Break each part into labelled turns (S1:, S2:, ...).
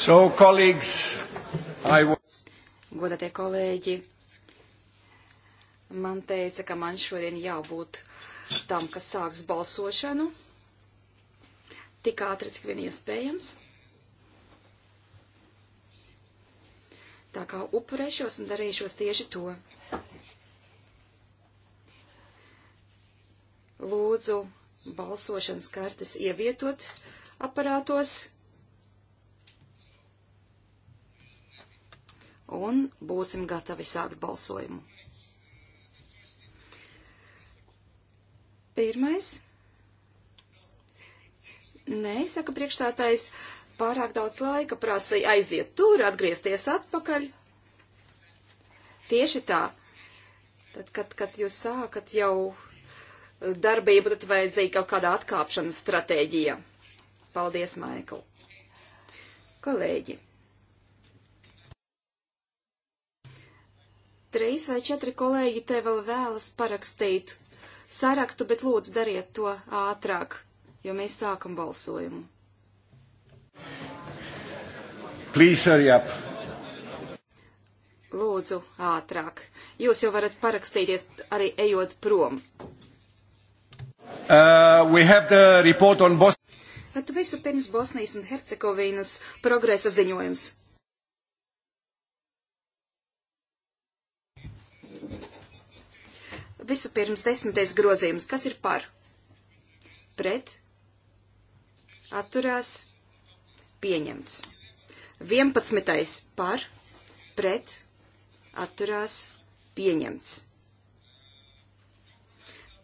S1: So, colleagues, I...
S2: Godatie kolēģi, man teica, ka man šodien jābūt tam, kas sāks balsošanu. Tik ātri, cik vien iespējams. Tā kā upurēšos un darīšos tieši to. Lūdzu, balsošanas kartes ievietot aparātos un būsim gatavi sākt balsojumu. Pirmais. Nē, saka priekšstātais, pārāk daudz laika prasa aiziet tur, atgriezties atpakaļ. Tieši tā. Tad, kad, kad jūs sākat jau darbību, tad vajadzēja kaut kāda atkāpšanas stratēģija. Paldies, Maikl. Kolēģi! Trīs vai četri kolēģi te vēl vēlas parakstīt sarakstu, bet lūdzu dariet to ātrāk, jo mēs sākam balsojumu.
S1: Please hurry up.
S2: Lūdzu, ātrāk. Jūs jau varat parakstīties arī ejot prom.
S1: Uh, we have the report on Bosnia.
S2: Tad visu pirms Bosnijas un Hercegovinas progresa ziņojums. Visu pirms desmitais grozījums. Kas ir par? Pret? Atturās? Pieņemts. Vienpadsmitais par? Pret? Atturās? Pieņemts.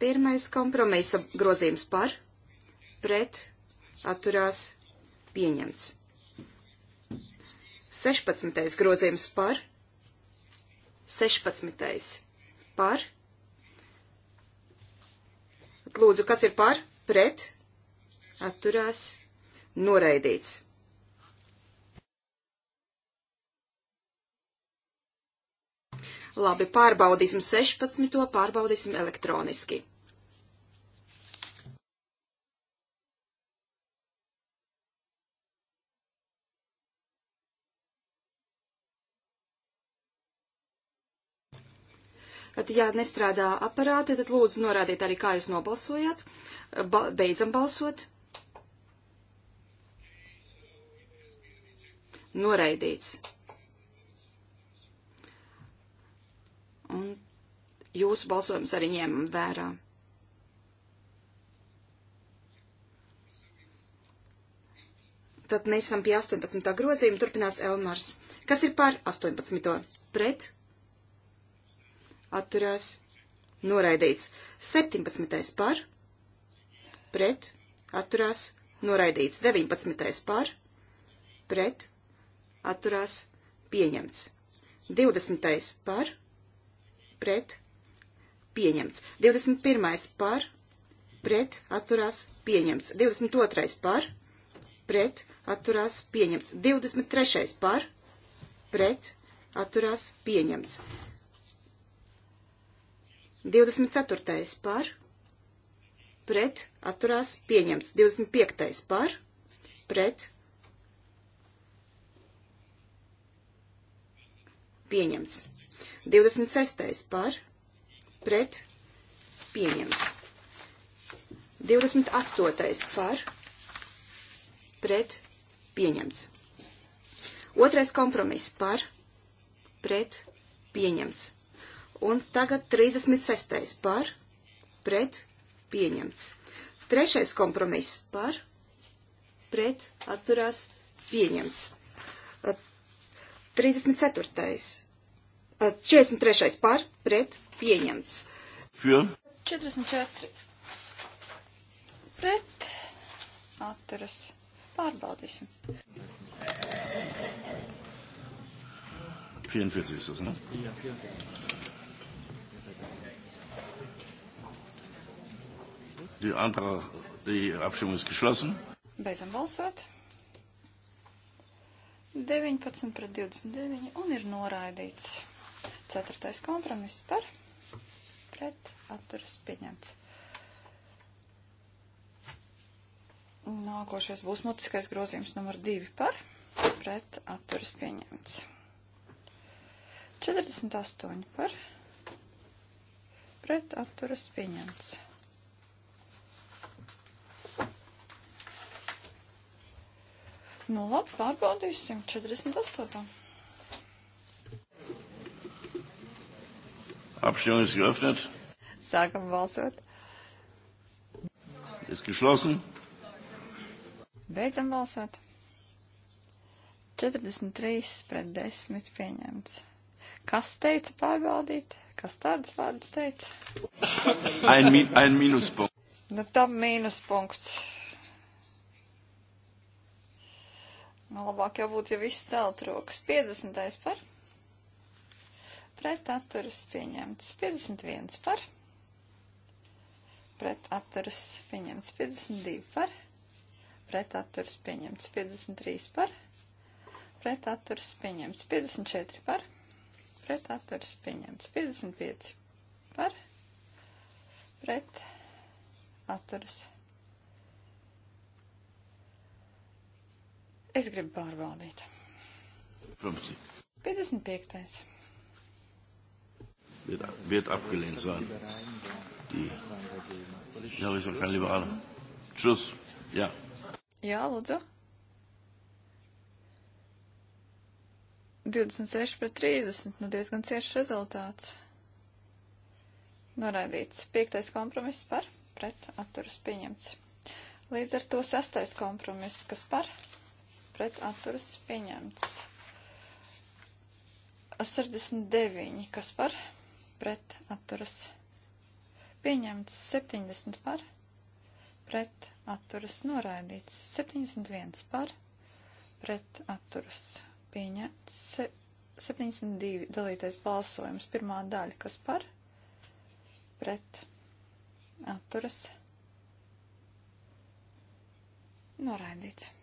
S2: Pirmais kompromisa grozījums par? Pret? Atturās? Pieņemts. 16. grozījums par 16. par lūdzu, kas ir par, pret, atturās, noraidīts. Labi, pārbaudīsim 16. pārbaudīsim elektroniski. Tad, ja nestrādā aparāti, tad lūdzu norādiet arī, kā jūs nobalsojat. Ba beidzam balsot. Noraidīts. Un jūsu balsojums arī ņēmam vērā. Tad mēs esam pie 18. grozījuma, turpinās Elmars. Kas ir par 18. pret? atturās noraidīts. 17. par pret atturās noraidīts. 19. par pret atturās pieņemts. 20. par pret pieņemts. 21. par pret atturās pieņemts. 22. par pret atturās pieņemts. 23. par pret atturās pieņemts. 24. par, pret, atturās, pieņemts. 25. par, pret, pieņemts. 26. par, pret, pieņemts. 28. par, pret, pieņemts. Otrais kompromiss par, pret, pieņemts. Un tagad 36. par pret pieņemts. Trešais kompromiss par pret atturās pieņemts. 34. 43. par pret pieņemts. Für? 44.
S3: Pret atturas. Pārbaudīsim.
S4: 44 ist das, ne?
S1: Ja, 44.
S4: Die, Antrag, die Abstimmung ist geschlossen.
S3: Beidzam balsot. 19 pret 29 un ir noraidīts. Ceturtais kompromiss par pret atturas pieņemts. Nākošais būs mutiskais grozījums numur 2 par pret atturas pieņemts. 48 par pret atturas pieņemts. Nu, labi, pārbaudīsim. 48.
S4: Abstimmung ist geöffnet.
S3: Sākam balsot.
S4: Ist geschlossen.
S3: Beidzam balsot. 43 pret 10 pieņemts. Kas teica pārbaudīt? Kas tādus vārdus teica?
S4: Ein, mi ein
S5: mīnuspunkts.
S3: Nu, tam mīnuspunkts. Nu, labāk jau būtu, ja viss celt rokas. 50. par. Pret atturas pieņemts. 51 par. Pret atturas pieņemts. 52 par. Pret atturas pieņemts. 53 par. Pret atturas pieņemts. 54 par. Pret atturas pieņemts. 55 par. Pret atturas pieņemts Es gribu pārbaudīt.
S4: Protams.
S3: 55.
S4: Wird, wird abgelehnt sein. Die.
S6: Ja, wir sind keine Liberalen.
S4: Tschüss. Ja. Ja, lūdzu.
S3: 26 pret 30, nu diezgan cieši rezultāts. Noraidīts. Piektais kompromiss par, pret, atturas pieņemts. Līdz ar to sastais kompromiss, kas par, pret atturas pieņemts. 69, kas par pret atturas pieņemts. 70 par pret atturas noraidīts. 71 par pret atturas pieņemts. 72 dalītais balsojums. Pirmā daļa, kas par pret atturas noraidīts.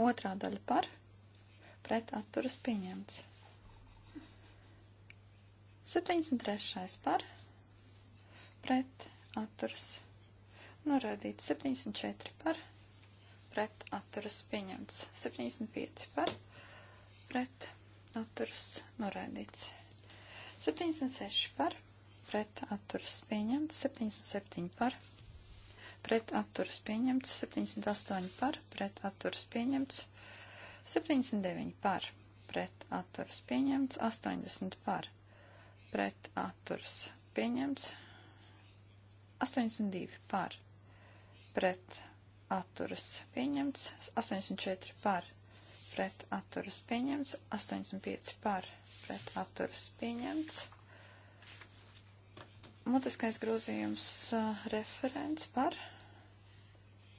S3: Otrā daļa par pret atturas pieņemts. 73. par pret atturas norādīts. 74 par pret atturas pieņemts. 75 par pret atturas norādīts. 76 par pret atturas pieņemts. 77 par pret pret atturas pieņemts, 78 par, pret atturas pieņemts, 79 par, pret atturas pieņemts, 80 par, pret atturas pieņemts, 82 par, pret atturas pieņemts, 84 par, pret atturas pieņemts, 85 par, pret atturas pieņemts. Mutiskais grozījums uh, referents par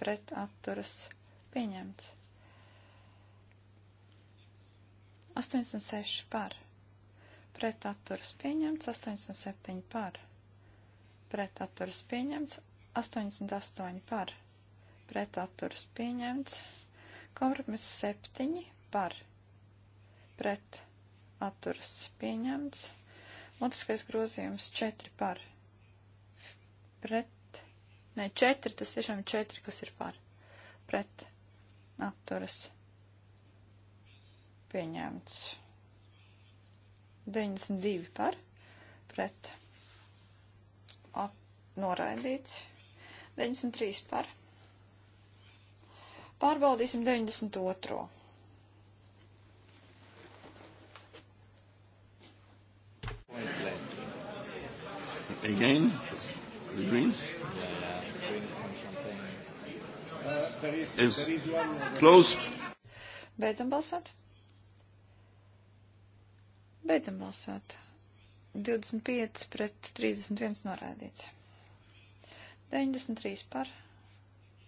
S3: pret atturas pieņemts. 86 par pret atturas pieņemts, 87 par pret atturas pieņemts, 88 par pret atturas pieņemts, kompromiss 7 par pret atturas pieņemts, mutiskais grozījums 4 par pret Nē, četri, tas tiešām ir četri, kas ir par. Pret. Atturas. Pieņemts. 92 par. Pret. At, noraidīts. 93 par. Pārbaudīsim 92.
S4: Again,
S6: the Greens. Yeah is closed.
S3: Beidzam balsot. Beidzam balsot. 25 pret 31 norādīts. 93 par.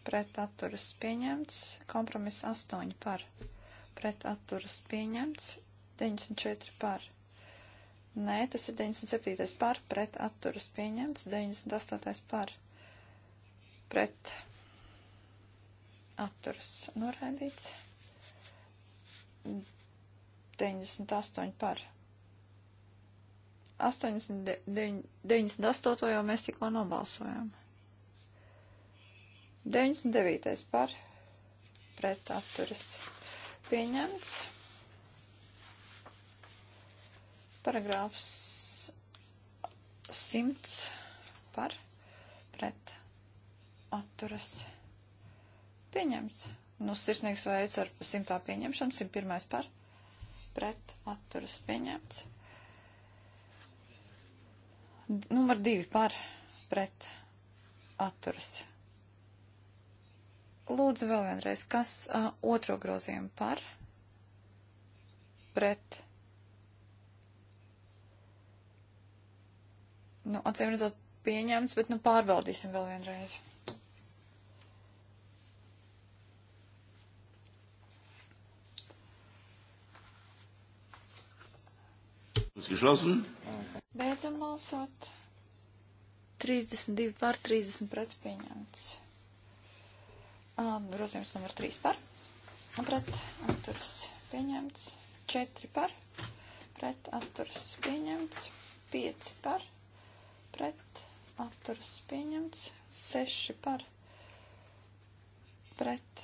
S3: Pret atturas pieņemts. Kompromiss 8 par. Pret atturas pieņemts. 94 par. Nē, tas ir 97 par. Pret atturas pieņemts. 98 par. Pret atturas noraidīts. 98 par. 89, 98 jau mēs tikko nobalsojām. 99 par pret atturas pieņemts. Paragrāfs 100 par pret atturas pieņemts Pieņemts. Nu, sirsnīgs veids ar simtā pieņemšanu, 101. par pret atturas pieņemts. Numur 2 par pret atturas. Lūdzu vēl vienreiz, kas uh, otro grozījumu par pret. Nu, acīm redzot, pieņemts, bet nu pārbaudīsim vēl vienreiz. Beidzam balsot. 32 par 30 pret pieņemts. Grozījums numur 3 par. Pret atturas pieņemts. 4 par. Pret atturas pieņemts. 5 par. Pret atturas pieņemts. 6 par. Pret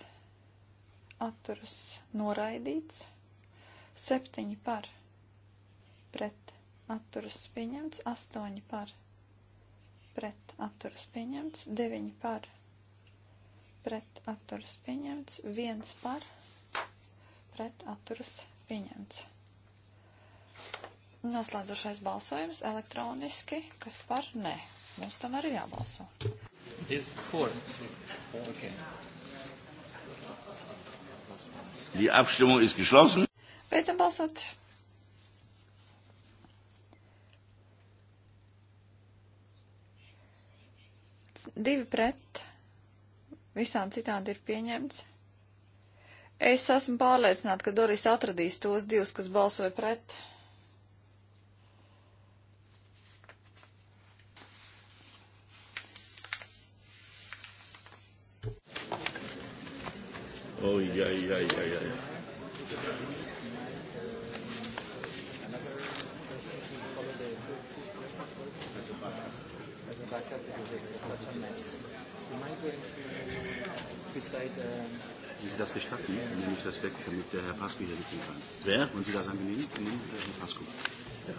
S3: atturas noraidīts. 7 par pret atturas pieņemts, 8 par pret atturas pieņemts, 9 par pret atturas pieņemts, 1 par pret atturas pieņemts. Noslēdzošais balsojums elektroniski, kas par nē. Mums tomēr ir jābalso.
S7: Okay.
S4: Die Abstimmung ist geschlossen.
S3: Beidzam balsot. pret, divi pret, visām citādi ir pieņemts. Es esmu pārliecināta, ka Doris atradīs tos divus, kas balsoja pret.
S4: Oi, ai, ai, ai, ai.
S1: seit. Äh, Wie Sie das gestatten, nehme
S8: ich das weg, damit der Herr Pasco hier sitzen kann. Wer? Und Sie das angenehm? Nehmen äh, Herr
S1: Pasco. Ja.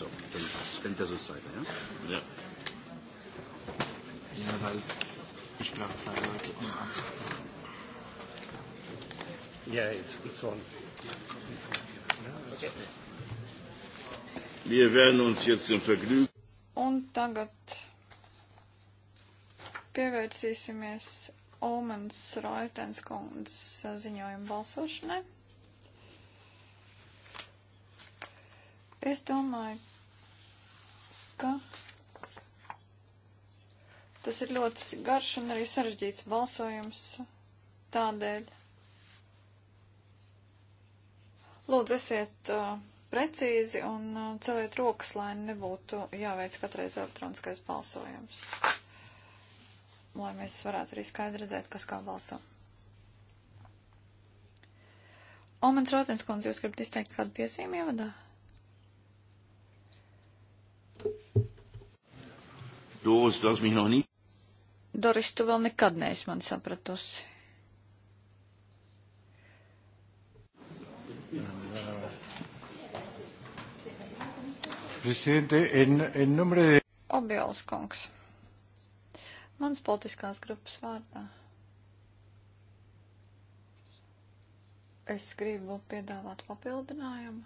S1: So, dann stellt das uns weiter, ja? Ja. Ja, weil ich glaube, zwei Leute um anzurufen.
S6: Ja, jetzt gibt's schon. Okay.
S4: Wir werden uns jetzt im Vergnügen.
S3: Un tagad pievērsīsimies Omens Roitens kundzes ziņojumu balsošanai. Es domāju, ka tas ir ļoti garš un arī sarežģīts balsojums tādēļ. Lūdzu, esiet uh, precīzi un uh, celiet rokas, lai nebūtu jāveic katreiz elektroniskais balsojums lai mēs varētu arī skaidri redzēt, kas kā balso. Omens Rotenskons, jūs gribat izteikt kādu piesīmu ievadā?
S4: Doris, tas bija no nī.
S3: Doris, tu vēl nekad neesi man sapratusi.
S1: Presidente, en, en nombre de...
S3: Obielas kungs. Mans politiskās grupas vārdā. Es gribu piedāvāt papildinājumu.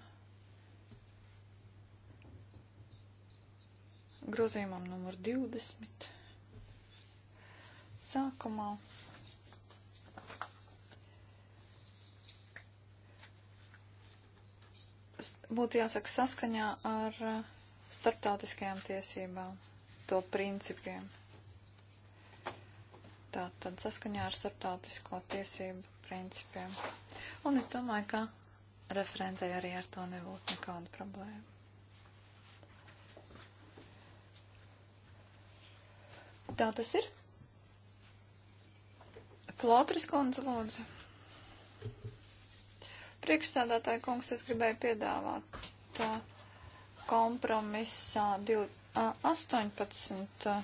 S3: Grozījumam numur 20. Sākumā būtu jāsaka saskaņā ar uh, starptautiskajām tiesībām, to principiem tātad saskaņā ar starptautisko tiesību principiem. Un es domāju, ka referentei arī ar to nebūtu nekāda problēma. Tā tas ir. Flotris kundze lūdzu. Priekšstādātāja kungs, es gribēju piedāvāt kompromisā 18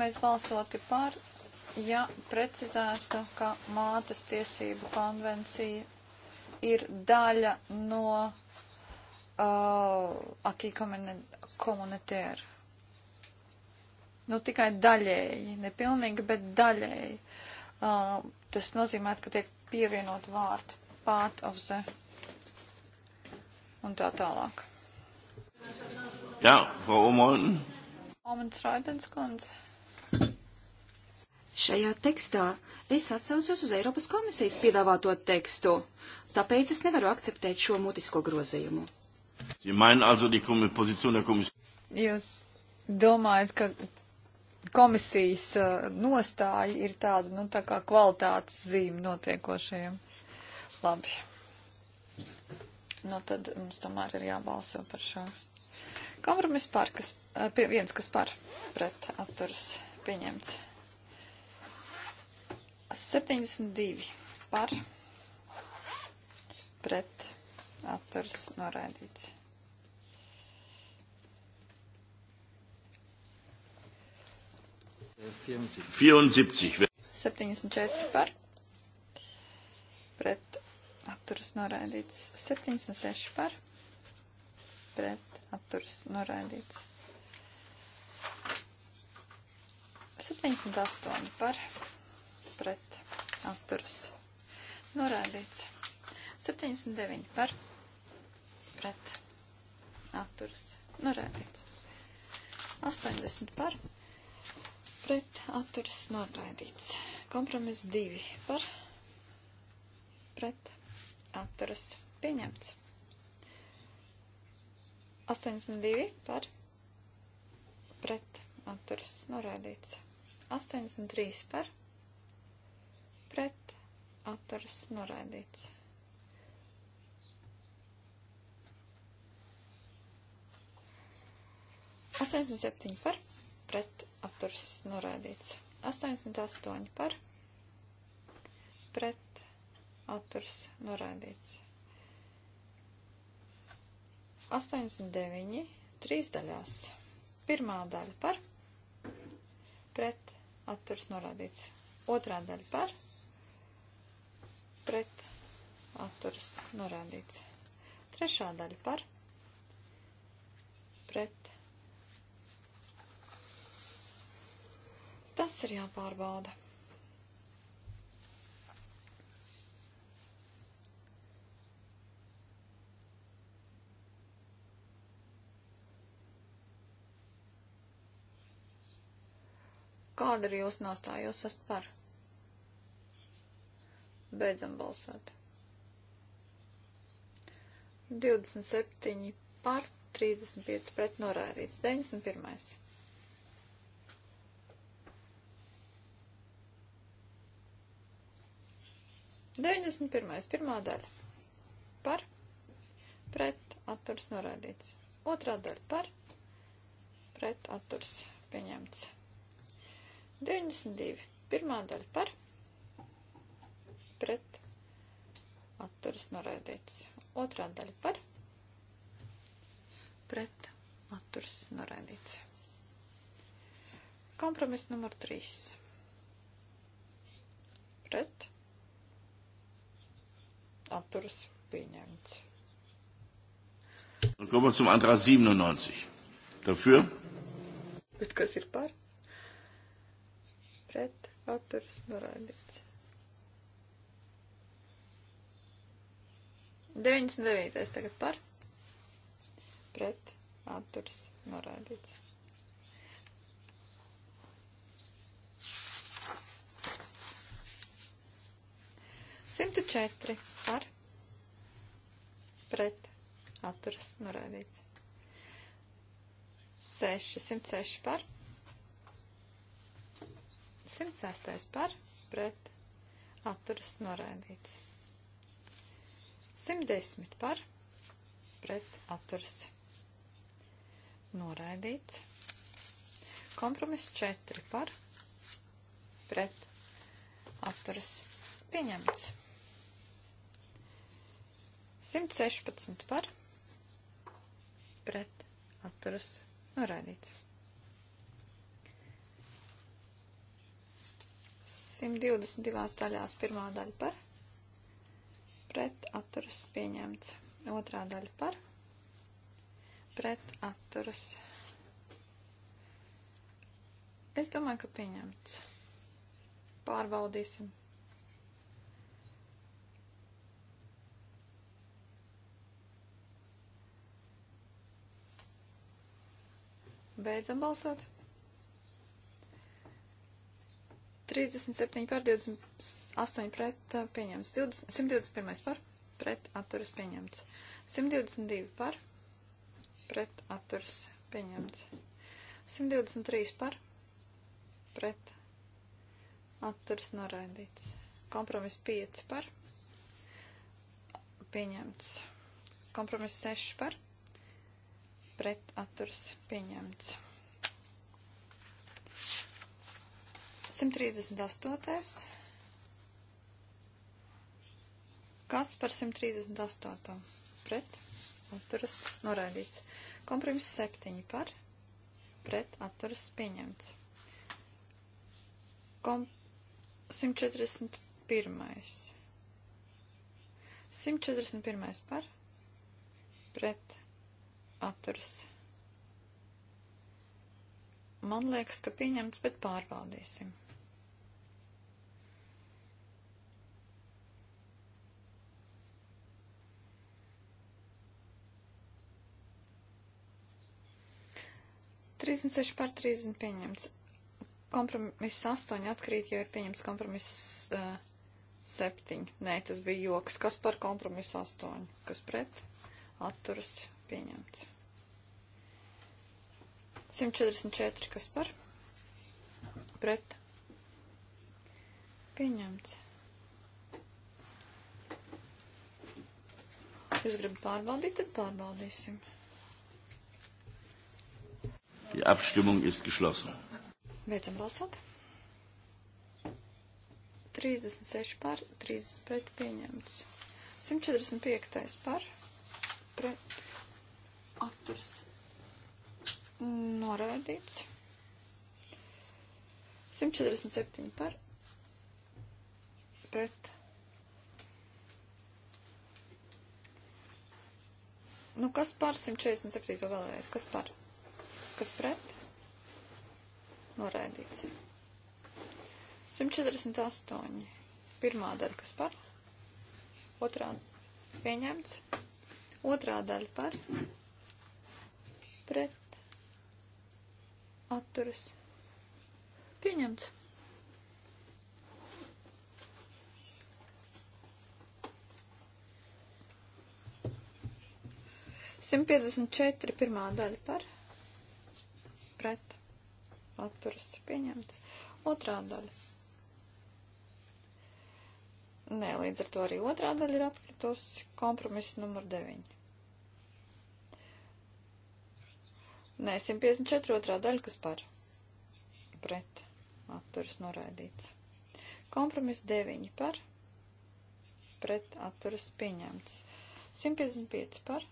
S3: mēs balsoti par, ja precizētu, ka mātes tiesību konvencija ir daļa no uh, akī komunitēra. Nu, tikai daļēji, nepilnīgi, bet daļēji. Uh, tas nozīmē, ka tiek pievienot vārdu part of the un tā tālāk.
S4: Jā, Frau Omonen.
S3: Omonen Raidens kundze. Šajā tekstā
S2: es atsaucos uz Eiropas komisijas piedāvāto tekstu, tāpēc es nevaru akceptēt šo mutisko grozījumu.
S3: Jūs domājat, ka komisijas uh, nostāja ir tāda, nu, tā kā kvalitātes zīme notiekošajiem? Labi. Nu, tad mums tomēr ir jābalso par šo. Kompromiss par, kas, uh, viens, kas par pret atturas pieņemts. 72 par pret atturs noraidīts. Septiņdesmit četri par pret atturas noraidīts. Septiņdesmit seši par pret atturas noraidīts. 78 par pret atturas norādīts. 79 par pret atturas norādīts. 80 par pret atturas norādīts. Kompromiss 2 par pret atturas pieņemts. 82 par pret atturas norādīts. 83 par pret pret atturas noraidīts. Astoņdesmit septiņi par pret atturas noraidīts. Astoņdesmit astoņi par pret atturas noraidīts. 89, 3 daļās. Pirmā daļa par, pret, atturs norādīts. Otrā daļa par, pret atturas norādīts. Trešā daļa par pret. Tas ir jāpārbauda. Kāda ir jūsu nostāja? Jūs esat par? Beidzam balsot. 27 par, 35 pret norādīts. 91. Deviņdesmit pirmais, pirmā daļa. Par, pret, atturs norādīts. Otrā daļa par, pret, atturs pieņemts. 92. Pirmā daļa par, pret atturas noraidīts. Otrā daļa par pret atturas noraidīts. Kompromiss numur 3. Pret atturas pieņemts.
S4: Un kommen zum Antrag 97. Dafür?
S3: Bet kas ir par? Pret atturas noraidīts. 99. tagad par pret atturs norādīts. Simtu četri par pret atturas norādīts. 6, 106 par 106 par pret atturas norādīts. 110 par pret atturs noraidīts. Kompromiss 4 par pret atturs pieņemts. 116 par pret atturs noraidīts. 122 daļās pirmā daļa par pret atturas pieņemts. Otrā daļa par pret atturas. Es domāju, ka pieņemts. Pārbaudīsim. Beidzam balsot. 37 par 28 pret pieņemts. 20, 121 par pret atturas pieņemts. 122 par pret atturas pieņemts. 123 par pret atturas noraidīts. Kompromiss 5 par pieņemts. Kompromiss 6 par pret atturas pieņemts. 138. Kas par 138? Pret. Atturas noraidīts. Kompromiss 7 par. Pret. Atturas pieņemts. Kom 141. 141 par. Pret. Atturas. Man liekas, ka pieņemts, bet pārbaudīsim. 36 par 30 pieņemts. Kompromiss 8 atkrīt, jo ir pieņemts kompromiss uh, eh, 7. Nē, tas bija joks. Kas par kompromisu 8? Kas pret? Atturas pieņemts. 144. Kas par? Pret. Pieņemts. Jūs gribat pārbaudīt, tad pārbaudīsim. 144.
S4: Die Abstimmung ist geschlossen.
S3: Beidzam balsot. 36 par, 30 pret pieņemts. 145 par, pret atturs noraidīts. 147 par, pret. Nu, kas par 147 vēlreiz? Kas par? kas pret, noraidīts. 148. Pirmā daļa, kas par, otrā pieņemts, otrā daļa par, pret, atturas, pieņemts. Simt piecdesmit četri pirmā daļa par, atturas pieņemts. Otrā daļa. Nē, līdz ar to arī otrā daļa ir atkritusi. Kompromiss numur 9. Nē, 154 otrā daļa, kas par pret atturas noraidīts. Kompromiss 9 par pret atturas pieņemts. 155 par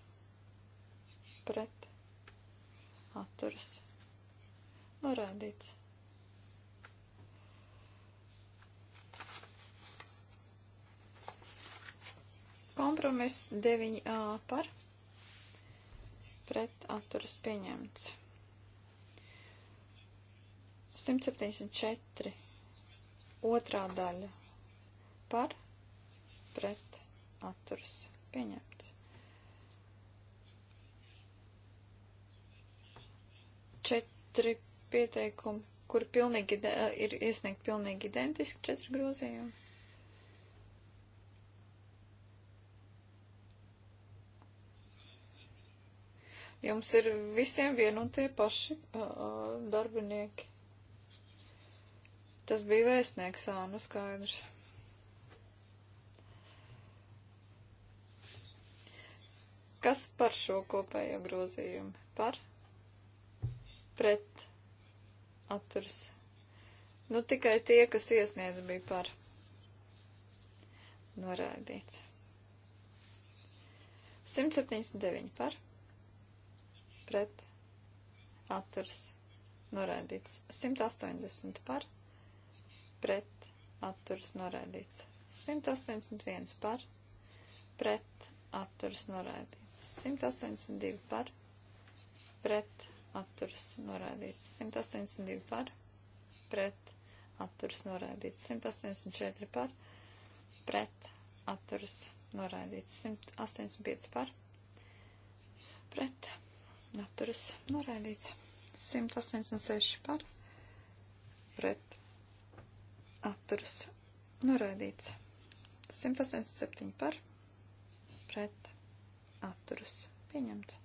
S3: pret atturas pieņemts Norādīts. Kompromiss 9a par pret atturas pieņemts. 174. Otrā daļa par pret atturas pieņemts. 4 pieteikumi, kur pilnīgi, eh, ir iesniegt pilnīgi identiski četri grozījumi. Jums ir visiem vien un tie paši uh, darbinieki. Tas bija vēstnieks, ā, nu skaidrs. Kas par šo kopējo grozījumu? Par? Pret? atturas. Nu, tikai tie, kas iesniedz, bija par norādīts. 179 par pret atturas norādīts. 180 par pret atturas norādīts. 181 par pret atturas norādīts. 182 par pret atturas norādīts 182 par, pret atturas norādīts 184 par, pret atturas norādīts 185 par, pret atturas norādīts 186 par, pret atturas norādīts 187 par, pret atturas pieņemts.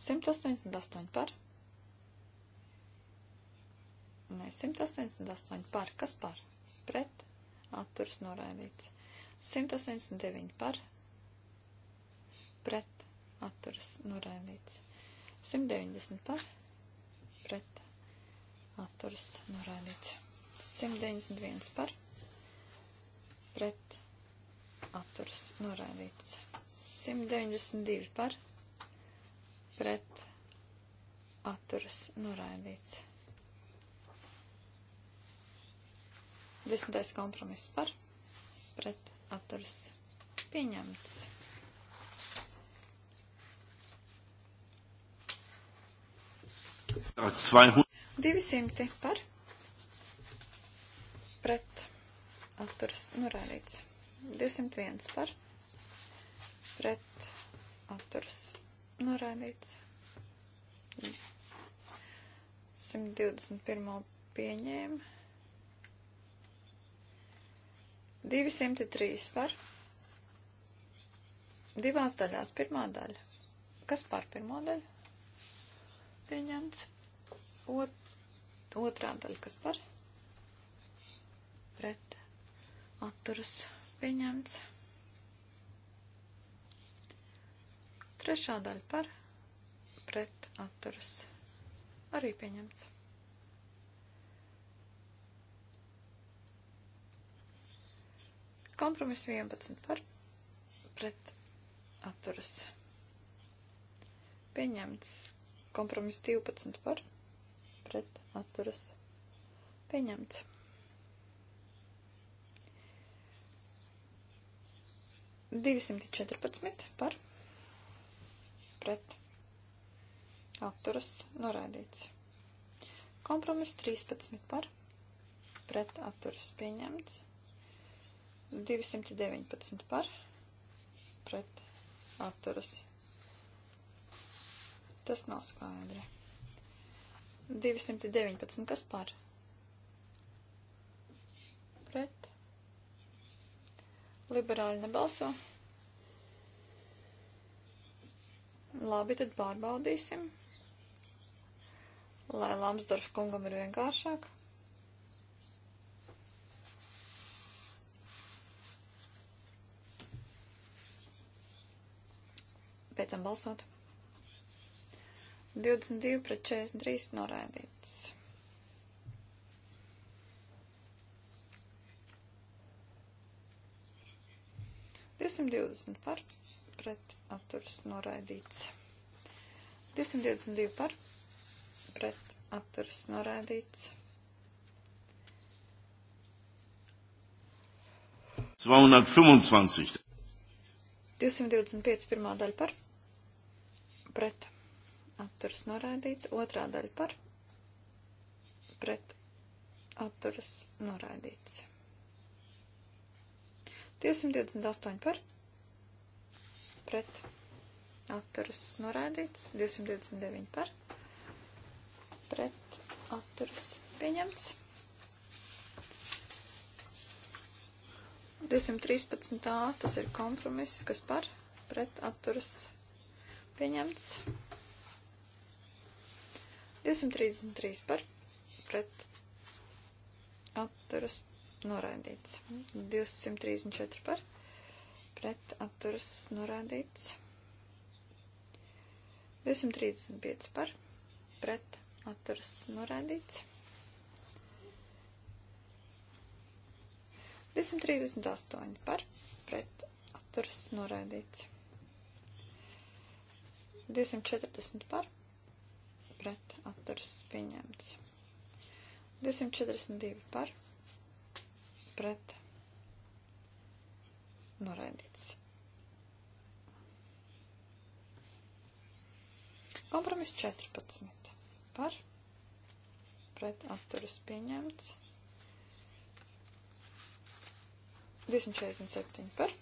S3: 188 par. Nē, 188 par. Kas par? Pret. Atturs noraidīts. 189 par. Pret. Atturs noraidīts. 190 par. Pret. Atturs noraidīts. 191 par. Pret. Atturs noraidīts. 192 par. Pret pret atturas noraidīts. Desmitais kompromiss par pret atturas pieņemts. Divsimti par pret atturas norādīts. 201 par pret atturas Noraidīts. 121. pieņēma. 203 par. Divās daļās. Pirmā daļa. Kas par pirmo daļu? Pieņemts. Ot, otrā daļa. Kas par? Pret. Atturas. Pieņemts. Trešā daļa par pret atturas arī pieņemts. Kompromiss 11 par pret atturas pieņemts. Kompromiss 12 par pret atturas pieņemts. 214 par pret pret atturas noraidīts. Kompromiss 13 par pret atturas pieņemts. 219 par pret atturas. Tas nav skaidri. 219 kas par pret. Liberāļi nebalso. Labi, tad pārbaudīsim, lai Lamsdorf kungam ir vienkāršāk. Pēc tam balsot. 22 pret 43 norādīts. Divsimt divdesmit par pret atturas noraidīts. 222 par pret atturas noraidīts.
S4: 225.
S3: 225 pirmā daļa par pret atturas noraidīts, otrā daļa par pret atturas noraidīts. 228 par pret pret atturas norādīts, 229 par pret atturas pieņemts. 213. A, tas ir kompromiss, kas par pret atturas pieņemts. 233 par pret atturas noraidīts. 234 par pret atturas norādīts. 235 par pret atturas norādīts. 238 par pret atturas norādīts. 240 par pret atturas pieņemts. 242 par pret Noraidīts. Nu, Kompromiss 14. Par. Pret atturas pieņemts. 247 par.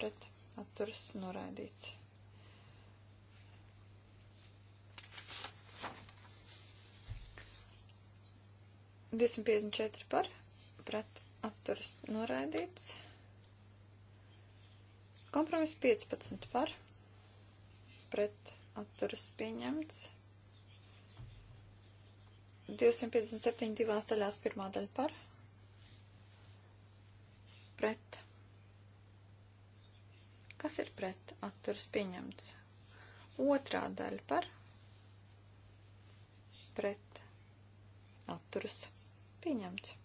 S3: Pret atturas noraidīts. Divsimt piecdesmit četri par, pret atturas noraidīts. Kompromiss 15 par pret atturas pieņemts. 257 divās daļās pirmā daļa par pret. Kas ir pret atturas pieņemts? Otrā daļa par pret atturas pieņemts.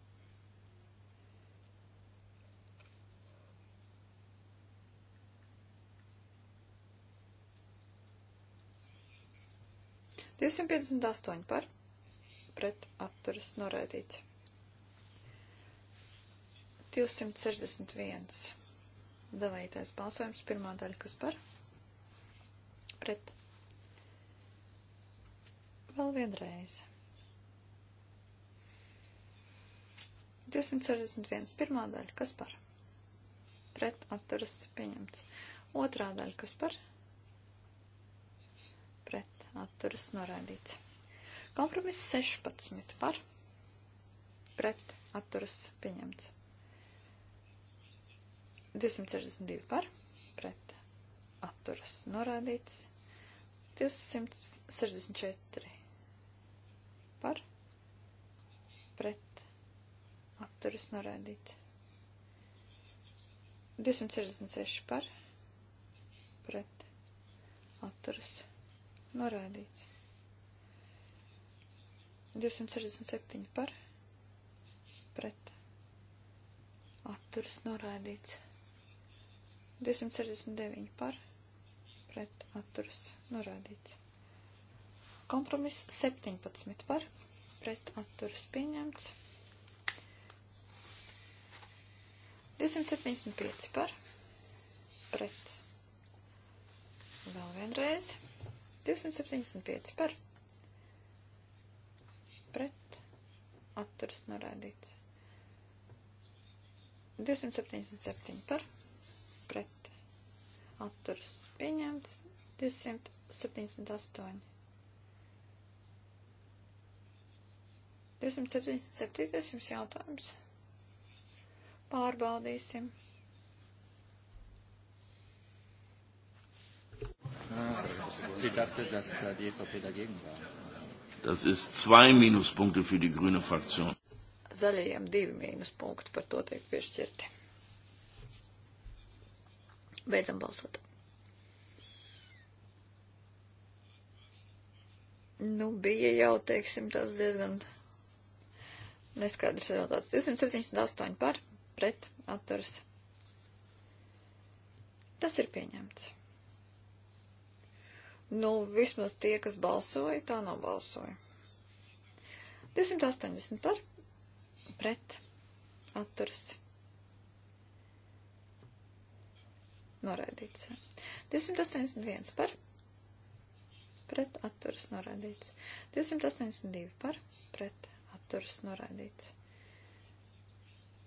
S3: 258 par pret atturas noraidīts. 261 dalītais balsojums pirmā daļa, kas par pret. Vēl vienreiz. 261. Pirmā daļa, kas par? Pret atturas pieņemts. Otrā daļa, kas par? atturas noraidīts. Kompromiss 16 par pret atturas pieņemts. 262 par pret atturas norādīts. 264 par pret atturas norādīts. 266 par pret atturas Norādīts. 267 par. Pret. Atturas norādīts. 269 par. Pret. Atturas norādīts. Kompromiss 17 par. Pret. Atturas pieņemts. 275 par. Pret. Vēl vienreiz. 275. 275 par pret atturas norādīts. 277 par pret atturas pieņemts. 278. 277. jautājums. Pārbaudīsim. 278.
S4: Tas ir divi mīnuspunkti für die grüne fraktion.
S3: Zaļajiem divi mīnuspunkti par to tiek piešķirti. Beidzam balsot. Nu, bija jau, teiksim, tas diezgan neskaidrs rezultāts. 278 par, pret, atturs. Tas ir pieņemts. Nu, vismaz tie, kas balsoja, tā nobalsoja. 280 par, pret, atturas. Noraidīts. 281 par, pret, atturas, noraidīts. 282 par, pret, atturas, noraidīts.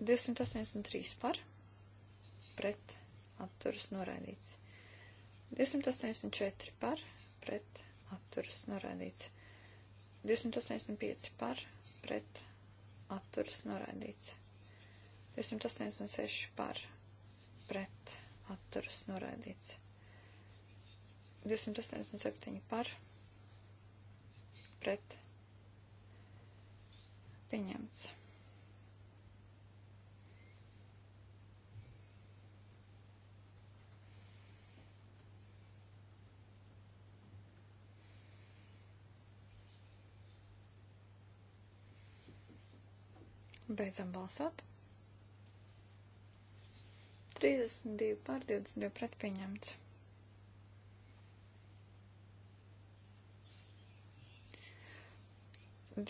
S3: 283 par, pret, atturas, noraidīts. 284 par pret atturas norādīts. 285 par pret atturas norādīts. 286 par pret atturas norādīts. 287 par pret pieņemts. Beidzam balsot. 32 pār 22 pret pieņemts.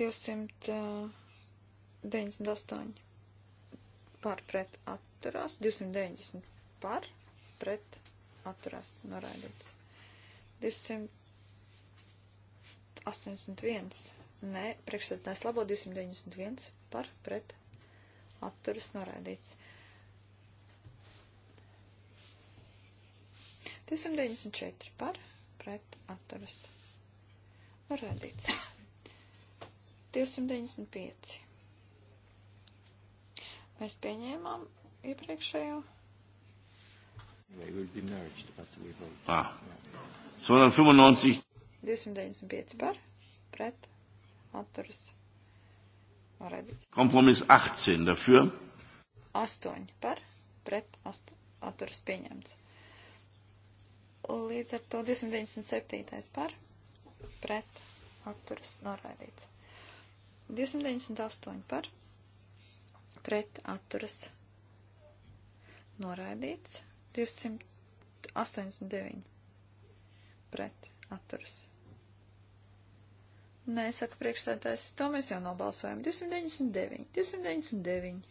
S3: Divsimt deviņdesmit astoņi par pret atturās, divsimt deviņdesmit par pret atturās noraidīts. Divsimt astoņdesmit viens, nē, priekšsēdētājs labo divsimt deviņdesmit viens par pret atturas noraidīts. 294 par pret atturas noraidīts. 295. Mēs pieņēmām iepriekšējo. Ah. 295 par pret atturas noraidīts. Noraidīts.
S4: Kompromiss 18 dafür.
S3: 8 par, pret, atturas pieņemts. Līdz ar to 297 par, pret, atturas noraidīts. 298 par, pret, atturas noraidīts. 289 pret, atturas noraidīts Nē, saka priekšsētājs, to mēs jau nobalsojam. 299, 299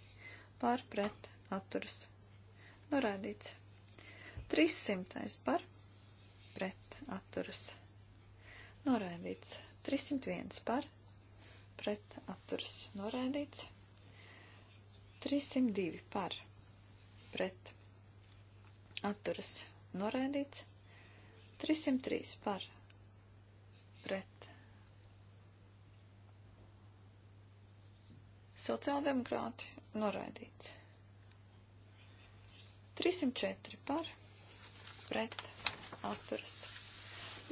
S3: par pret atturas. Norādīts. 300 par pret atturas. Norādīts. 301 par pret atturas. Norādīts. 302 par pret atturas. Norādīts. 303 par pret Sociāldemokrāti noraidīts. 304 par pret atturas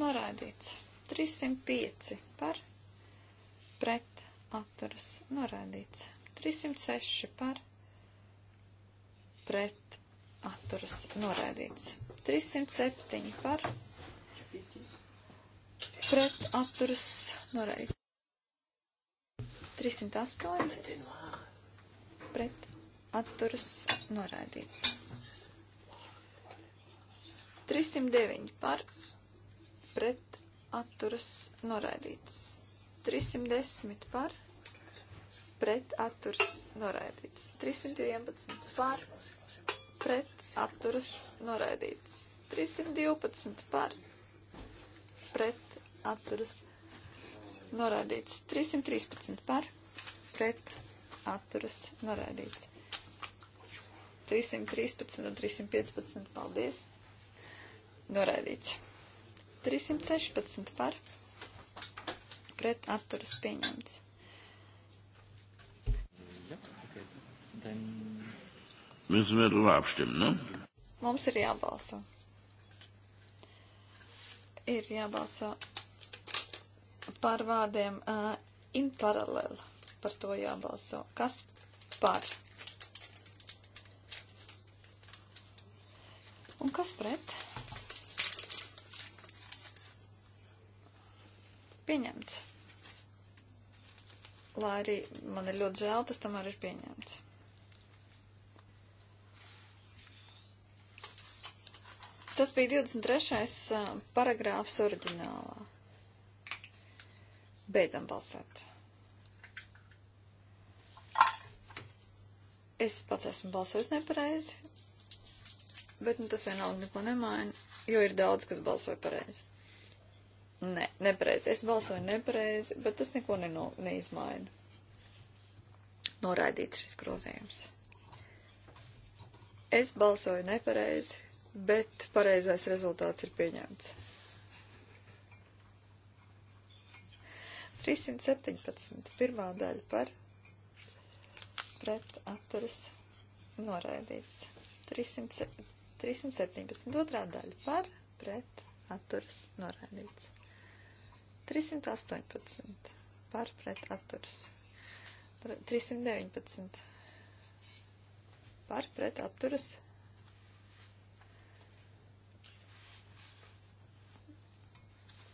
S3: noraidīts. 305 par pret atturas noraidīts. 306 par pret atturas noraidīts. 307 par pret atturas noraidīts. 308 pret atturas noraidīts. 309 par pret atturas noraidīts. 310 par pret atturas noraidīts. 311 par pret atturas noraidīts. 312 par pret atturas noraidīts. 313 par, pret, atturas, noraidīts. 313 un 315, paldies, noraidīts. 316 par, pret, atturas, pieņemts.
S4: Müssen wir darüber abstimmen, ne?
S3: Mums ir jābalso. Ir jābalso par vārdiem uh, in paralēli. Par to jābalso. Kas par? Un kas pret? Pieņemts. Lai arī man ir ļoti žēl, tas tomēr ir pieņemts. Tas bija 23. Uh, paragrāfs oriģinālā. Beidzam balsot. Es pats esmu balsojis nepareizi, bet nu, tas vienalga neko nemaina, jo ir daudz, kas balsoja pareizi. Nē, nepareizi. Es balsoju nepareizi, bet tas neko neno, neizmaina. Noraidīts šis grozījums. Es balsoju nepareizi, bet pareizais rezultāts ir pieņemts. 317. pirmā daļa par pret atturas noraidīts. 300, 317. otrā daļa par pret atturas noraidīts. 318. par pret atturas. 319. par pret atturas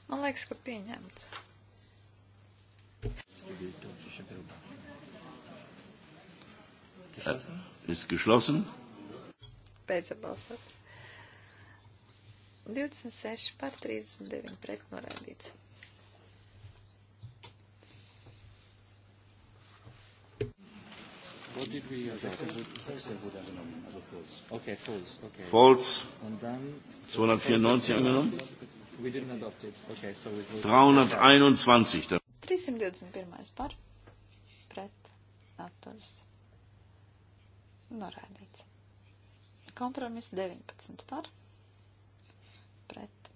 S3: Man liekas, ka pieņemts.
S4: Äh, ist geschlossen.
S3: Beidzot balsot. 26 par 39 pret norādīts.
S7: What did we adopt? False wurde angenommen, also false. Okay, false. Okay. False.
S4: Und dann 294 angenommen.
S7: We didn't adopt it. Okay, so it
S4: was 321.
S3: 321. par pret atturs norādīts. Kompromis 19 par pret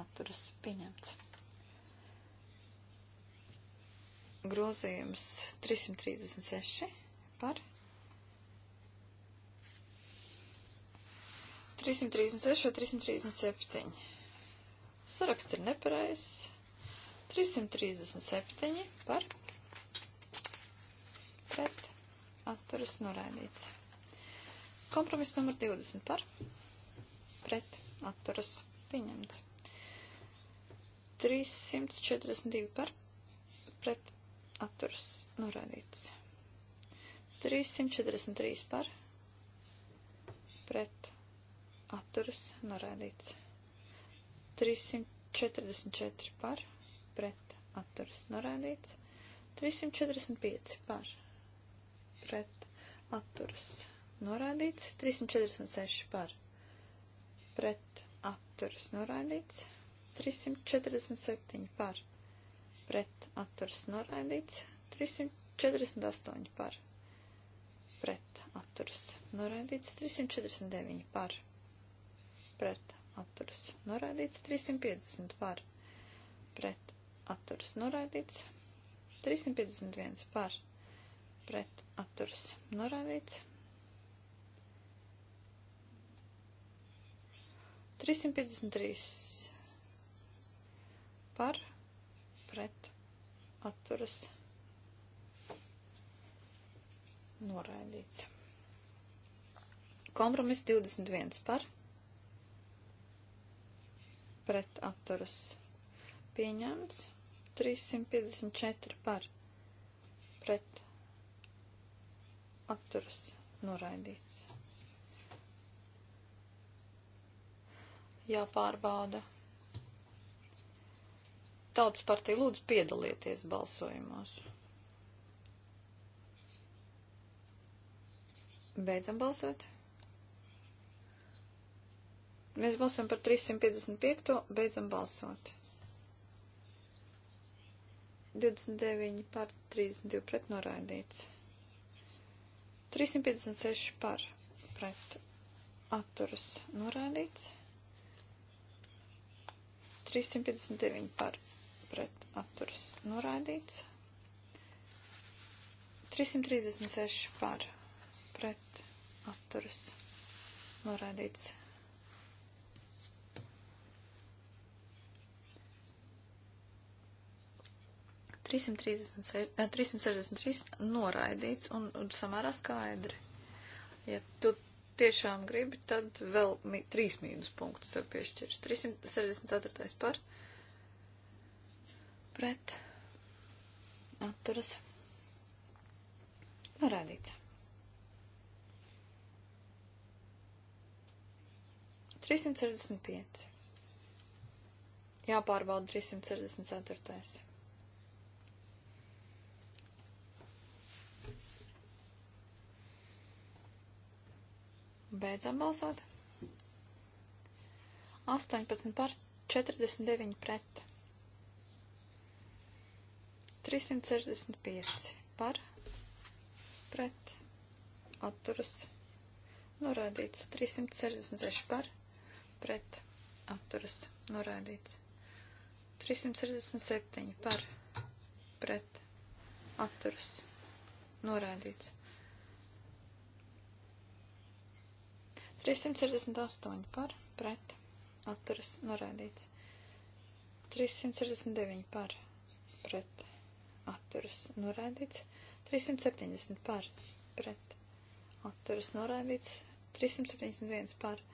S3: atturas pieņemts. Grozījums 336 par 336 vai 337. Saraksts ir nepareizs. 337 par pret atturas noraidīts. Kompromiss numur 20 par pret atturas pieņemts. 342 par pret atturas noraidīts. 343 par pret atturas norādīts. 344 par pret atturas norādīts. 345 par pret atturas norādīts. 346 par pret atturas norādīts. 347 par pret atturas norādīts. 348 par pret atturas norādīts. 349 par pret atturas norādīts. 350 par pret atturas noraidīts. 351 par pret atturas norādīts. 353 par pret atturas noraidīts. Kompromiss 21 par pret atturas pieņemts. 354 par pret atturas noraidīts. Jāpārbauda. Tautas partija lūdzu piedalieties balsojumos. Beidzam balsot. Mēs balsam par 355. Beidzam balsot. 29 par 32 pret noraidīts. 356 par pret atturas noraidīts. 359 par pret atturas noraidīts. 336 par pret atturas noraidīts. 336, 363 eh, noraidīts un, un samērā skaidri. Ja tu tiešām gribi, tad vēl mi, trīs mīnus punktus tev piešķirs. 364 par pret atturas norādīts. 365. Jāpārbauda 364. Beidzam balsot. 18 par 49 pret. 365 par pret. Atturas. Norādīts. 366 par pret. Atturas. Norādīts. 367 par pret. Atturas. Norādīts. 368 par pret atturas noraidīts. 369 par pret atturas noraidīts. 370 par pret atturas noraidīts. 371 par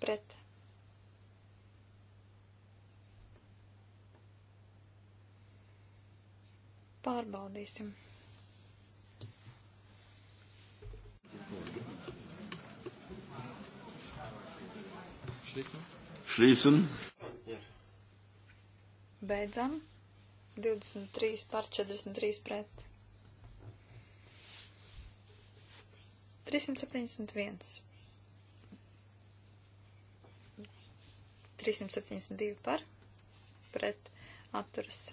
S3: pret. Pārbaudīsim.
S4: Schließen.
S3: Beidzam. 23 par 43 pret. 371. 372 par pret atturas.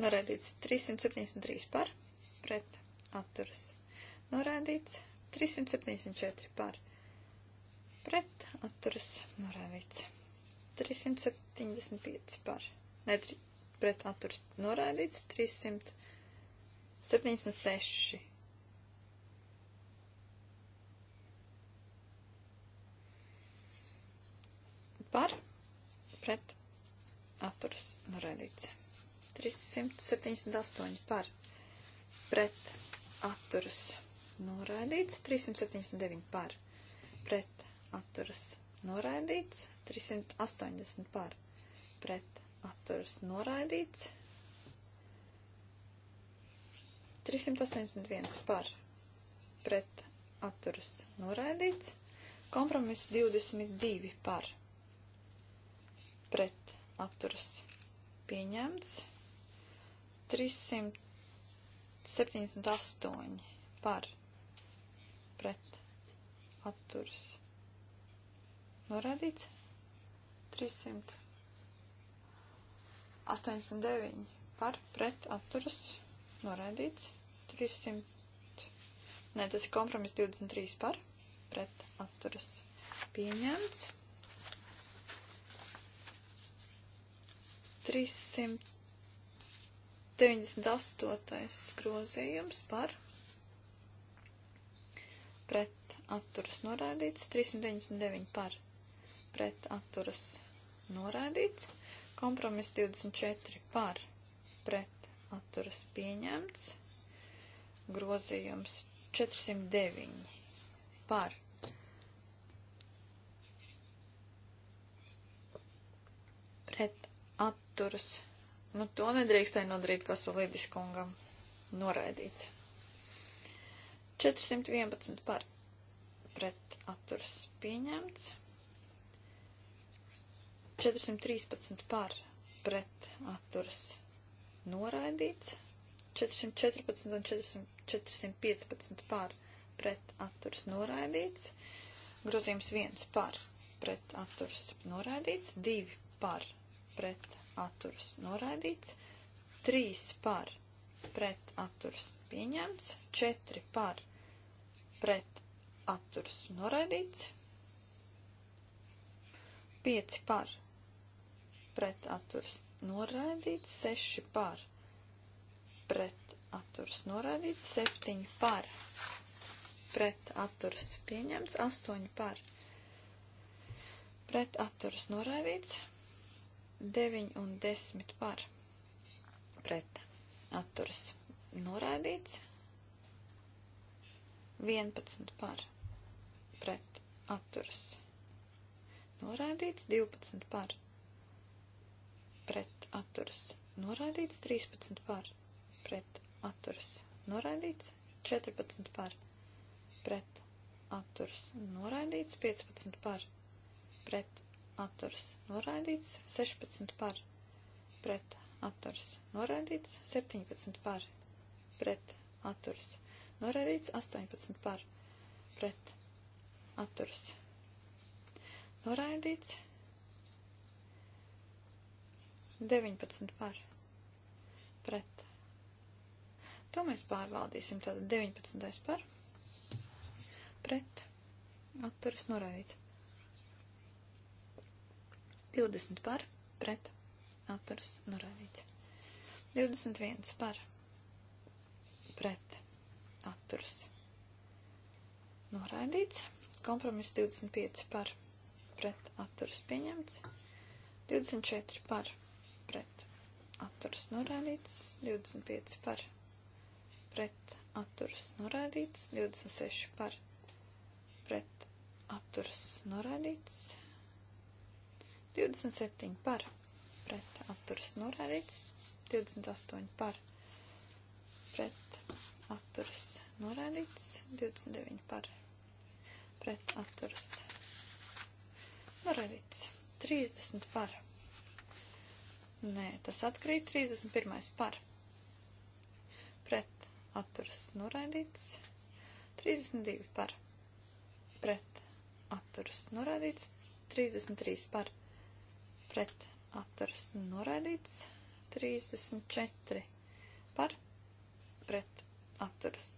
S3: Norādīts 373 par pret atturas. Norādīts 374 par pret pret atturas norādīts. 375 par. Ne, tri, pret atturas norādīts. 376. Par. Pret atturas norādīts. 378 par. Pret atturas norādīts. 379 par. Pret atturas noraidīts, 380 par pret atturas noraidīts, 381 par pret atturas noraidīts, kompromiss 22 par pret atturas pieņemts, 378 par pret atturas noraidīts Norādīts. 389 par pret atturas. Norādīts. 300. Nē, tas ir kompromiss 23 par pret atturas. Pieņemts. 398 grozījums par pret atturas norādīts, 399 par pret atturas noraidīts. Kompromiss 24 par pret atturas pieņemts. Grozījums 409 par pret atturas. Nu, to nedrīkstēja nodarīt Kasulīdis kungam. Noraidīts. 411 par pret atturas pieņemts. 413 par pret atturas noraidīts, 414 un 400, 415 par pret atturas noraidīts, grozījums 1 par pret atturas noraidīts, 2 par pret atturas noraidīts, 3 par pret atturas pieņemts, 4 par pret atturas noraidīts, 5 par pret atturs noraidīts, 6 par pret atturs noraidīts, 7 par pret atturs pieņemts, 8 par pret atturs noraidīts, 9 un 10 par pret atturs noraidīts, 11 par pret atturs noraidīts, 12 par pret atturas noraidīts, 13 par pret atturas noraidīts, 14 par pret atturas noraidīts, 15 par pret atturas noraidīts, 16 par pret atturas noraidīts, 17 par pret atturas noraidīts, 18 par pret atturas noraidīts, 19 par. Pret. To mēs pārvaldīsim. Tātad 19 par. Pret. Atturas noraidīt. 20 par. Pret. Atturas noraidīts. 21 par. Pret. Atturas. Noraidīts. Kompromiss 25 par. Pret. Atturas pieņemts. 24 par. Pret pret atturas norādīts, 25 par pret atturas norādīts, 26 par pret atturas norādīts, 27 par pret atturas norādīts, 28 par pret atturas norādīts, 29 par pret atturas norādīts, 30 par pret Nē, tas atkrīt 31. par. Pret atturas noraidīts. 32 par. Pret atturas noraidīts. 33 par. Pret atturas noraidīts. 34 par. Pret atturas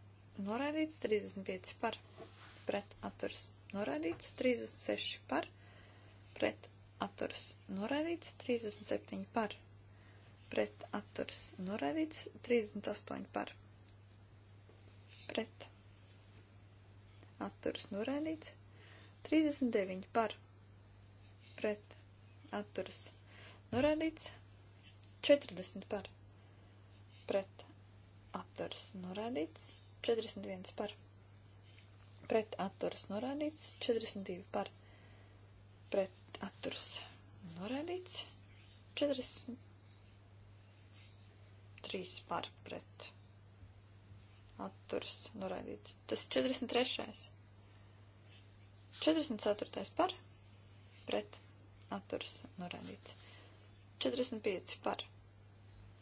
S3: noraidīts. 35 par. Pret atturas noraidīts. 36 par. Pret atturas noraidīts, 37 par pret atturas noraidīts, 38 par pret atturas noraidīts, 39 par pret atturas noraidīts, 40 par pret atturas noraidīts, 41 par pret atturas noraidīts, 42 par pret pret atturs noraidīts. 43 par pret atturs noraidīts. Tas 43. 44 par pret atturs noraidīts. 45 par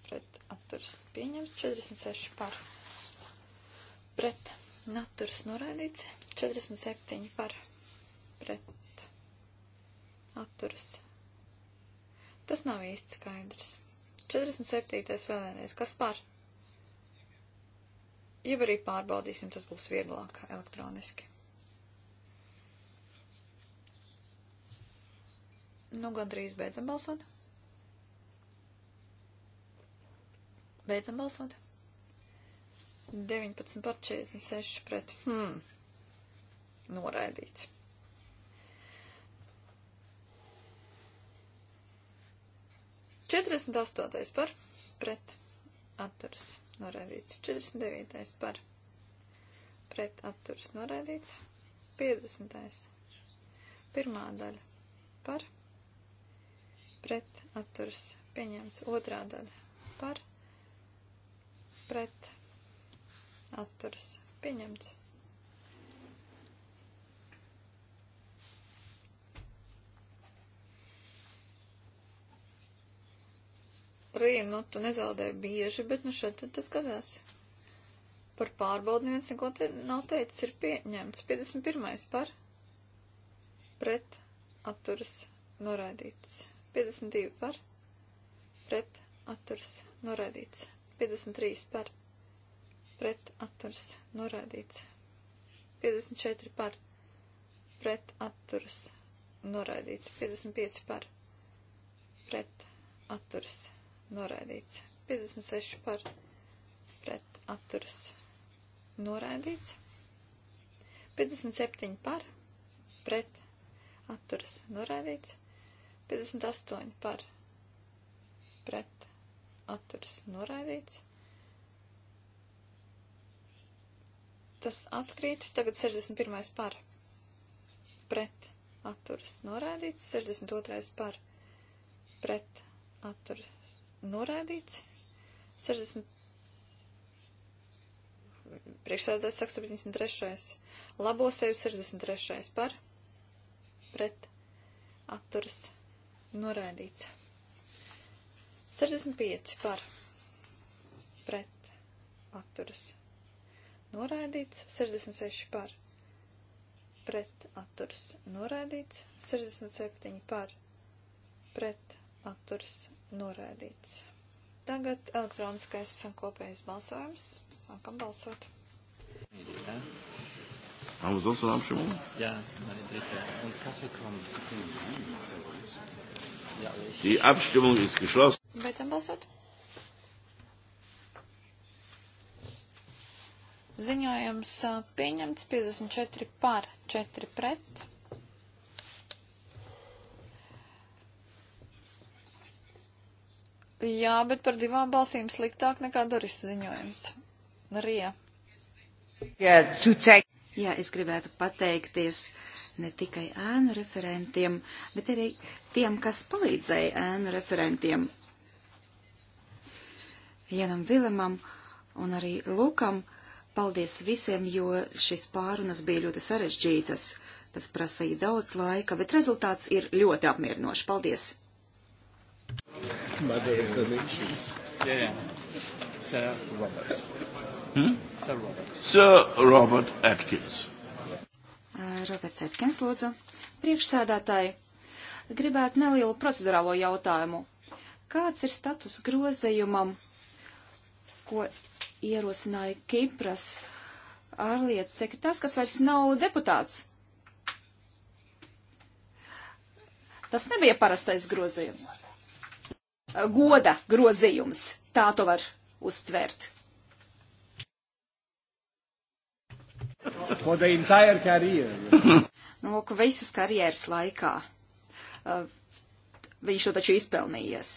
S3: pret atturs pieņems. 46 par pret atturs noraidīts. 47 par pret atturas. Tas nav īsti skaidrs. 47. vēl vienreiz, kas par? Jeb arī pārbaudīsim, tas būs vieglāk elektroniski. Nu, gandrīz beidzam balsot. Beidzam balsot. 19 par 46 pret. Hmm. Noraidīts. 48. par pret atturas noraidīts. 49. par pret atturas noraidīts. 50. Pirmā daļa par pret atturas pieņemts. Otrā daļa par pret atturas pieņemts. Rīna, nu, tu nezaudēji bieži, bet nu šeit tas gadās. Par pārbaudu neviens neko te nav teicis, ir pieņemts. 51. par pret atturas noraidīts. 52 par pret atturas noraidīts. 53 par pret atturas noraidīts. 54 par pret atturas noraidīts. 55 par pret atturas noraidīts noraidīts. 56 par pret atturas noraidīts. 57 par pret atturas noraidīts. 58 par pret atturas noraidīts. Tas atkrīt, tagad 61 par pret atturas noraidīts, 62 par pret atturas Norādīts. 60. Priekšsēdētājs saka 73. Labo sevi 63. par. Pret. Atturas. Norādīts. 65 par. Pret. Atturas. Norādīts. 66 par. Pret. Atturas. Norādīts. 67 par. Pret. Atturas Noraidīts. Tagad elektroniskais kopējais balsojums. Sākam balsot.
S4: Haben wir sonst noch Abstimmung?
S1: Ja, meine dritte. Und Kaffee kommt. Die Abstimmung
S4: ist geschlossen.
S3: Beidzam balsot. Ziņojums pieņemts 54 par, 4 pret. Jā, bet par divām balsīm sliktāk nekā Doris ziņojums. Rija.
S2: Jā, es gribētu pateikties ne tikai ēnu referentiem, bet arī tiem, kas palīdzēja ēnu referentiem. Janam Vilemam un arī Lukam paldies visiem, jo šis pārunas bija ļoti sarežģītas. Tas prasīja daudz laika, bet rezultāts ir ļoti apmierinošs. Paldies!
S1: Mother Connections. Yeah. Sir Robert. Hmm? Sir Robert.
S4: Sir Robert Atkins.
S2: Roberts Atkins, lūdzu. Priekšsēdētāji, gribētu nelielu procedurālo jautājumu. Kāds ir status grozējumam, ko ierosināja Kipras ārlietu sekretārs, kas vairs nav deputāts? Tas nebija parastais grozījums. Eh, goda grozījums. Tā to var uztvert.
S8: For the entire career.
S2: nu, lūk, visas karjeras laikā. Uh, viņš to taču izpelnījies.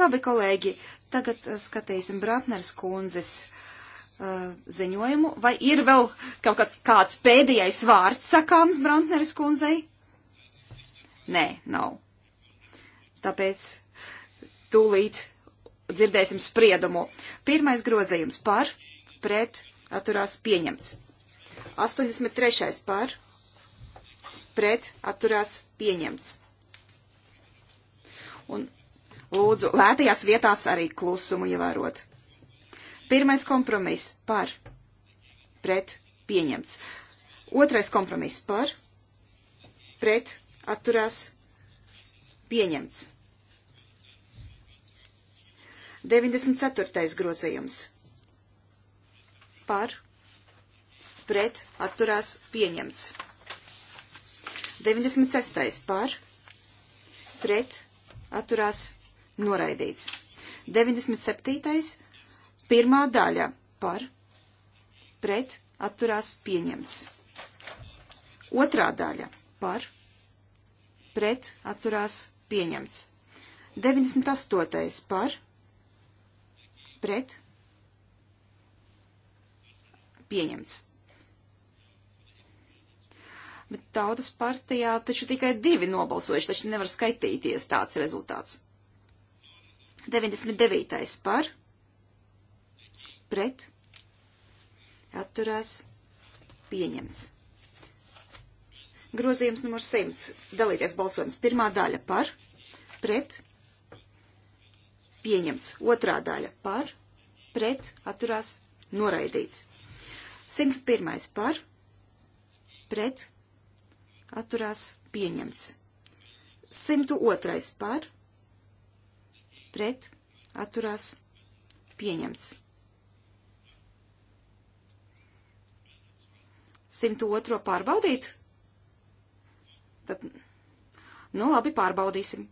S2: Labi, kolēģi, tagad eh, skatīsim Bratners kundzes uh, ziņojumu. Vai ir vēl kaut kāds, kāds pēdējais vārds sakāms Bratners kundzei? Nē, nav. No. Tāpēc tūlīt dzirdēsim spriedumu. Pirmais grozījums par, pret, atturās pieņemts. 83. par, pret, atturās pieņemts. Un lūdzu, lētajās vietās arī klusumu ievērot. Pirmais kompromiss par, pret, pieņemts. Otrais kompromiss par, pret, atturās pieņemts Pieņemts. 94. grozījums. Par, pret, atturās, pieņemts. 96. par, pret, atturās, noraidīts. 97. pirmā daļa par, pret, atturās, pieņemts. Otrā daļa par, pret, atturās, pieņemts pieņemts. 98. par pret pieņemts. Bet tautas partijā taču tikai divi nobalsojuši, taču nevar skaitīties tāds rezultāts. 99. par pret atturās pieņemts. Grozījums numur 100. Dalīties balsojums. Pirmā daļa par, pret, pieņemts. Otrā daļa par, pret, atturās, noraidīts. 101. par, pret, atturās, pieņemts. 102. par, pret, atturās, pieņemts. 102. pārbaudīt? Tad, nu labi, pārbaudīsim.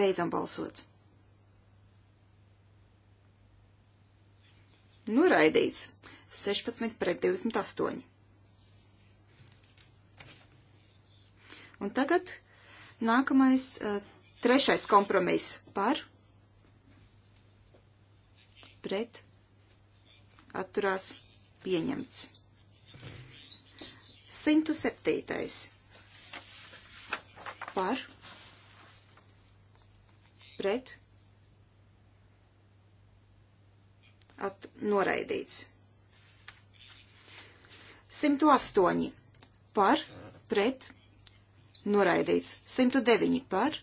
S2: Beidzam balsot. Noraidīts nu, 16 pret 28. Un tagad nākamais uh, Trešais kompromiss par, pret, atturās pieņemts. 107. par, pret, at, noraidīts. 108 par, pret, noraidīts. 109 par, pret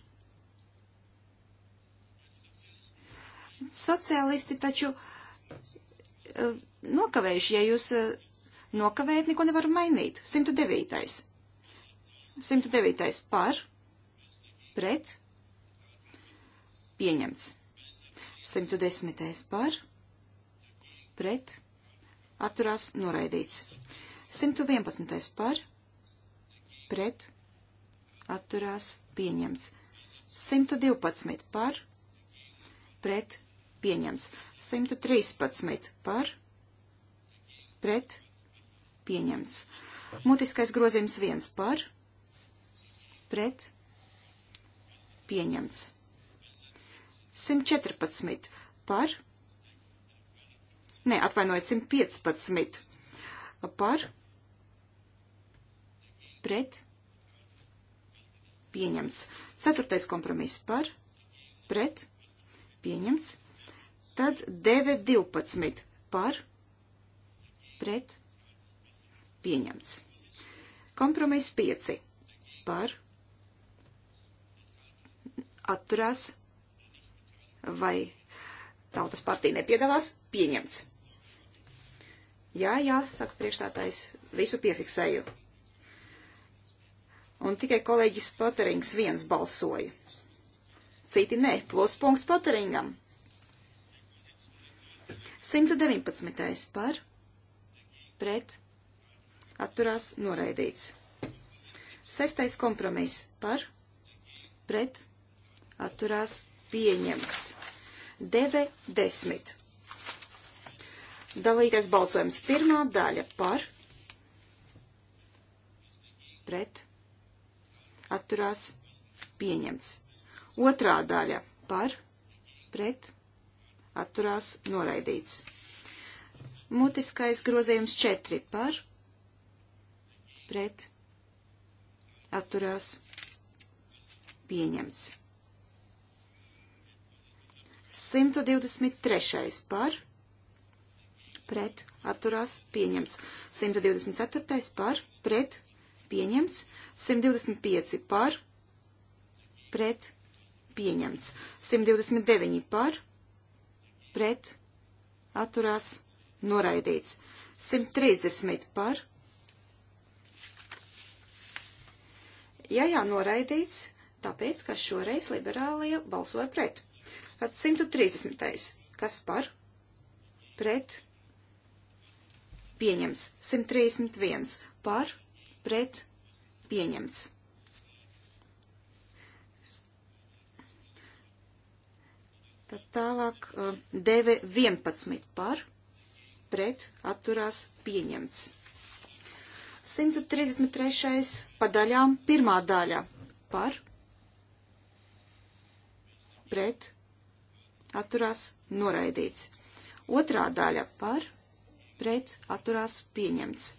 S2: sociālisti taču uh, nokavējuši, ja jūs uh, nokavējat, neko nevar mainīt. 109. 109. par, pret, pieņemts. 110. par, pret, atturās noraidīts. 111. par, pret, atturās pieņemts. 112 par, pret pieņemts. 113 par, pret, pieņemts. Mutiskais grozījums 1 par, pret, pieņemts. 114 par, ne, atvainojiet, 115 par, pret, pieņemts. Ceturtais kompromiss par, pret, pieņemts. Tad 9.12 par pret pieņemts. Kompromiss 5 par atturās vai tautas partija nepiedalās pieņemts. Jā, jā, saka priekšstātājs, visu piefiksēju. Un tikai kolēģis Poterings viens balsoja. Citi nē, pluspunkts Poteringam. 119. par pret atturās noraidīts. Sestais kompromiss par pret atturās pieņemts. 9.10. Dalīties balsojums pirmā daļa par pret atturās pieņemts. Otrā daļa par pret atturās pieņemts atturās noraidīts. Mutiskais grozījums 4 par, pret, atturās, pieņemts. 123. par, pret, atturās, pieņemts. 124. par, pret, pieņemts. 125. par, pret, pieņemts. 129. par, pret, atturās, noraidīts. 130 par. Jā, jā, noraidīts, tāpēc, ka šoreiz liberālie balsoja pret. Tad 130. Kas par? Pret. Pieņems. 131. Par. Pret. Pieņems. Tad tālāk deve 11 par, pret atturās pieņemts. 133. padaļām pirmā daļa par, pret atturās noraidīts. Otrā daļa par, pret atturās pieņemts.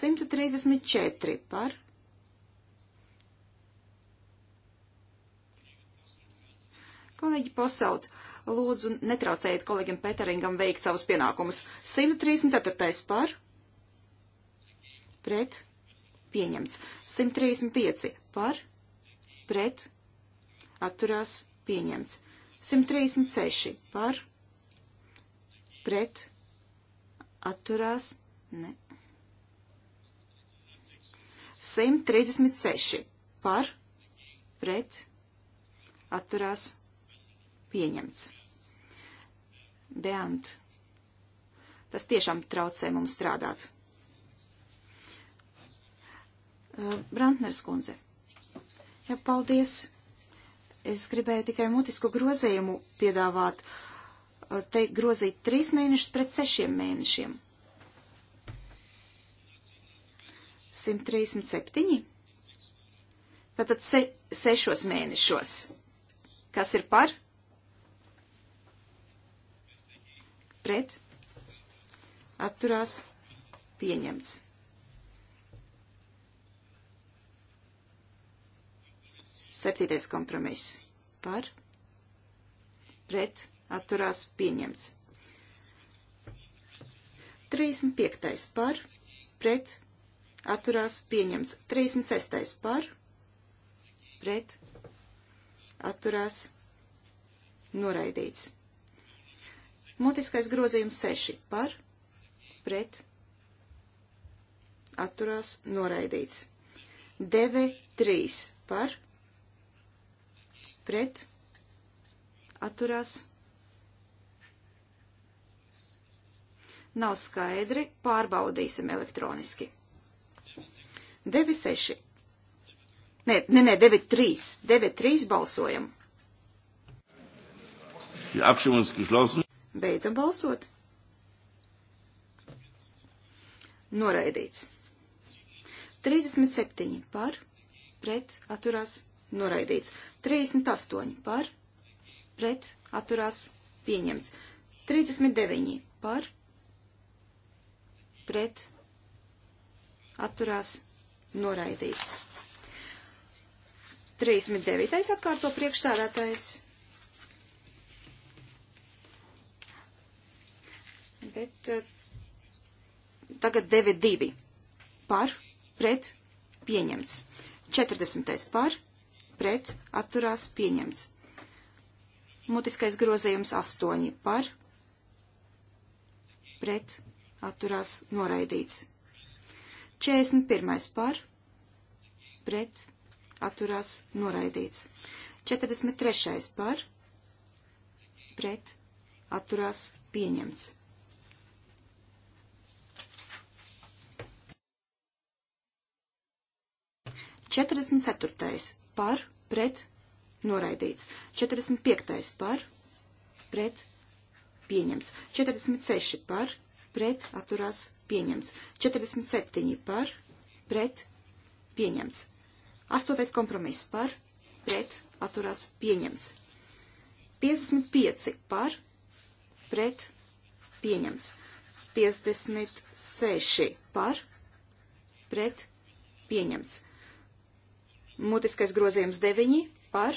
S2: 134 par, Kolēģi Posaut, lūdzu netraucējiet kolēģim Peteringam veikt savus pienākumus. 134. par. Pret. Pieņemts. 135. par. Pret. Atturās. Pieņemts. 136. par. Pret. Atturās. Ne. 136. par. Pret. Atturās. Pieņemts. Beant. Tas tiešām traucē mums strādāt. Uh, Brantners kundze. Jā, paldies. Es gribēju tikai mutisku grozējumu piedāvāt. Uh, te grozīt trīs mēnešus pret sešiem mēnešiem. 137. Tātad se, sešos mēnešos. Kas ir par? pret atturās pieņemts. Septītais kompromiss par pret atturās pieņemts. 35. par pret atturās pieņemts. 36. par pret atturās noraidīts. Mutiskais grozījums 6 par, pret, atturās, noraidīts. 9, 3 par, pret, atturās. Nav skaidri, pārbaudīsim elektroniski. 9, 6. Nē, nē, nē 9, 3. 9, 3 balsojam.
S4: Die Abstimmung ist geschlossen.
S2: Beidzam balsot. Noraidīts. 37 par, pret, atturās, noraidīts. 38 par, pret, atturās, pieņemts. 39 par, pret, atturās, noraidīts. 39. atkārto priekšsādātājs bet eh, tagad 9-2 par, pret, pieņemts. 40. par, pret, atturās, pieņemts. Mutiskais grozījums 8 par, pret, atturās, noraidīts. 41. par, pret, atturās, noraidīts. 43. par, pret, atturās, pieņemts. 44. par pret noraidīts. 45. par pret pieņems. 46. par pret atturās pieņems. 47. par pret pieņems. 8. kompromiss par pret atturās pieņems. 55 par pret pieņems. 56 par pret pieņems. Mutiskais grozījums 9 par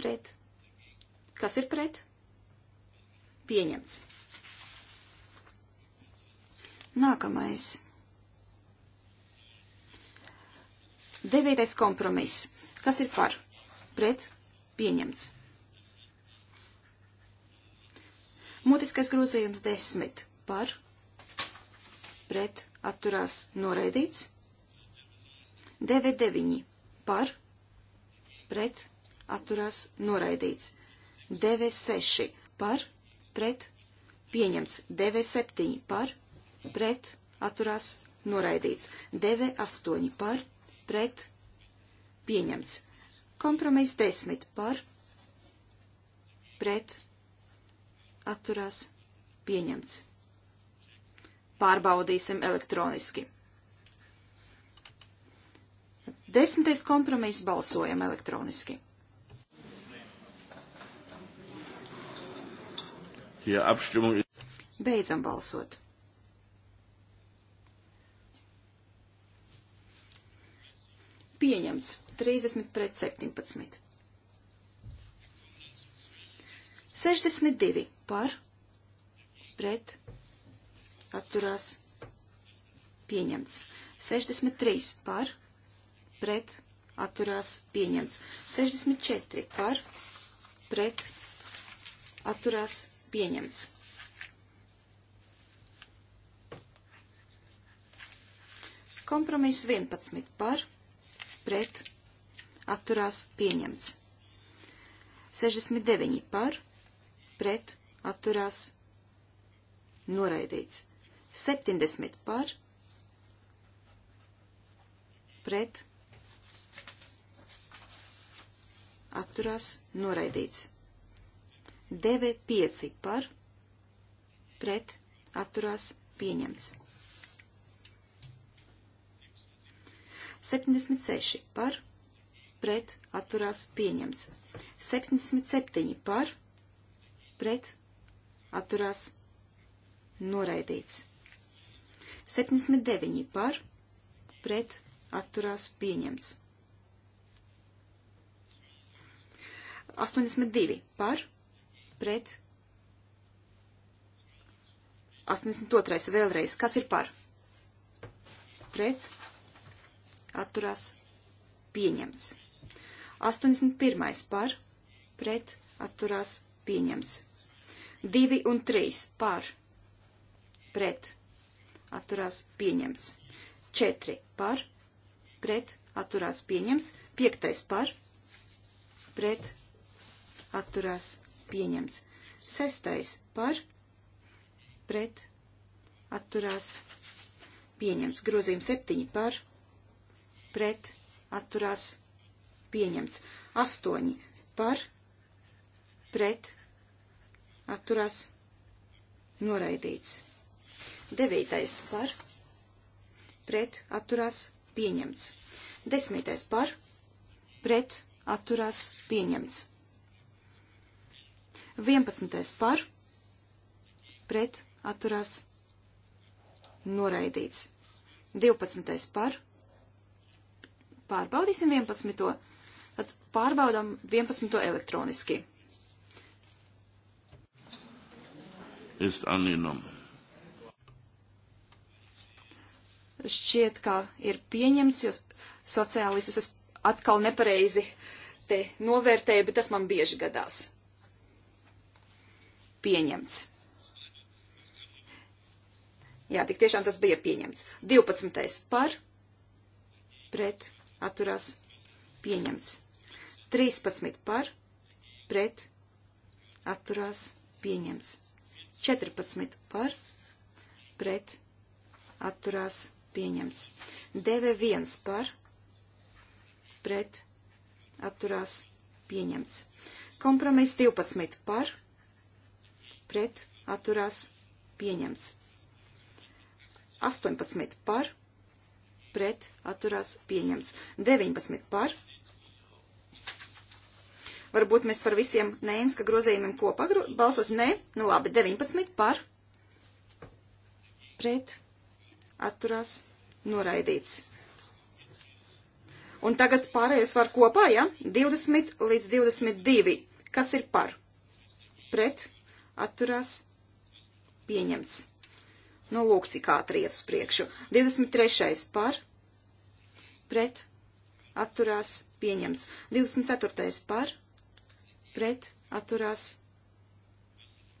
S2: pret. Kas ir pret? Pieņemts. Nākamais. Devītais kompromiss. Kas ir par? Pret? Pieņemts. Mutiskais grozījums 10 par pret atturās noraidīts. 99 par, pret, atturās noraidīts. 96 par, pret, pieņemts. 97 par, pret, atturās noraidīts. 98 par, pret, pieņemts. Kompromiss 10 par, pret, atturās pieņemts. Pārbaudīsim elektroniski. Desmitais kompromiss balsojam elektroniski.
S4: Beidzam balsot.
S2: Pieņems 30 pret 17. 62 par pret atturās pieņemts. 63 par pret atturās pieņemts. 64 par pret atturās pieņemts. Kompromiss 11 par pret atturās pieņemts. 69 par pret atturās noraidīts. 70 par pret atturās noraidīts. 9.5 par pret atturās pieņemts. 76 par pret atturās pieņemts. 77 par pret atturās noraidīts. 79 par pret atturās pieņemts. 82 par pret 82 vēlreiz. Kas ir par? Pret atturās pieņemts. 81 par pret atturās pieņemts. 2 un 3 par pret atturās pieņemts. 4 par pret atturās pieņemts. 5 par pret atturās pieņemts. Sestais par pret atturās pieņemts. Grozījums septiņi par pret atturās pieņemts. Astoņi par pret atturās noraidīts. Devītais par pret atturās pieņemts. Desmitais par pret atturās pieņemts. 11. par pret atturās noraidīts. 12. par pārbaudīsim 11. Tad pārbaudam 11. elektroniski.
S4: Ist angenommen.
S2: šķiet, ka ir pieņemts, jo sociālistus es atkal nepareizi te novērtēju, bet tas man bieži gadās pieņemts. Jā, tik tiešām tas bija pieņemts. 12. par, pret, atturās, pieņemts. 13. par, pret, atturās, pieņemts. 14. par, pret, atturās, pieņemts. 9.1 par, pret, atturās, pieņemts. Kompromiss 12 par, pret, pret atturās pieņemts. 18 par pret atturās pieņemts. 19 par. Varbūt mēs par visiem Nēnska grozījumiem kopā balsos. Nē, nu labi, 19 par pret atturās noraidīts. Un tagad pārējais var kopā, ja? 20 līdz 22. Kas ir par? Pret atturās pieņemts. Nu, lūk, cik ātri iet uz priekšu. 23. par, pret, atturās, pieņems. 24. par, pret, atturās,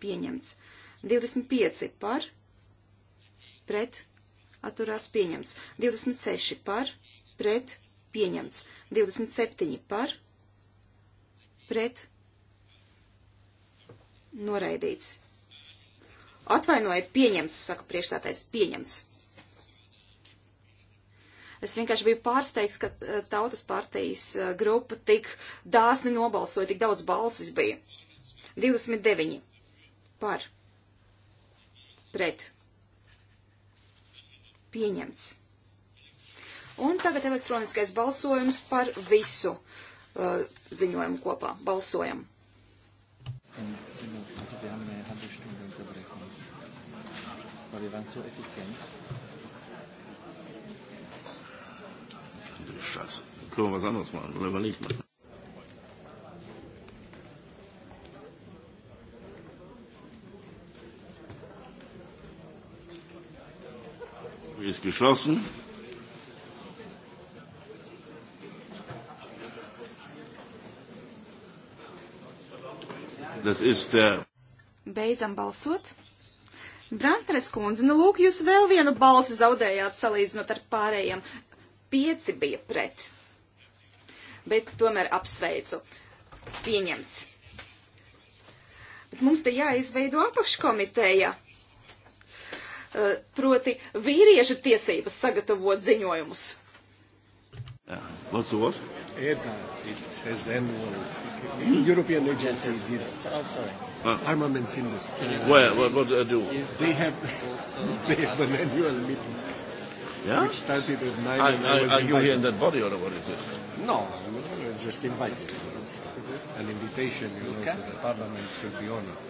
S2: pieņemts. 25. par, pret, atturās, pieņemts. 26. par, pret, pieņemts. 27. par, pret, Noraidīts. Atvainojiet, pieņemts, saka priekšstātais, pieņemts. Es vienkārši biju pārsteigts, ka eh, tautas partijas eh, grupa tik dāsni nobalsoja, tik daudz balsis bija. 29 par pret pieņemts. Un tagad elektroniskais balsojums par visu uh, ziņojumu kopā. Balsojam!
S1: in zehn Minuten. Also wir haben eine halbe Stunde Unterbrechung. Weil wir waren so effizient.
S4: Scheiße. Können wir was anderes machen oder überlegt machen. ist geschlossen. Das ist der.
S2: Beidzam balsot. Brantres kundze, nu lūk, jūs vēl vienu balsi zaudējāt salīdzinot ar pārējiem. Pieci bija pret. Bet tomēr apsveicu. Pieņemts. Bet mums te jāizveido apakškomiteja. Uh, proti vīriešu tiesības sagatavot ziņojumus.
S4: Yeah. What's the what? EDA,
S8: it has annual mm. European agency. Yes, yes. Oh, sorry.
S1: Uh, Armaments industry. Uh, Where? What, what do I do? They have, they have an annual meeting. Yeah? Which started at 9 I, and I, I was Are invited. you here in that
S4: body or what is
S1: it? No, I'm just invited. An invitation, you okay. know, to the parliament should be honored.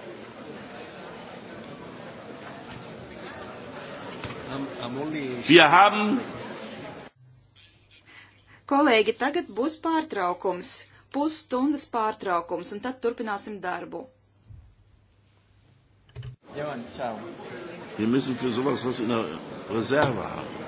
S1: I'm, um, I'm only...
S4: Wir haben
S2: Kolēģi, tagad būs pārtraukums, pusstundas pārtraukums, un tad turpināsim darbu.
S1: Ja, man,
S4: Wir müssen für sowas was in der Reserve haben.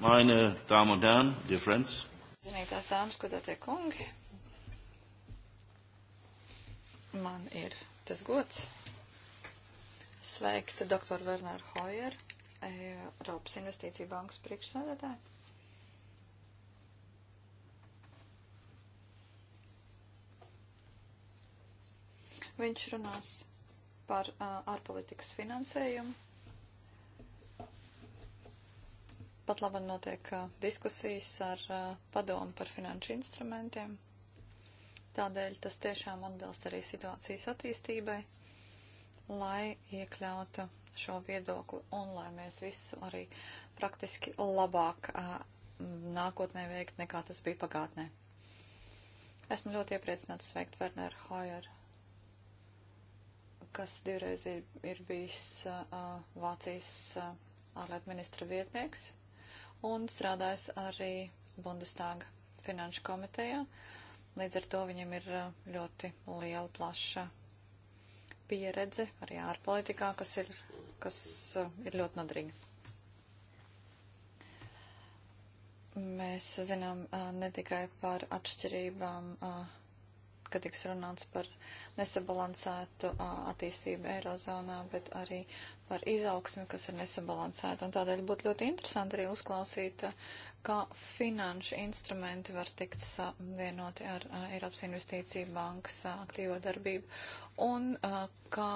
S4: meine Damen un Herren, dear friends.
S3: Zinītās dāmas, godātie kungi, man ir tas gods sveikt doktoru Werneru Hojeru, Eiropas Investīcija bankas priekšsādātāju. Viņš runās par uh, ārpolitikas finansējumu Pat labi notiek diskusijas ar padomu par finanšu instrumentiem. Tādēļ tas tiešām atbilst arī situācijas attīstībai, lai iekļautu šo viedokli un lai mēs visu arī praktiski labāk nākotnē veikt nekā tas bija pagātnē. Esmu ļoti iepriecināts sveikt Werneru Hojeru, kas divreiz ir, ir bijis uh, Vācijas uh, ārlietu ministra vietnieks un strādājis arī Bundestāga finanšu komitejā. Līdz ar to viņam ir uh, ļoti liela, plaša pieredze arī ārpolitikā, kas ir, kas uh, ir ļoti nodrīga. Mēs zinām uh, ne tikai par atšķirībām, kad tiks runāts par nesabalansētu attīstību Eirozonā, bet arī par izaugsmi, kas ir nesabalansēta. Un tādēļ būtu ļoti interesanti arī uzklausīt, kā finanšu instrumenti var tikt savienoti ar Eiropas investīciju bankas aktīvo darbību un kā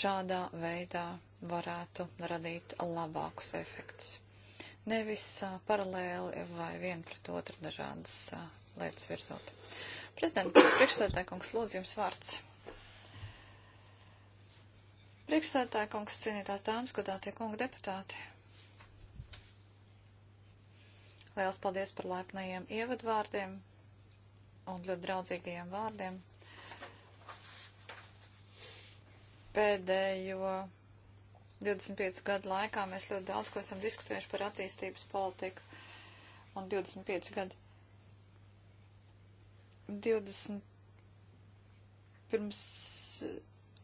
S3: šādā veidā varētu radīt labākus efektus. Nevis paralēli vai vien pret otru dažādas lietas virzot. Prezidents, priekšsēdētāj, kungs, lūdzu jums vārds. Priekšsēdētāja kungs, cienītās dāmas, godātie kungu deputāti. Liels paldies par laipnajiem ievadvārdiem un ļoti draudzīgajiem vārdiem. Pēdējo 25 gadu laikā mēs ļoti daudz ko esam diskutējuši par attīstības politiku un 25 gadu. 20 pirms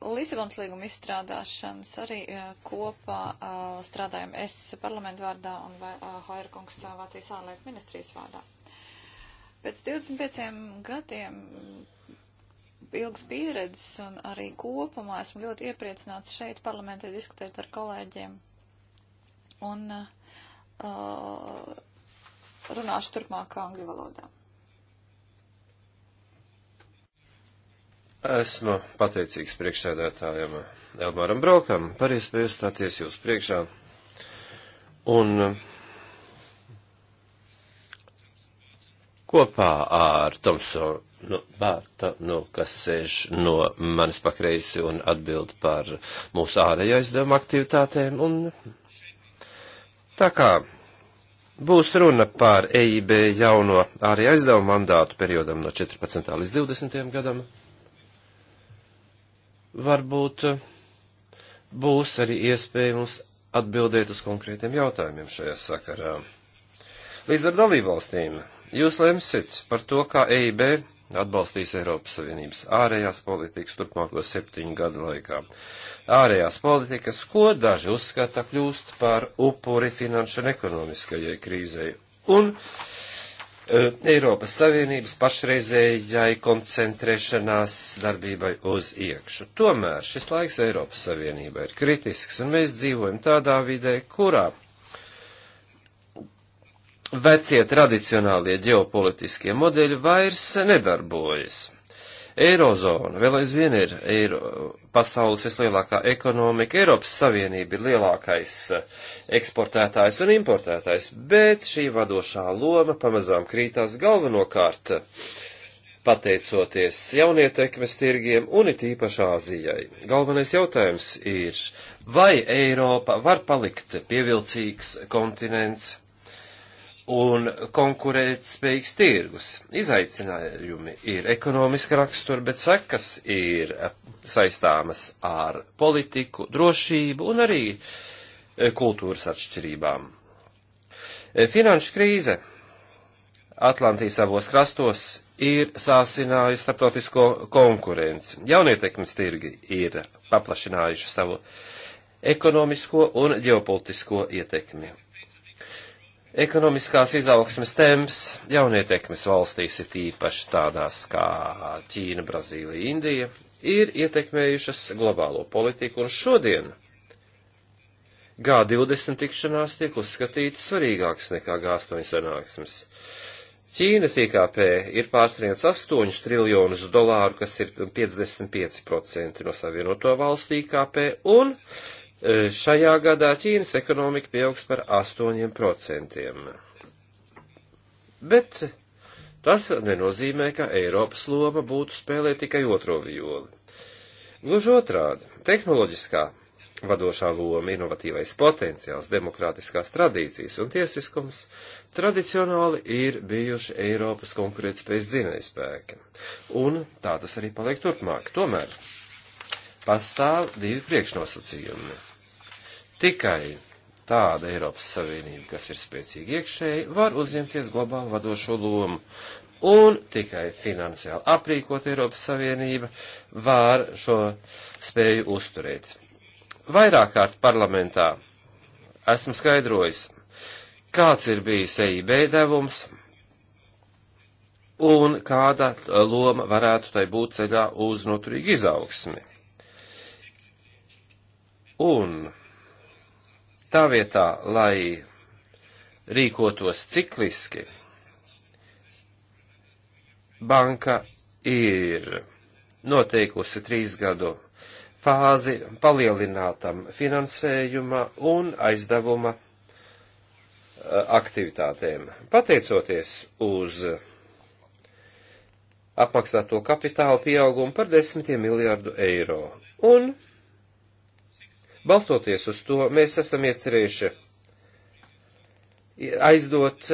S3: Lisabons līguma izstrādāšanas arī uh, kopā uh, strādājam es parlamentu vārdā un uh, eh, Hoirkungs uh, Vācijas ārlietu ministrijas vārdā. Pēc 25 gadiem mm, ilgas pieredzes un arī kopumā esmu ļoti iepriecināts šeit parlamentē diskutēt ar kolēģiem. Un uh, runāšu turpmāk angļu valodā.
S7: Esmu pateicīgs priekšsēdētājam Elmāram Braukam par iespēju stāties jūs priekšā. Un kopā ar Tomsonu nu, Bārta, nu, kas sēž no manis pakreisi un atbild par mūsu ārējo aizdevumu aktivitātēm. Un tā kā būs runa par EIB jauno ārējo aizdevumu mandātu periodam no 14. līdz 20. gadam varbūt eh, būs arī iespēja mums atbildēt uz konkrētiem jautājumiem šajā sakarā. Līdz ar dalībvalstīm jūs lemsit par to, kā EIB atbalstīs Eiropas Savienības ārējās politikas turpmāko septiņu gadu laikā. Ārējās politikas, ko daži uzskata kļūst par upuri finanšu un ekonomiskajai krīzei. Un Eh, Eiropas Savienības pašreizējai koncentrēšanās darbībai uz iekšu. Tomēr šis laiks Eiropas Savienībai ir kritisks, un mēs dzīvojam tādā vidē, kurā vecie tradicionālie ģeopolitiskie modeļi vairs nedarbojas. Eirozona vēl aizvien ir, ir pasaules vislielākā ekonomika, Eiropas Savienība ir lielākais eh, eksportētājs un importētājs, bet šī vadošā loma pamazām krītās galvenokārt pateicoties jaunietekmes tirgiem un it īpaši Āzijai. Galvenais jautājums ir, vai Eiropa var palikt pievilcīgs kontinents un konkurētspējīgs tirgus. Izaicinājumi ir ekonomiska rakstura, bet sekas ir saistāmas ar politiku, drošību un arī e, kultūras atšķirībām. E, finanšu krīze Atlantijas abos krastos ir sāsinājusi starptautisko konkurenci. Jaunietekmes tirgi ir paplašinājuši savu ekonomisko un ģeopolitisko ietekmi. Ekonomiskās izaugsmes temps jaunietekmes valstīs ir īpaši tādās kā Ķīna, Brazīlija, Indija, ir ietekmējušas globālo politiku, un šodien G20 tikšanās tiek uzskatīts svarīgāks nekā G8 sanāksmes. Ķīnas IKP ir pārsniedz 8 triljonus dolāru, kas ir 55% no savienoto valstu IKP, un E, šajā gadā Ķīnas ekonomika pieaugs par 8%. Bet tas nenozīmē, ka Eiropas loma būtu spēlēt tikai otro violi. Gluži otrādi, tehnoloģiskā vadošā loma, inovatīvais potenciāls, demokrātiskās tradīcijas un tiesiskums tradicionāli ir bijuši Eiropas konkurētspējas dzinējspēki. Un tā tas arī paliek turpmāk. Tomēr pastāv divi priekšnosacījumi. Tikai tāda Eiropas Savienība, kas ir spēcīga iekšēji, var uzņemties globālu vadošo lomu. Un tikai finansiāli aprīkot Eiropas Savienība var šo spēju uzturēt. Vairākārt parlamentā esmu skaidrojis, kāds ir bijis EIB devums un kāda loma varētu tai būt ceļā uz noturīgu izaugsmi. Un Tā vietā, lai rīkotos cikliski, banka ir noteikusi trīs gadu fāzi palielinātam finansējuma un aizdevuma e, aktivitātēm. Pateicoties uz apmaksāto kapitālu pieaugumu par desmitiem miljārdu eiro. Un Balstoties uz to, mēs esam iecerējuši aizdot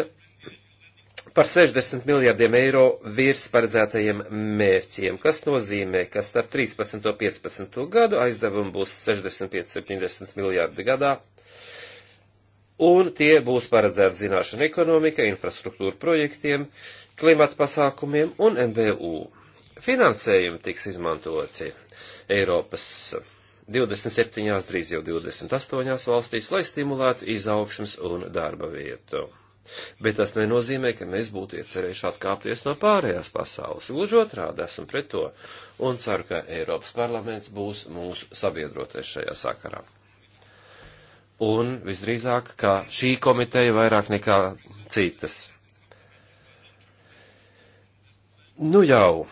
S7: par 60 miljardiem eiro virs paredzētajiem mērķiem, kas nozīmē, ka starp 13. un 15. gadu aizdevumi būs 65-70 miljardi gadā, un tie būs paredzēti zināšana ekonomika, infrastruktūra projektiem, klimata pasākumiem un MBU. Finansējumi tiks izmantoti Eiropas 27, drīz jau 28 valstīs, lai stimulētu izaugsmas un darba vietu. Bet tas nenozīmē, ka mēs būtu iecerējuši atkāpties no pārējās pasaules. Gluži otrādi esmu pret to un ceru, ka Eiropas parlaments būs mūsu sabiedroties šajā sakarā. Un visdrīzāk, ka šī komiteja vairāk nekā citas. Nu jau,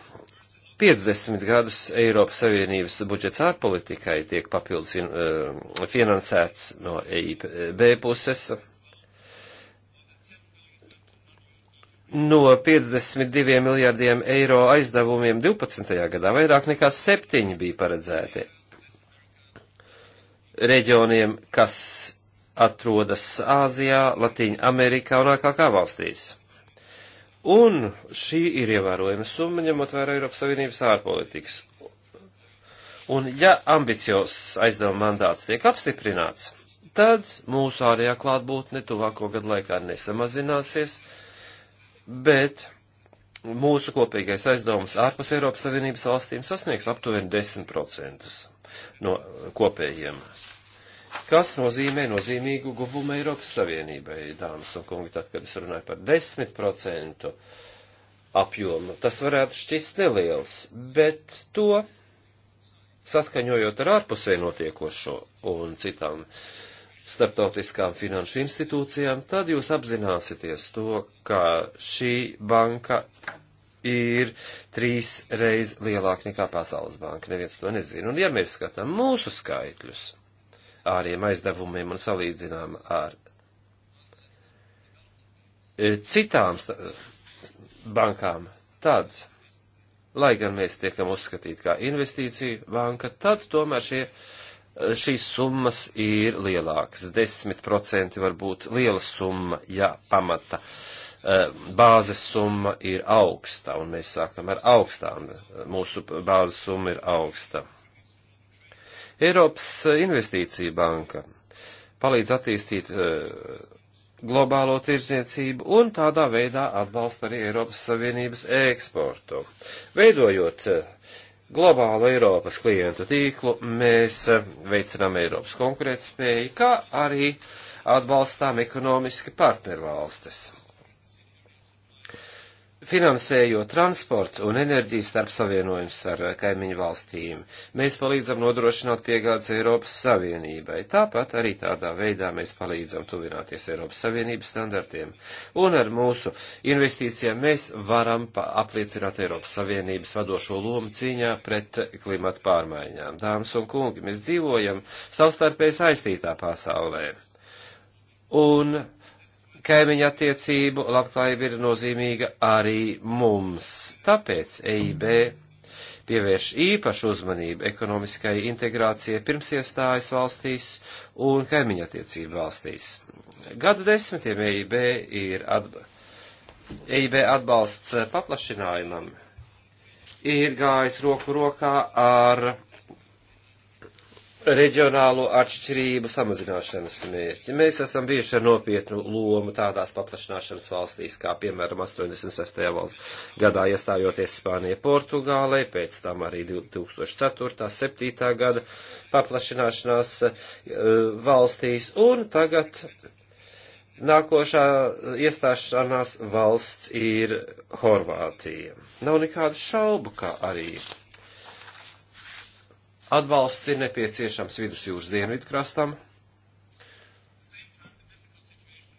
S7: 50 gadus Eiropas Savienības budžets ārpolitikai tiek papildus eh, finansēts no EIB puses. No 52 miljārdiem eiro aizdevumiem 12. gadā vairāk nekā 7 bija paredzēti reģioniem, kas atrodas Āzijā, Latīņa Amerikā un ārkārtā valstīs. Un šī ir ievērojama summa, ņemot vērā Eiropas Savienības ārpolitikas. Un ja ambiciozs aizdevuma mandāts tiek apstiprināts, tad mūsu ārējā klātbūtne tuvāko gadu laikā nesamazināsies, bet mūsu kopīgais aizdevums ārpus Eiropas Savienības valstīm sasniegs aptuveni 10% no kopējiem kas nozīmē nozīmīgu guvumu Eiropas Savienībai, dāmas un kungi, tad, kad es runāju par 10% apjomu. Tas varētu šķist neliels, bet to saskaņojot ar ārpusē notiekošo un citām starptautiskām finanšu institūcijām, tad jūs apzināsieties to, ka šī banka ir trīs reiz lielāka nekā Pasaules banka. Neviens to nezina. Un ja mēs skatām mūsu skaitļus, āriem aizdevumiem un salīdzinām ar e, citām bankām, tad, lai gan mēs tiekam uzskatīti kā investīciju banka, tad tomēr šie, šīs summas ir lielākas. 10% var būt liela summa, ja pamata e, bāzes summa ir augsta, un mēs sākam ar augstām. Mūsu bāzes summa ir augsta. Eiropas eh, investīcija banka palīdz attīstīt eh, globālo tirzniecību un tādā veidā atbalsta arī Eiropas Savienības eksportu. Veidojot eh, globālu Eiropas klientu tīklu, mēs veicinām Eiropas konkurētspēju, kā arī atbalstām ekonomiski partnervalstis. Finansējot transportu un enerģijas starp savienojums ar kaimiņu valstīm, mēs palīdzam nodrošināt piegādes Eiropas Savienībai. Tāpat arī tādā veidā mēs palīdzam tuvināties Eiropas Savienības standartiem. Un ar mūsu investīcijām mēs varam apliecināt Eiropas Savienības vadošo lomu cīņā pret klimatu pārmaiņām. Dāmas un kungi, mēs dzīvojam savstarpēji saistītā pasaulē. Un kaimiņa attiecību labklājība ir nozīmīga arī mums. Tāpēc EIB pievērš īpašu uzmanību ekonomiskai integrācijai pirms iestājas valstīs un kaimiņa attiecību valstīs. Gadu desmitiem EIB ir atba EIB atbalsts paplašinājumam ir gājis roku rokā ar reģionālo atšķirību samazināšanas mērķi. Mēs esam bijuši ar nopietnu lomu tādās paplašināšanas valstīs, kā piemēram 86. gadā iestājoties Spānija Portugālei, pēc tam arī 2004. 7. gada paplašināšanās eh, valstīs, un tagad nākošā iestāšanās valsts ir Horvātija. Nav nekādu šaubu, kā arī Atbalsts ir nepieciešams vidusjūras dienvidu krastam.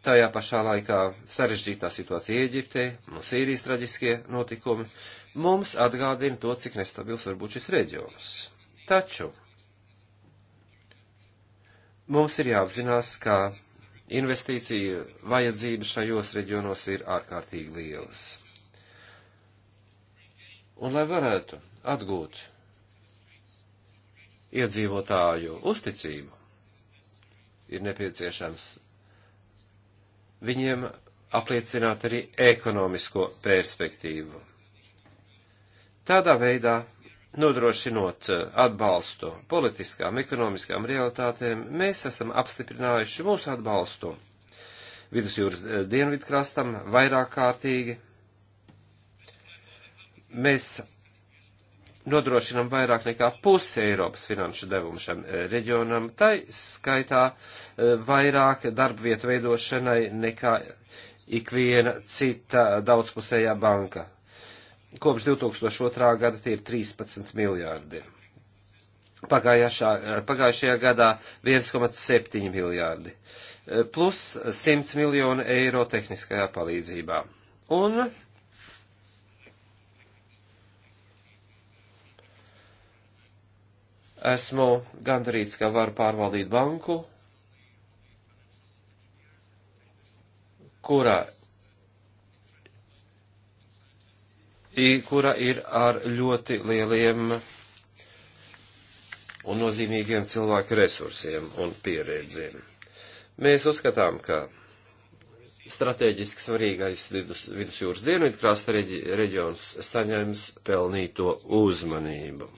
S7: Tajā pašā laikā sarežģītā situācija Ēģiptē un Sīrijas traģiskie notikumi mums atgādina to, cik nestabils var būt šis reģions. Taču mums ir jāapzinās, ka investīciju vajadzības šajos reģionos ir ārkārtīgi lielas. Un lai varētu atgūt iedzīvotāju uzticību, ir nepieciešams viņiem apliecināt arī ekonomisko perspektīvu. Tādā veidā, nodrošinot atbalstu politiskām, ekonomiskām realitātēm, mēs esam apstiprinājuši mūsu atbalstu vidusjūras eh, dienvidkrastam vairāk kārtīgi. Mēs nodrošinam vairāk nekā pusi Eiropas finanšu devumu šam e, reģionam, tai skaitā e, vairāk darba vietu veidošanai nekā ikviena cita daudzpusējā banka. Kopš 2002. gada tie ir 13 miljārdi. E, pagājušajā gadā 1,7 miljārdi. Plus 100 miljonu eiro tehniskajā palīdzībā. Un Esmu gandarīts, ka varu pārvaldīt banku, kura, kura ir ar ļoti lieliem un nozīmīgiem cilvēku resursiem un pieredzēm. Mēs uzskatām, ka strateģiski svarīgais vidusjūras dienvidkrasta reģions saņems pelnīto uzmanību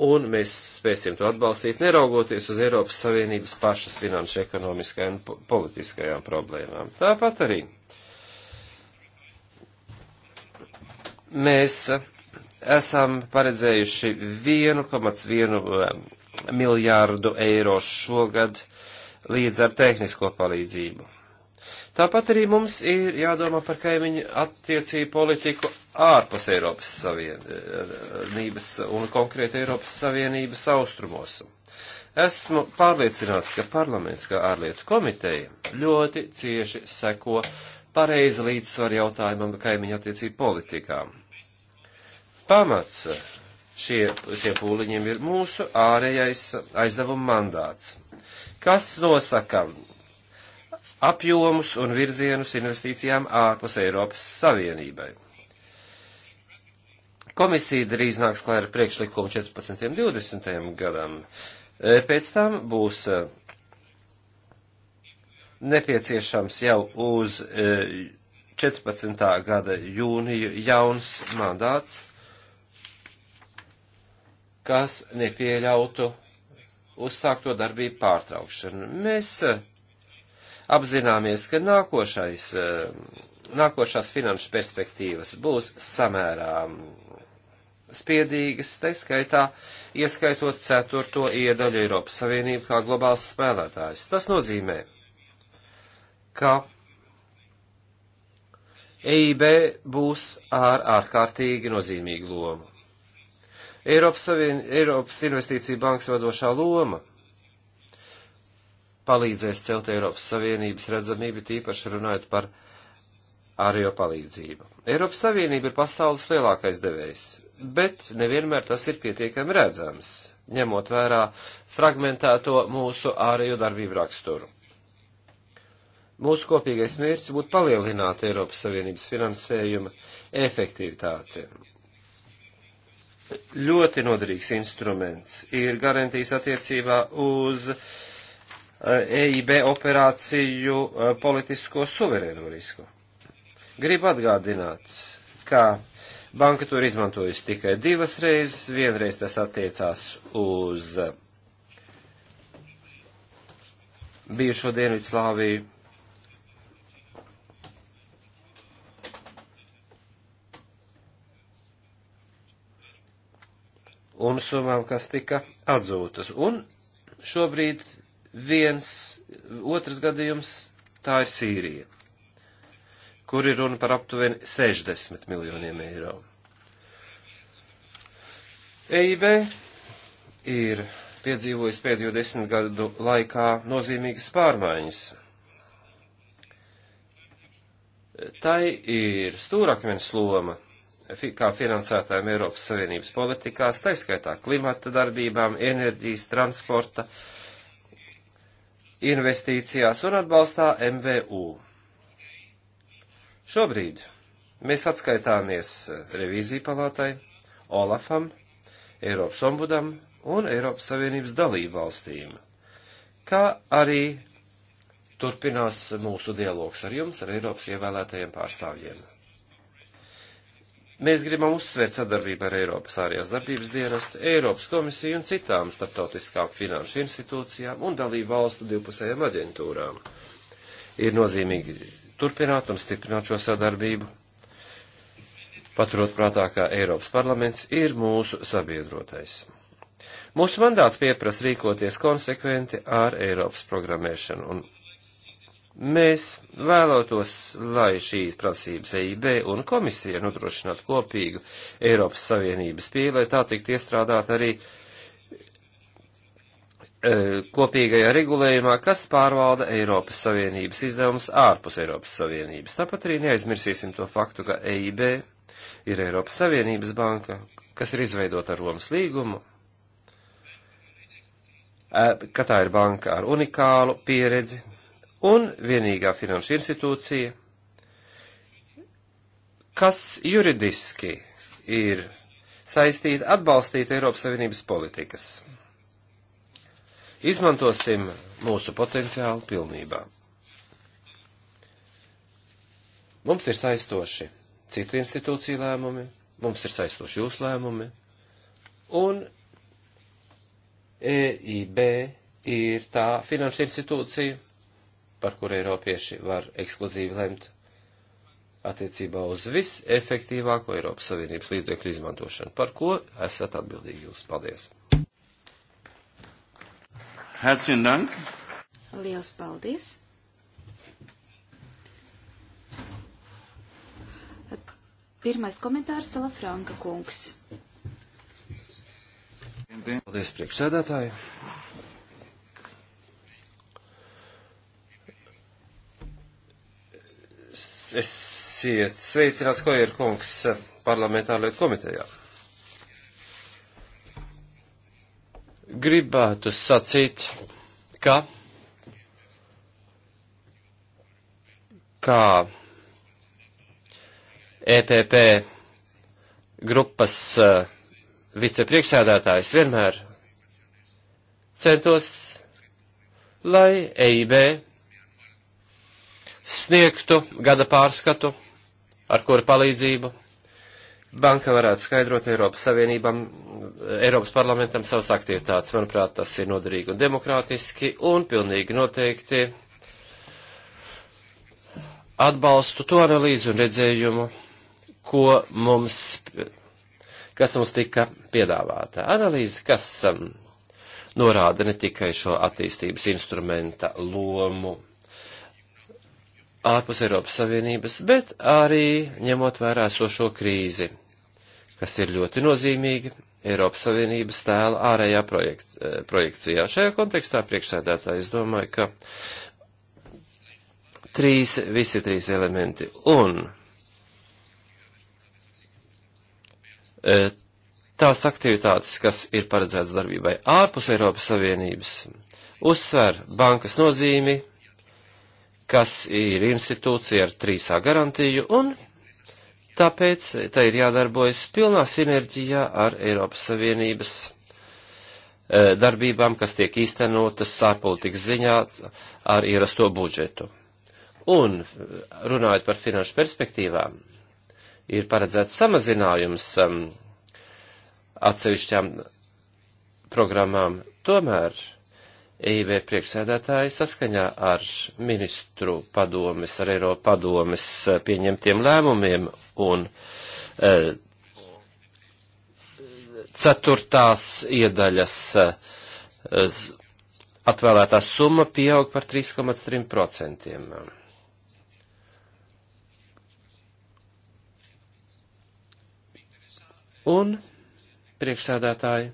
S7: un mēs spēsim to atbalstīt, neraugoties uz Eiropas Savienības pašas finanšu ekonomiskajām un politiskajām problēmām. Tāpat arī mēs esam paredzējuši 1,1 um, miljārdu eiro šogad līdz ar tehnisko palīdzību. Tāpat arī mums ir jādomā par kaimiņu attiecību politiku ārpus Eiropas Savienības un konkrēti Eiropas Savienības austrumos. Esmu pārliecināts, ka parlaments kā ārlietu komiteja ļoti cieši seko pareizi līdzsvaru jautājumam kaimiņu attiecību politikām. Pamats šie, šiem pūliņiem ir mūsu ārējais aizdevuma mandāts, kas nosaka apjomus un virzienus investīcijām ārpus Eiropas Savienībai. Komisija drīz nāks klāra priekšlikumu 14. un 20. gadam. E, pēc tam būs e, nepieciešams jau uz 14. E, gada jūniju jauns mandāts, kas nepieļautu uzsākto darbību pārtraukšanu. Mēs apzināmies, ka nākošais, eh, nākošās finanšu perspektīvas būs samērā spiedīgas, tai skaitā ieskaitot ceturto iedaļu Eiropas Savienību kā globāls spēlētājs. Tas nozīmē, ka EIB būs ar ārkārtīgi nozīmīgu lomu. Eiropas, Savien... Eiropas Investīcija bankas vadošā loma palīdzēs celt Eiropas Savienības redzamību, tīpaši runājot par ārējo palīdzību. Eiropas Savienība ir pasaules lielākais devējs, bet nevienmēr tas ir pietiekami redzams, ņemot vērā fragmentēto mūsu ārējo darbību raksturu. Mūsu kopīgais mērķis būtu palielināt Eiropas Savienības finansējuma efektivitāti. Ļoti noderīgs instruments ir garantijas attiecībā uz uh, EIB operāciju e, politisko suverēnu risku. Gribu atgādināt, ka banka tur izmantojusi tikai divas reizes, vienreiz tas attiecās uz bijušo Dienvidslāviju. Un summām, kas tika atzūtas. Un šobrīd Viens otrs gadījums tā ir Sīrija, kur ir runa par aptuveni 60 miljoniem eiro. EIB ir piedzīvojis pēdējo desmit gadu laikā nozīmīgas pārmaiņas. Tai ir stūrakmenis loma kā finansētājiem Eiropas Savienības politikās, taiskaitā klimata darbībām, enerģijas, transporta, uh, investīcijās un atbalstā MVU. Šobrīd mēs atskaitāmies revīziju palātai, Olafam, Eiropas ombudam un Eiropas Savienības dalību valstīm, kā arī turpinās mūsu dialogs ar jums, ar Eiropas ievēlētajiem pārstāvjiem. Mēs gribam uzsvērt sadarbību ar Eiropas ārējās darbības dienestu, Eiropas komisiju un citām starptautiskām finanšu institūcijām un dalību valstu divpusējām aģentūrām. Ir nozīmīgi turpināt un stiprināt šo sadarbību, paturot prātā, ka Eiropas parlaments ir mūsu sabiedrotais. Mūsu mandāts pieprasa rīkoties konsekventi ar Eiropas programmēšanu un Mēs vēlētos, lai šīs prasības EIB un komisija nodrošinātu kopīgu Eiropas Savienības pieeju, lai tā tiktu iestrādāt arī e, kopīgajā regulējumā, kas pārvalda Eiropas Savienības izdevumus ārpus Eiropas Savienības. Tāpat arī neaizmirsīsim to faktu, ka EIB ir Eiropas Savienības banka, kas ir izveidota ar Romas līgumu, e, ka tā ir banka ar unikālu pieredzi, un vienīgā finanšu institūcija, kas juridiski ir saistīta atbalstīt Eiropas Savienības politikas. Izmantosim mūsu potenciālu pilnībā. Mums ir saistoši citu institūciju lēmumi, mums ir saistoši jūsu lēmumi, un EIB ir tā finanšu institūcija, par kur Eiropieši var ekskluzīvi lemt attiecībā uz visefektīvāko Eiropas Savienības līdzekļu izmantošanu. Par ko esat atbildīgi jūs? Paldies!
S4: Herzlichen Dank!
S2: Liels paldies! Pirmais komentārs Salafranka kungs.
S7: Paldies, priekšsēdētāji! Esiet sveicināts, ko ir kungs parlamentārajā komitejā. Gribētu sacīt, ka kā EPP grupas eh, vicepriekšsēdētājs vienmēr centos, lai EIB sniegtu gada pārskatu, ar kura palīdzību banka varētu skaidrot Eiropas Savienībam, Eiropas parlamentam savas aktivitātes. Manuprāt, tas ir noderīgi un demokrātiski un pilnīgi noteikti atbalstu to analīzu un redzējumu, ko mums, kas mums tika piedāvāta. Analīze, kas um, norāda ne tikai šo attīstības instrumenta lomu ārpus Eiropas Savienības, bet arī ņemot vērā sošo krīzi, kas ir ļoti nozīmīgi Eiropas Savienības tēla ārējā projekt, eh, projekcijā. Šajā kontekstā priekšsēdētāji es domāju, ka trīs, visi trīs elementi un eh, tās aktivitātes, kas ir paredzētas darbībai ārpus Eiropas Savienības, uzsver bankas nozīmi kas ir institūcija ar trīsā garantiju, un tāpēc tai ir jādarbojas pilnā sinerģijā ar Eiropas Savienības e, darbībām, kas tiek īstenotas sārpolitikas ziņā ar ierasto budžetu. Un e, runājot par finanšu perspektīvām, ir paredzēts samazinājums um, atsevišķām programmām. Tomēr EIB priekšsēdētāji saskaņā ar ministru padomes, ar Eiropa padomes e, pieņemtiem lēmumiem un e, ceturtās iedaļas e, atvēlētā summa pieaug par 3,3%. Un priekšsēdētāji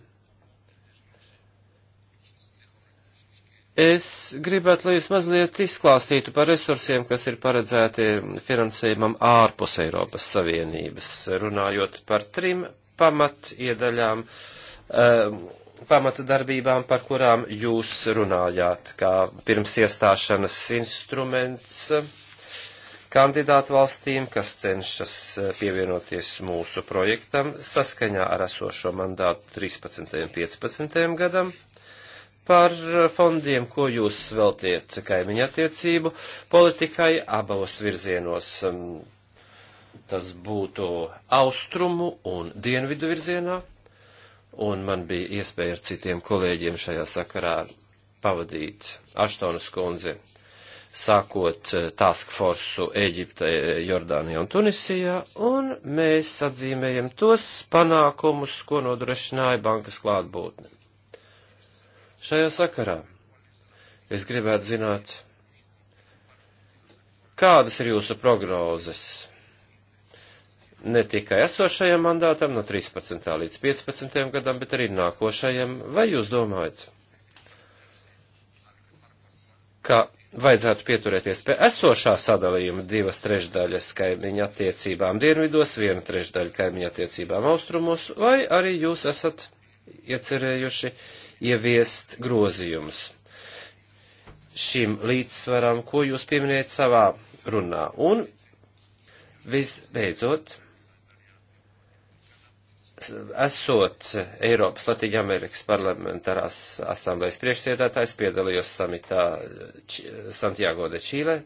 S7: Es gribētu, lai jūs mazliet izklāstītu par resursiem, kas ir paredzēti finansējumam ārpus Eiropas Savienības, runājot par trim pamat iedaļām, um, ehm, pamata darbībām, par kurām jūs runājāt, kā pirms iestāšanas instruments kandidātu valstīm, kas cenšas eh, pievienoties mūsu projektam saskaņā ar esošo mandātu 13. un 15. gadam par eh, fondiem, ko jūs veltiet kaimiņa attiecību politikai abos virzienos. Tas būtu austrumu un dienvidu virzienā, un man bija iespēja ar citiem kolēģiem šajā sakarā pavadīt Aštonas kundzi, sākot eh, task forsu Eģipte, eh, Jordānija un Tunisijā, un mēs atzīmējam tos panākumus, ko nodrošināja bankas klātbūtne. Šajā sakarā es gribētu zināt, kādas ir jūsu prognozes ne tikai esošajam mandātam no 13. līdz 15. gadam, bet arī nākošajam, vai jūs domājat, ka vajadzētu pieturēties pie esošā sadalījuma divas trešdaļas kaimiņa attiecībām dienvidos, viena trešdaļa kaimiņa attiecībām austrumos, vai arī jūs esat iecerējuši uh, ieviest grozījumus šim līdzsvaram, ko jūs pieminējat savā runā. Un visbeidzot, esot Eiropas Latīņa Amerikas parlamentārās asamblējas priekšsēdētājs, piedalījos samitā Santiago de Čīlē,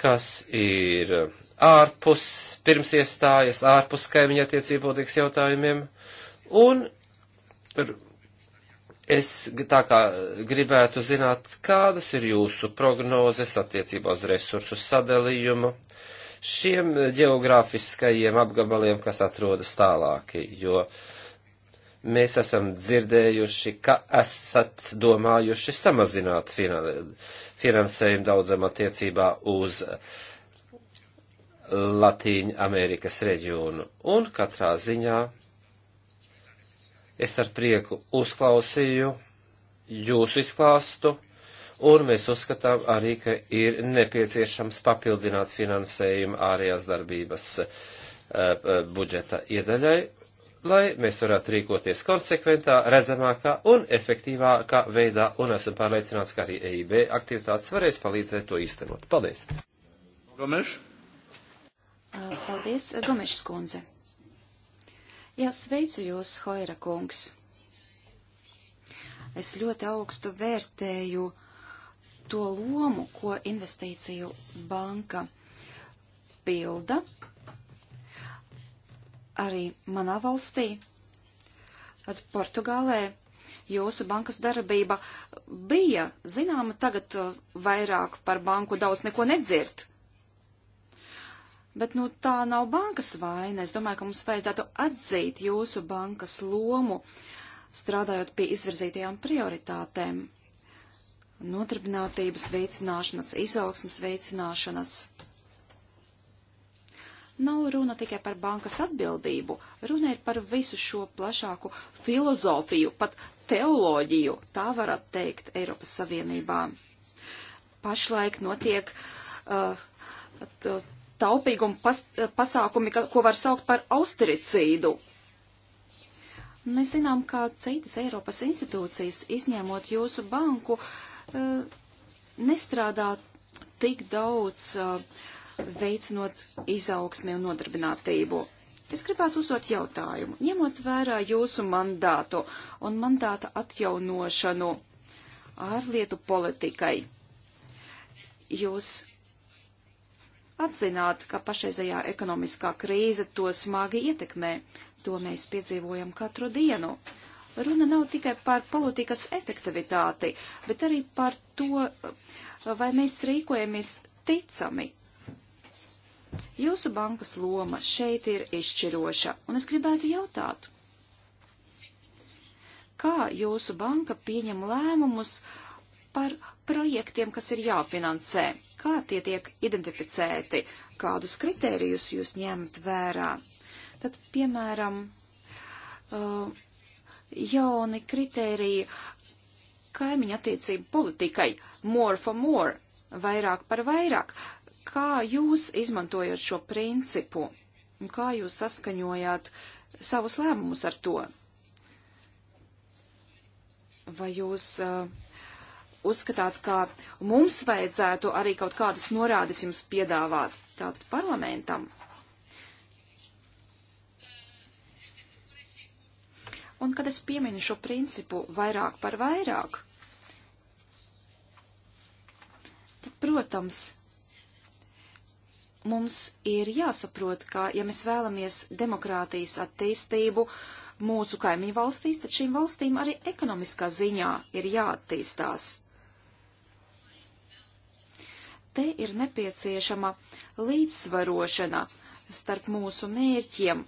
S7: kas ir ārpus pirms iestājas, ārpus kaimiņa attiecību politikas jautājumiem, un Es tā kā gribētu zināt, kādas ir jūsu prognozes attiecībā uz resursu sadalījumu šiem geogrāfiskajiem apgabaliem, kas atrodas tālāki, jo mēs esam dzirdējuši, ka esat domājuši samazināt finansējumu daudzam attiecībā uz Latīņu Amerikas reģionu. Un katrā ziņā Es ar prieku uzklausīju jūsu izklāstu, un mēs uzskatām arī, ka ir nepieciešams papildināt finansējumu ārējās darbības eh, eh, budžeta iedaļai, lai mēs varētu rīkoties konsekventā, redzamākā un efektīvākā veidā, un esam pārliecināts, ka arī EIB aktivitātes varēs palīdzēt to īstenot. Paldies!
S4: Gomes? Uh,
S2: paldies, Gomešs kundze. Jā, sveicu jūs, Hoira kungs. Es ļoti augstu vērtēju to lomu, ko investīciju banka pilda arī manā valstī. At Portugālē jūsu bankas darbība bija zināma, tagad uh, vairāk par banku daudz neko nedzird. Bet nu, tā nav bankas vaina. Es domāju, ka mums vajadzētu atzīt jūsu bankas lomu, strādājot pie izvirzītajām prioritātēm - nodarbinātības veicināšanas, izaugsmas veicināšanas. Nav runa tikai par bankas atbildību, runa ir par visu šo plašāku filozofiju, pat teoloģiju, tā varat teikt, Eiropas Savienībā. Pašlaik notiek uh, at, uh, taupīguma pas, eh, pasākumi, ko var saukt par austericīdu. Mēs zinām, ka citas Eiropas institūcijas, izņemot jūsu banku, eh, nestrādā tik daudz eh, veicinot izaugsmi un nodarbinātību. Es gribētu uzdot jautājumu, ņemot vērā jūsu mandātu un mandāta atjaunošanu ārlietu politikai. Jūs atzināt, ka pašreizējā ekonomiskā krīze to smagi ietekmē. To mēs piedzīvojam katru dienu. Runa nav tikai par politikas efektivitāti, bet arī par to, vai mēs rīkojamies ticami. Jūsu bankas loma šeit ir izšķiroša, un es gribētu jautāt, kā jūsu banka pieņem lēmumus par projektiem, kas ir jāfinansē? Kā tie tiek identificēti? Kādus kritērijus jūs ņemat vērā? Tad, piemēram, uh, jauni kritēriji kaimiņa attiecību politikai more for more, vairāk par vairāk. Kā jūs izmantojat šo principu un kā jūs saskaņojāt savus lēmumus ar to? Vai jūs uh, uzskatāt, ka mums vajadzētu arī kaut kādas norādes jums piedāvāt tātad parlamentam. Un kad es pieminu šo principu vairāk par vairāk, tad, protams, mums ir jāsaprot, ka, ja mēs vēlamies demokrātijas attīstību, mūsu kaimiņu valstīs, tad šīm valstīm arī ekonomiskā ziņā ir jāattīstās. Te ir nepieciešama līdzsvarošana starp mūsu mērķiem.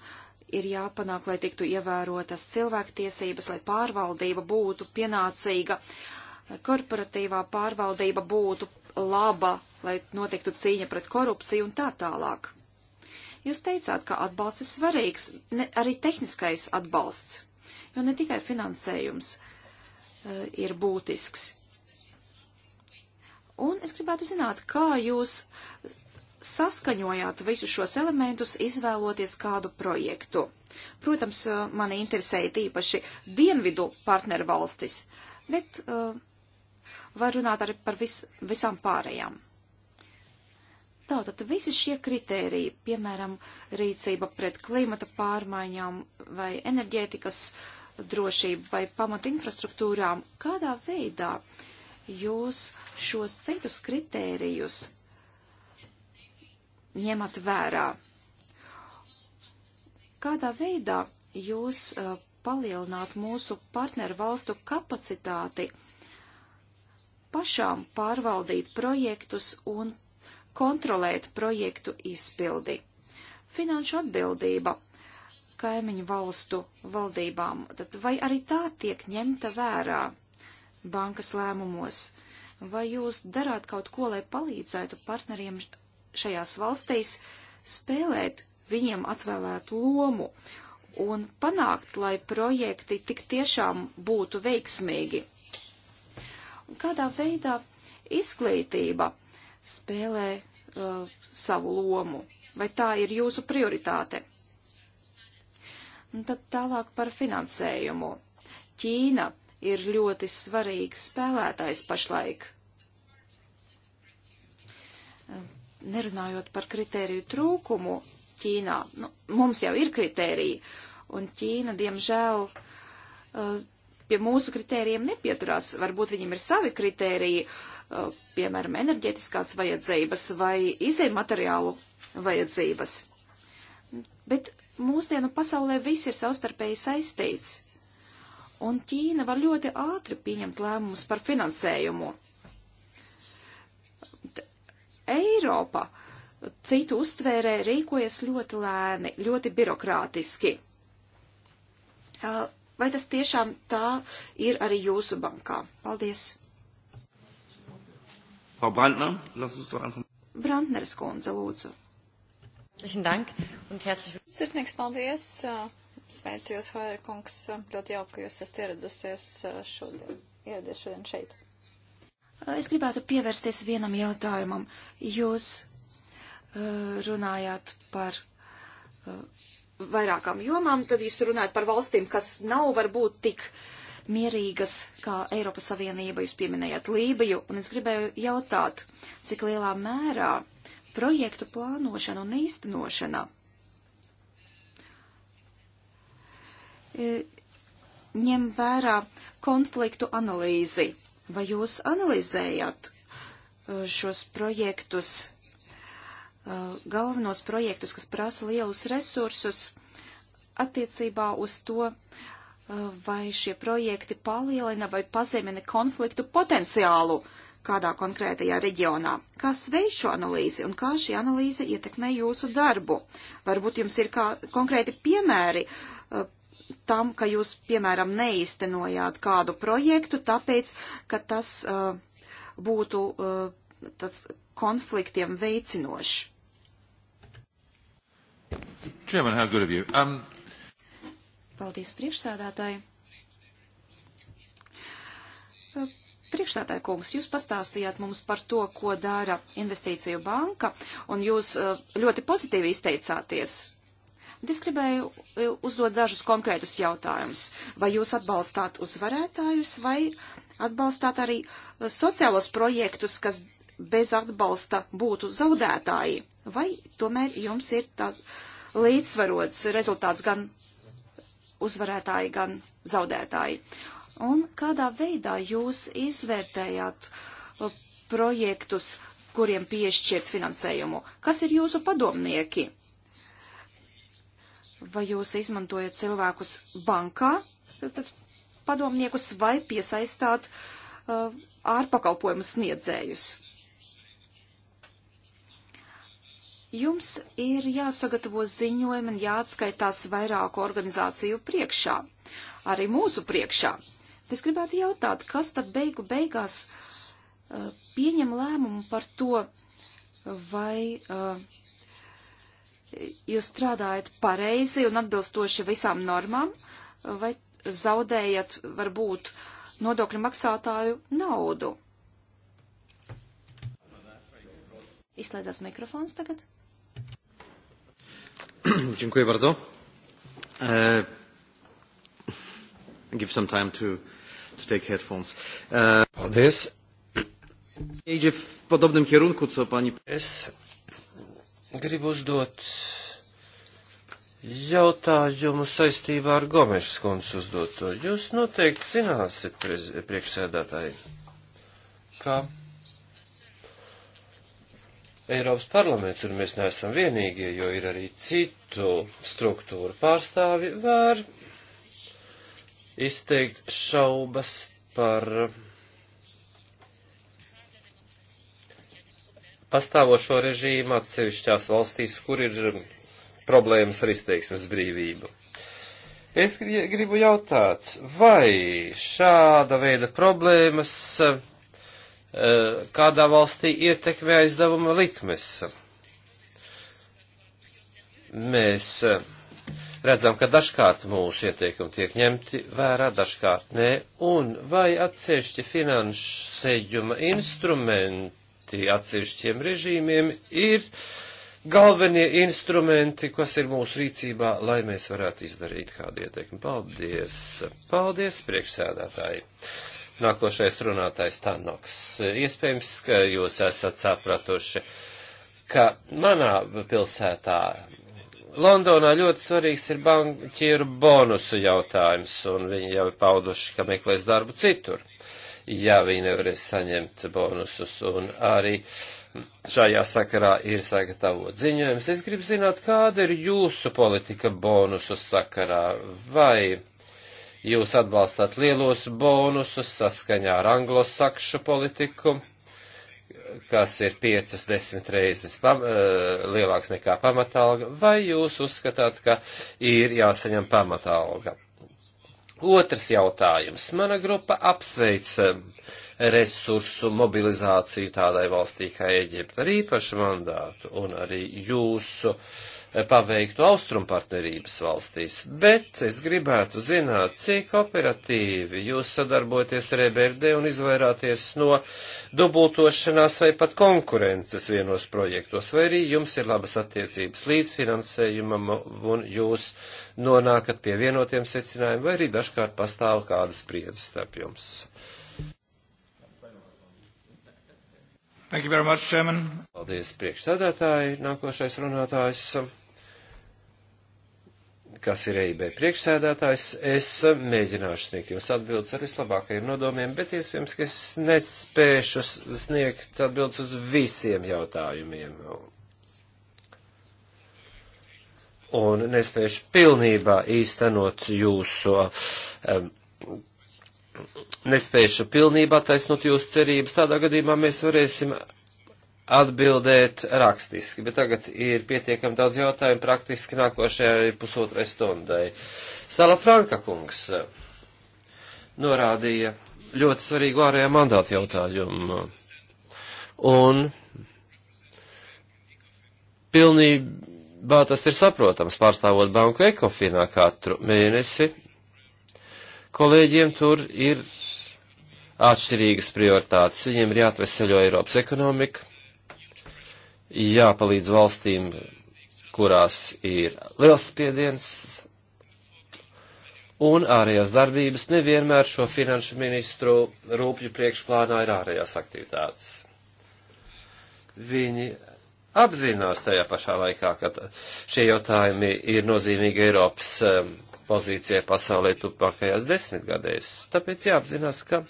S2: Ir jāpanāk, lai tiktu ievērotas cilvēktiesības, lai pārvaldība būtu pienācīga, korporatīvā pārvaldība būtu laba, lai notiktu cīņa pret korupciju un tā tālāk. Jūs teicāt, ka atbalsts ir svarīgs, ne, arī tehniskais atbalsts, jo ne tikai finansējums uh, ir būtisks. Un es gribētu zināt, kā jūs saskaņojāt visus šos elementus, izvēloties kādu projektu. Protams, eh, mani interesēja tīpaši dienvidu partneru valstis, bet uh, var runāt arī par vis, visām pārējām. Tātad visi šie kritēriji, piemēram, rīcība pret klimata pārmaiņām vai enerģētikas drošību vai pamat infrastruktūrām, kādā veidā uh, jūs šos citus kritērijus ņemat vērā? Kādā veidā jūs uh, palielināt mūsu partneru valstu kapacitāti pašām pārvaldīt projektus un kontrolēt projektu izpildi? Finanšu atbildība kaimiņu valstu valdībām, tad vai arī tā tiek ņemta vērā? bankas lēmumos. Vai jūs darāt kaut ko, lai palīdzētu partneriem šajās valstīs spēlēt viņiem atvēlētu lomu un panākt, lai projekti tik tiešām būtu veiksmīgi? Kādā veidā izglītība spēlē uh, savu lomu? Vai tā ir jūsu prioritāte? Un tad tālāk par finansējumu. Ķīna ir ļoti svarīgs spēlētājs pašlaik. Nerunājot par kritēriju trūkumu Ķīnā, nu, mums jau ir kritērija, un Ķīna, diemžēl, eh, pie mūsu kritērijiem nepieturās. Varbūt viņiem ir savi kritēriji, eh, piemēram, enerģetiskās vajadzības vai izējumateriālu vajadzības. Bet mūsdienu pasaulē viss ir savstarpēji saistīts un Ķīna var ļoti ātri pieņemt lēmumus par finansējumu. T Eiropa citu uztvērē rīkojas ļoti lēni, ļoti birokrātiski. Vai tas tiešām tā ir arī jūsu bankā? Paldies!
S4: Frau Brandner, lass uns doch einfach.
S2: Brandneres kundze, lūdzu.
S3: Sirsnīgs paldies. Uh, Sveicu jūs, Hoira kungs. Ļoti jauki, ka jūs esat ieradusies eh, šodien, ieradies šodien šeit.
S2: Eh, es gribētu pievērsties vienam jautājumam. Jūs eh, runājāt par vairākām jomām, tad jūs runājat par valstīm, kas nav varbūt tik mierīgas kā Eiropas Savienība. Jūs pieminējat Lībiju, un es gribēju jautāt, cik lielā mērā projektu plānošana un īstenošana E, ņem vērā konfliktu analīzi. Vai jūs analizējat e, šos projektus, e, galvenos projektus, kas prasa lielus resursus, attiecībā uz to, vai šie projekti palielina vai pazemina konfliktu potenciālu kādā konkrētajā reģionā. Kas veic šo analīzi un kā šī analīze ietekmē jūsu darbu? Varbūt jums ir kā konkrēti piemēri tam, ka jūs, piemēram, neiztenojāt kādu projektu, tāpēc, ka tas uh, būtu uh, tāds konfliktiem veicinošs.
S5: Chairman, how good of you. Um...
S2: Paldies priekšsādātāji. Uh, Priekšstādāja kungs, jūs pastāstījāt mums par to, ko dara investīciju banka, un jūs uh, ļoti pozitīvi izteicāties Bet es gribēju e, uzdot dažus konkrētus jautājumus. Vai jūs atbalstāt uzvarētājus vai atbalstāt arī e, sociālos projektus, kas bez atbalsta būtu zaudētāji? Vai tomēr jums ir tās līdzsvarots rezultāts gan uzvarētāji, gan zaudētāji? Un kādā veidā jūs izvērtējāt e, projektus, kuriem piešķirt finansējumu? Kas ir jūsu padomnieki? vai jūs izmantojat cilvēkus bankā, tad padomniekus, vai piesaistāt uh, ārpakalpojumu sniedzējus. Jums ir jāsagatavo ziņojumi un jāatskaitās vairāku organizāciju priekšā, arī mūsu priekšā. Es gribētu jautāt, kas tad beigu beigās uh, pieņem lēmumu par to, vai uh, jūs strādājat pareizi un atbilstoši visām normām, vai zaudējat varbūt nodokļu maksātāju naudu? Izslēdzās mikrofons tagad.
S1: Dziękuję bardzo. Uh, give some time to, to take headphones. Uh, Paldies. Idzie
S7: w podobnym kierunku, co pani... Es gribu uzdot jautājumu saistībā ar Gomešas kundzes uzdoto. Jūs noteikti zināsiet, priekšsēdētāji, ka Eiropas parlaments, un mēs neesam vienīgie, jo ir arī citu struktūru pārstāvi, var izteikt šaubas par pastāvošo režīmu atsevišķās valstīs, kur ir problēmas ar izteiksmes brīvību. Es gribu jautāt, vai šāda veida problēmas eh, kādā valstī ietekmē aizdevuma likmes? Mēs eh, redzam, ka dažkārt mūsu ieteikumi tiek ņemti vērā, dažkārt nē, un vai atsevišķi finansējuma instrumenti veltīti atsevišķiem režīmiem, ir galvenie instrumenti, kas ir mūsu rīcībā, lai mēs varētu izdarīt kādu ieteikumu. Paldies! Paldies, priekšsēdētāji! Nākošais runātājs Tanoks. Iespējams, ka jūs esat sapratuši, ka manā pilsētā Londonā ļoti svarīgs ir banķieru bonusu jautājums, un viņi jau ir pauduši, ka meklēs darbu citur ja viņi nevarēs saņemt bonusus. Un arī šajā sakarā ir sagatavot ziņojums. Es gribu zināt, kāda ir jūsu politika bonusu sakarā? Vai jūs atbalstāt lielos bonusus saskaņā ar anglosakšu politiku? kas ir 5-10 reizes pam, eh, lielāks nekā pamatalga, vai jūs uzskatāt, ka ir jāsaņem pamatalga? Otrs jautājums. Mana grupa apsveic eh, resursu mobilizāciju tādai valstī kā Eģipta ar īpašu mandātu un arī jūsu uh, paveiktu austrumpartnerības valstīs, bet es gribētu zināt, cik operatīvi jūs sadarboties ar EBRD un izvairāties no dubultošanās vai pat konkurences vienos projektos, vai arī jums ir labas attiecības līdzfinansējumam un jūs nonākat pie vienotiem secinājumiem, vai arī dažkārt pastāv kādas spriedzes starp jums. Thank you very much, Chairman. Paldies, priekšsēdētāji. Nākošais runātājs kas ir EIB priekšsēdētājs, es mēģināšu sniegt jums atbildes ar vislabākajiem nodomiem, bet iespējams, ka es nespēšu sniegt atbildes uz visiem jautājumiem. Un nespēšu pilnībā īstenot jūsu, um, nespēšu pilnībā taisnot jūsu cerības. Tādā gadījumā mēs varēsim atbildēt rakstiski, bet tagad ir pietiekami daudz jautājumu praktiski nākošajai pusotrai stundai. Sala Franka kungs eh, norādīja ļoti svarīgu ārējā mandāta jautājumu. Un pilnībā tas ir saprotams, pārstāvot banku ekofinā katru mēnesi. Kolēģiem tur ir atšķirīgas prioritātes. Viņiem ir jāatveseļo Eiropas ekonomika, jāpalīdz valstīm, kurās ir liels spiediens, un ārējās darbības nevienmēr šo finanšu ministru rūpju priekšplānā ir ārējās aktivitātes. Viņi apzinās tajā pašā laikā, ka šie jautājumi ir nozīmīgi Eiropas um, pozīcijai pasaulē tupākajās desmitgadēs. Tāpēc jāapzinās, ka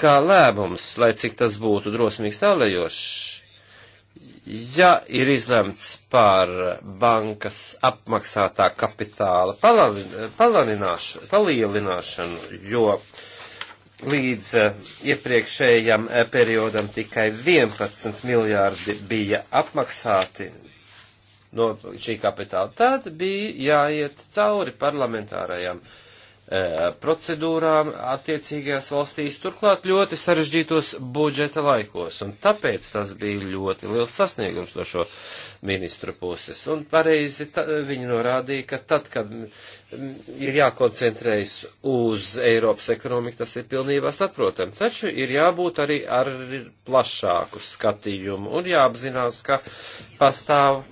S7: kā lēmums, lai cik tas būtu drosmīgs tālējošs, ja ir izlemts par bankas apmaksātā kapitāla palielināšanu, jo līdz eh, iepriekšējam eh, periodam tikai 11 miljārdi bija apmaksāti no šī kapitāla, tad bija jāiet cauri parlamentārajam uh, Eh, procedūrām attiecīgajās valstīs, turklāt ļoti sarežģītos budžeta laikos, un tāpēc tas bija ļoti liels sasniegums no šo ministru puses. Un pareizi ta, viņi norādīja, ka tad, kad ir jākoncentrējas uz Eiropas ekonomiku, tas ir pilnībā saprotami, taču ir jābūt arī ar plašāku skatījumu un jāapzinās, ka pastāv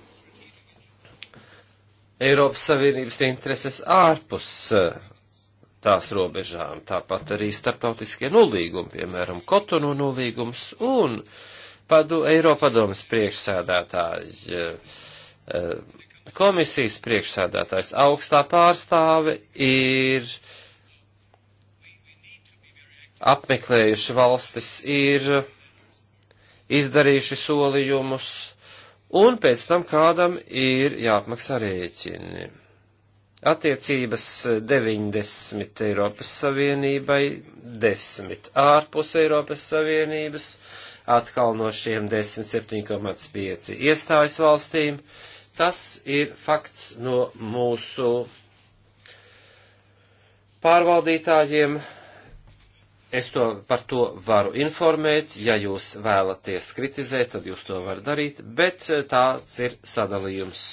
S7: Eiropas Savienības intereses ārpus eh, tās robežām. Tāpat arī starptautiskie nolīgumi, piemēram, Kotonu nolīgums un padu, Eiropadomas priekšsēdētāji, eh, eh, komisijas priekšsēdētājs augstā pārstāve ir apmeklējuši valstis, ir izdarījuši solījumus, un pēc tam kādam ir jāapmaksā rēķini attiecības 90 Eiropas Savienībai, 10 ārpus Eiropas Savienības, atkal no šiem 10,7,5 iestājas valstīm. Tas ir fakts no mūsu pārvaldītājiem. Es to, par to varu informēt, ja jūs vēlaties kritizēt, tad jūs to varat darīt, bet tāds ir sadalījums.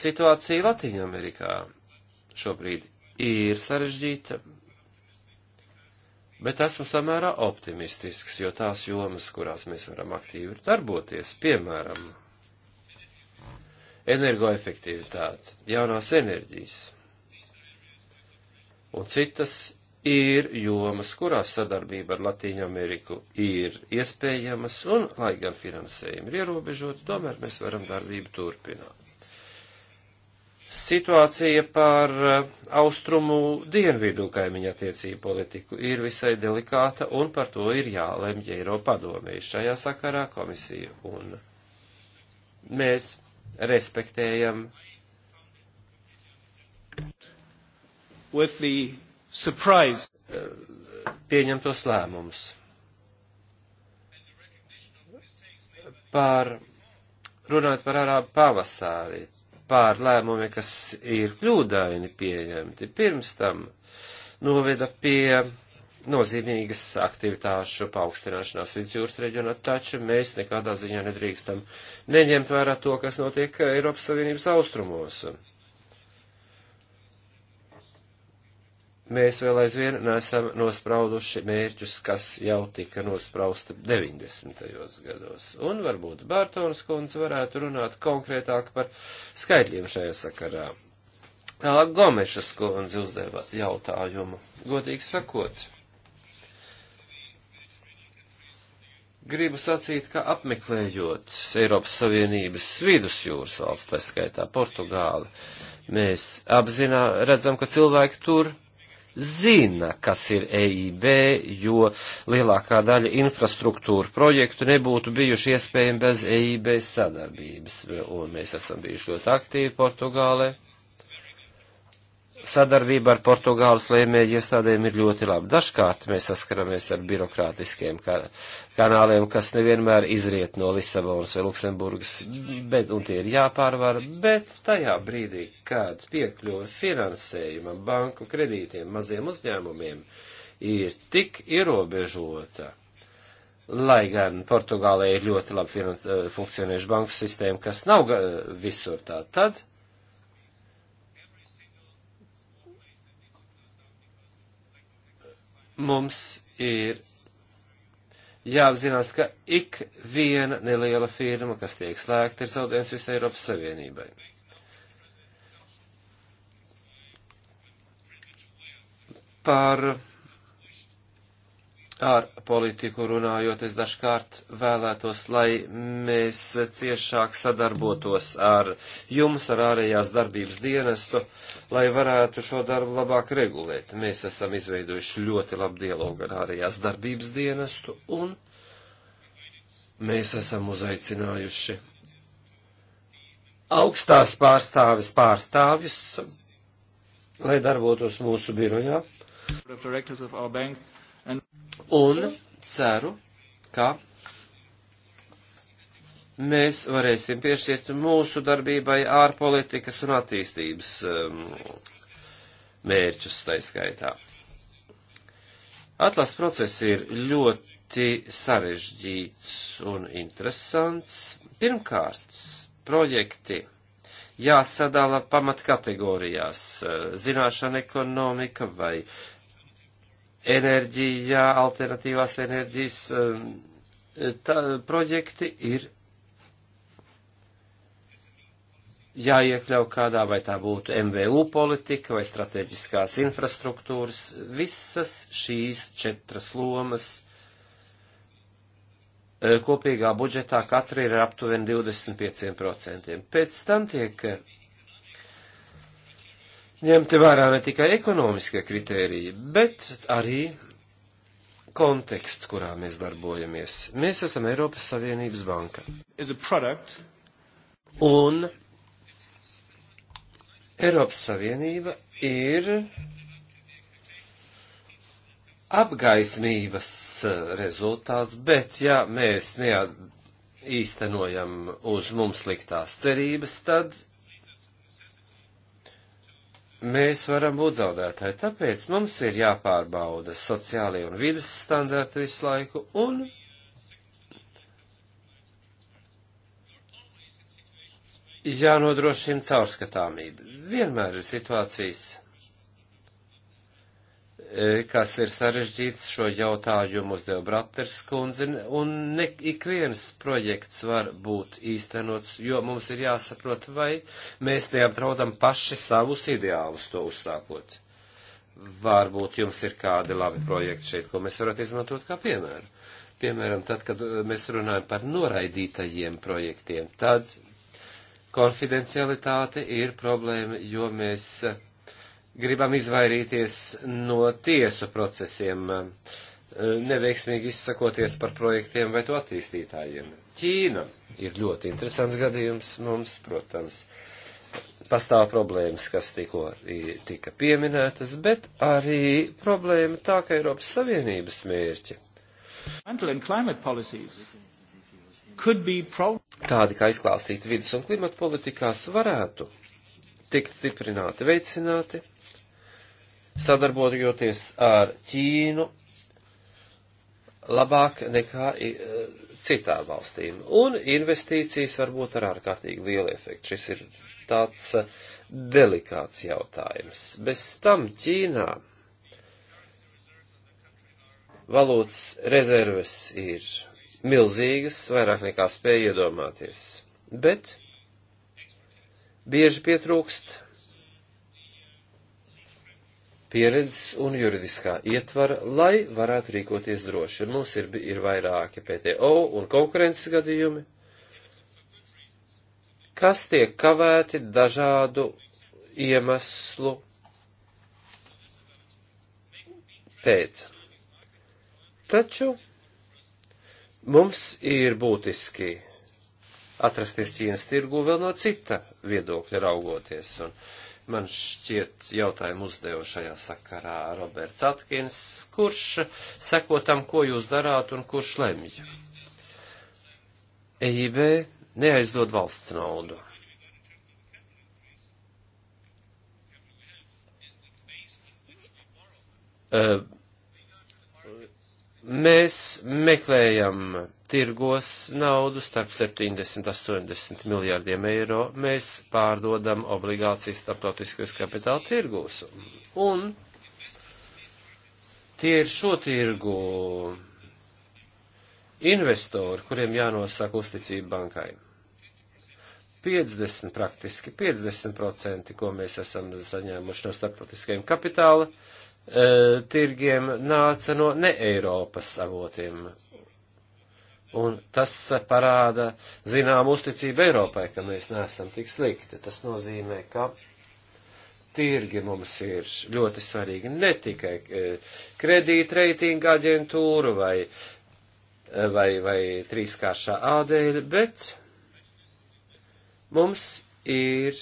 S7: Situācija Latīņamerikā šobrīd ir sarežģīta, bet esmu samērā optimistisks, jo tās jomas, kurās mēs varam aktīvi darboties, piemēram, energoefektivitāte, jaunās enerģijas un citas ir jomas, kurās sadarbība ar Latīņu Ameriku ir iespējamas, un, lai gan finansējumi ir ierobežoti, tomēr mēs varam darbību turpināt. Situācija par e, austrumu dienvidu kaimiņa attiecību politiku ir visai delikāta un par to ir jālemj Eiropa padomē. Šajā sakarā komisija un mēs respektējam e, pieņemtos lēmumus par runāt par arābu pavasāri pār lēmumi, kas ir kļūdaini pieņemti, pirms tam noveda pie nozīmīgas aktivitāšu paaugstināšanās vidusjūras reģionā, taču mēs nekādā ziņā nedrīkstam neņemt vērā to, kas notiek Eiropas Savienības austrumos. Un mēs vēl aizvien nesam nosprauduši mērķus, kas jau tika nosprausti 90. gados. Un varbūt Bārtons kundze varētu runāt konkrētāk par skaitļiem šajā sakarā. Gomešas kundze uzdeva jautājumu. Godīgi sakot, gribu sacīt, ka apmeklējot Eiropas Savienības vidusjūras valsts, tā skaitā Portugāli, mēs apzinā redzam, ka cilvēki tur zina, kas ir EIB, jo lielākā daļa infrastruktūra projektu nebūtu bijuši iespējami bez EIB sadarbības. Un mēs esam bijuši ļoti aktīvi Portugālē sadarbība ar Portugāles lēmēju iestādēm ir ļoti laba. Dažkārt mēs saskaramies ar birokrātiskiem kanāliem, kas nevienmēr izriet no Lisabonas vai Luksemburgas, bet, un tie ir jāpārvar, bet tajā brīdī, kad piekļuve finansējumam, banku kredītiem, maziem uzņēmumiem ir tik ierobežota, lai gan Portugālē ir ļoti labi finans, eh, funkcionējuši banku sistēma, kas nav visur tā, tad mums ir jāapzinās, ka ik viena neliela firma, kas tiek slēgta, ir zaudējums visai Eiropas Savienībai. Par ar politiku runājot, es dažkārt vēlētos, lai mēs ciešāk sadarbotos ar jums, ar ārējās darbības dienestu, lai varētu šo darbu labāk regulēt. Mēs esam izveidojuši ļoti labu dialogu ar ārējās darbības dienestu un mēs esam uzaicinājuši augstās pārstāvis pārstāvjus, lai darbotos mūsu birojā.
S4: Of directors of our bank Un
S7: ceru, ka mēs varēsim piešķirt mūsu darbībai ārpolitikas un attīstības um, mērķus taiskaitā. Atlas process ir ļoti sarežģīts un interesants. Pirmkārt, projekti jāsadala pamatkategorijās uh, - zināšana, ekonomika vai enerģijā, alternatīvās enerģijas eh, tā, projekti ir jāiekļau kādā, vai tā būtu MVU politika vai strateģiskās infrastruktūras, visas šīs četras lomas eh, kopīgā budžetā katra ir aptuveni 25%. Pēc tam tiek ņemti vērā ne tikai ekonomiskie kritēriji, bet arī konteksts, kurā mēs darbojamies. Mēs esam Eiropas Savienības banka. Un Eiropas Savienība ir apgaismības eh, rezultāts, bet ja mēs neat, īstenojam uz mums liktās cerības, tad mēs varam būt zaudētāji. Tāpēc mums ir jāpārbauda sociālie un vidas standarti visu laiku un. Jānodrošina caurskatāmība. Vienmēr ir situācijas, E, kas ir sarežģīts, šo jautājumu uzdeva Braters kundze, un ne ik viens projekts var būt īstenots, jo mums ir jāsaprot, vai mēs neapdraudam paši savus ideālus to uzsākot. Varbūt jums ir kādi labi projekti šeit, ko mēs varat izmantot kā piemēru. Piemēram, tad, kad e, mēs runājam par noraidītajiem projektiem, tad konfidencialitāte ir problēma, jo mēs e, gribam izvairīties no tiesu procesiem, neveiksmīgi izsakoties par projektiem vai to attīstītājiem. Ķīna ir ļoti interesants gadījums mums, protams. Pastāv problēmas, kas tikko tika pieminētas, bet arī problēma tā, ka Eiropas Savienības mērķi. Tādi kā izklāstīti vidas un klimata politikās varētu tikt stiprināti, veicināti, sadarbojoties ar Ķīnu labāk nekā e, citām valstīm. Un investīcijas var būt ar ārkārtīgi lielu efektu. Šis ir tāds e, delikāts jautājums. Bez tam Ķīnā valūtas rezerves ir milzīgas, vairāk nekā spēja iedomāties. Bet bieži pietrūkst pieredzes un juridiskā ietvara, lai varētu rīkoties droši. Un mums ir, ir vairāki PTO un konkurences gadījumi, kas tiek kavēti dažādu iemeslu pēc. Taču mums ir būtiski atrasties Ķīnas tirgu vēl no cita viedokļa raugoties. Un, uh, man šķiet jautājumu uzdeva šajā sakarā Roberts Atkins, kurš seko tam, ko jūs darāt un kurš lemj. EIB neaizdod valsts naudu. E, mēs meklējam tirgos naudu starp 70-80 miljārdiem eiro. Mēs pārdodam obligācijas starptautiskajos kapitāla tirgos. Un tie ir šo tirgu investori, kuriem jānosaka uzticība bankai. 50, praktiski 50%, ko mēs esam saņēmuši no starptautiskajiem kapitāla e, tirgiem, nāca no ne Eiropas avotiem. Un tas parāda zinām uzticību Eiropai, ka mēs neesam tik slikti. Tas nozīmē, ka tirgi mums ir ļoti svarīgi ne tikai e, kredītreitinga aģentūra vai, e, vai, vai trīskāršā ādēļa, bet mums ir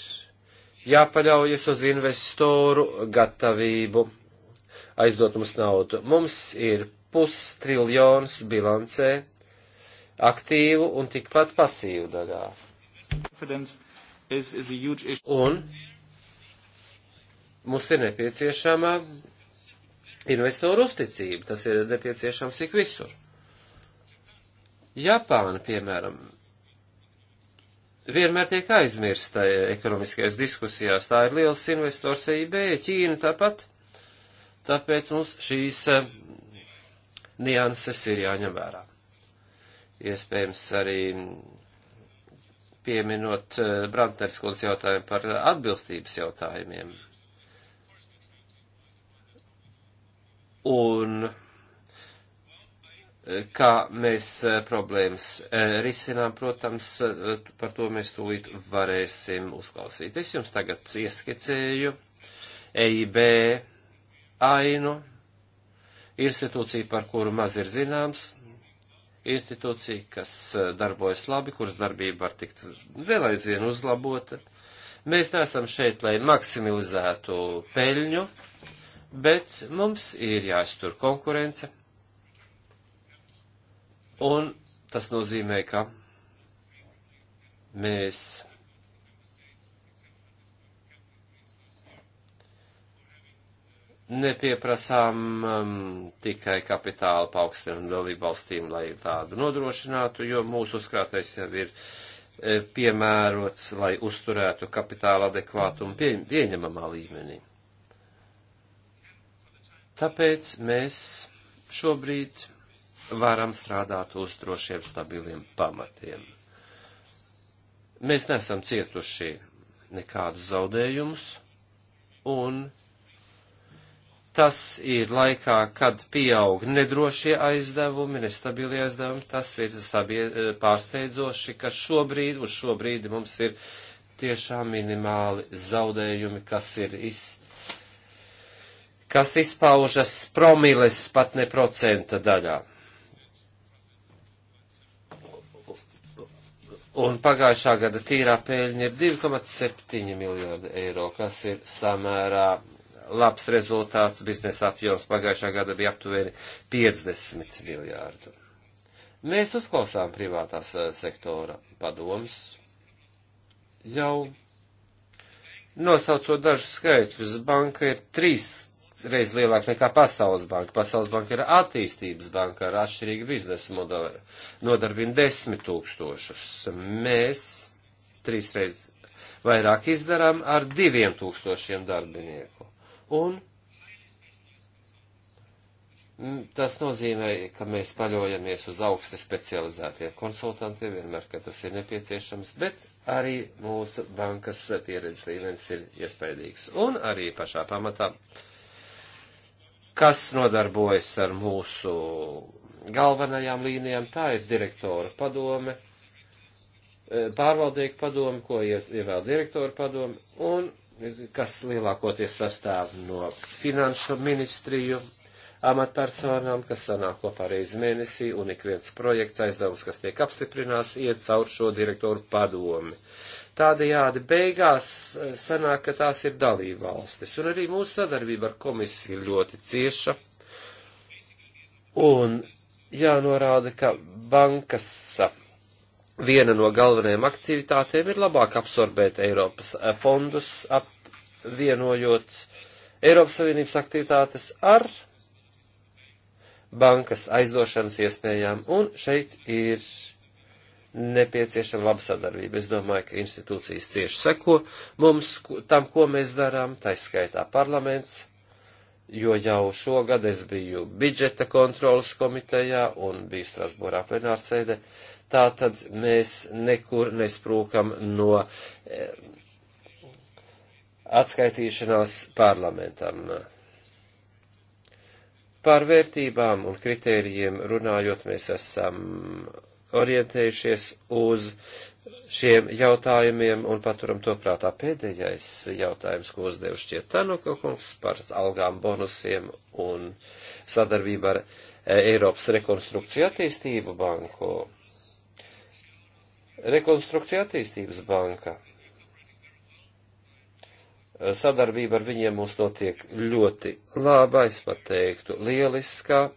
S7: jāpaļaujas uz investoru gatavību aizdot mums naudu. Mums ir pustriljons bilancē aktīvu un tikpat pasīvu daļā. Un mums ir nepieciešama investoru uzticība, tas ir nepieciešams ik visur. Japāna, piemēram, vienmēr tiek aizmirsta ekonomiskajās diskusijās, tā ir liels investors EIB, Ķīna tāpat, tāpēc mums šīs eh, nianses ir jāņem vērā iespējams arī pieminot eh, Brantners kundzes jautājumu par atbilstības jautājumiem. Un eh, kā mēs eh, problēmas risinām, protams, par to mēs tūlīt varēsim uzklausīt. Es jums tagad ieskicēju EIB ainu, institūciju, par kuru maz ir zināms, institūcija, kas eh, darbojas labi, kuras darbība var tikt vēl aizvien uzlabota. Mēs neesam šeit, lai maksimizētu peļņu, bet mums ir jāiztur konkurence. Un tas nozīmē, ka mēs nepieprasām um, tikai kapitāla paaugstinājumu dalību valstīm, lai tādu nodrošinātu, jo mūsu uzkrātais jau ir e, piemērots, lai uzturētu kapitāla adekvātumu pie, pieņemamā līmenī. Tāpēc mēs šobrīd varam strādāt uz drošiem, stabiliem pamatiem. Mēs nesam cietuši nekādus zaudējumus, un Tas ir laikā, kad pieaug nedrošie aizdevumi, nestabilie aizdevumi. Tas ir sabie, e, pārsteidzoši, ka šobrīd, uz šo brīdi mums ir tiešām minimāli zaudējumi, kas ir iz, kas izpaužas promiles pat ne procenta daļā. Un pagājušā gada tīrā pēļņa ir 2,7 miljardi eiro, kas ir samērā labs rezultāts. Biznesa apjoms pagājušā gada bija aptuveni 50 miljārdu. Mēs uzklausām privātās eh, sektora padomus jau nosaucot dažus skaitļus. Banka ir trīs reiz lielāka nekā Pasaules banka. Pasaules banka ir attīstības banka ar atšķirīgu biznesa modeli. Nodarbina desmit tūkstošus. Mēs trīs reiz vairāk izdarām ar diviem tūkstošiem darbinieku. Un Tas nozīmē, ka mēs paļaujamies uz augsti specializētiem konsultantiem vienmēr, kad tas ir nepieciešams, bet arī mūsu bankas pieredzes līmenis ir iespaidīgs. Un arī pašā pamatā, kas nodarbojas ar mūsu galvenajām līnijām, tā ir direktora padome, e, pārvaldnieku padome, ko ievēl direktora padome, un kas lielākoties sastāv no finanšu ministriju amatpersonām, kas sanāk kopā reizi mēnesī, un ik viens projekts aizdevums, kas tiek apstiprinās, iet caur šo direktoru padomi. Tādējādi beigās eh, sanāk, ka tās ir dalībvalstis, un arī mūsu sadarbība ar komisiju ir ļoti cieša, un jānorāda, ka bankas viena no galvenajām aktivitātēm ir labāk absorbēt Eiropas eh, fondus, apvienojot Eiropas Savienības aktivitātes ar bankas aizdošanas iespējām, un šeit ir nepieciešama laba sadarbība. Es domāju, ka institūcijas cieši seko mums, tam, ko mēs darām, taiskaitā parlaments, jo jau šogad es biju budžeta kontrolas komitejā un biju Strasbūrā plenārsēdē, tā tad mēs nekur nesprūkam no eh, atskaitīšanās parlamentam. Par vērtībām un kritērijiem runājot, mēs esam orientējušies uz šiem jautājumiem un paturam to prātā pēdējais jautājums, ko uzdev šķiet Tanuka kungs par algām, bonusiem un sadarbību ar e, Eiropas rekonstrukciju attīstību banku. Rekonstrukcija attīstības banka. Sadarbība ar viņiem mums notiek ļoti laba, es pat teiktu, lieliskā.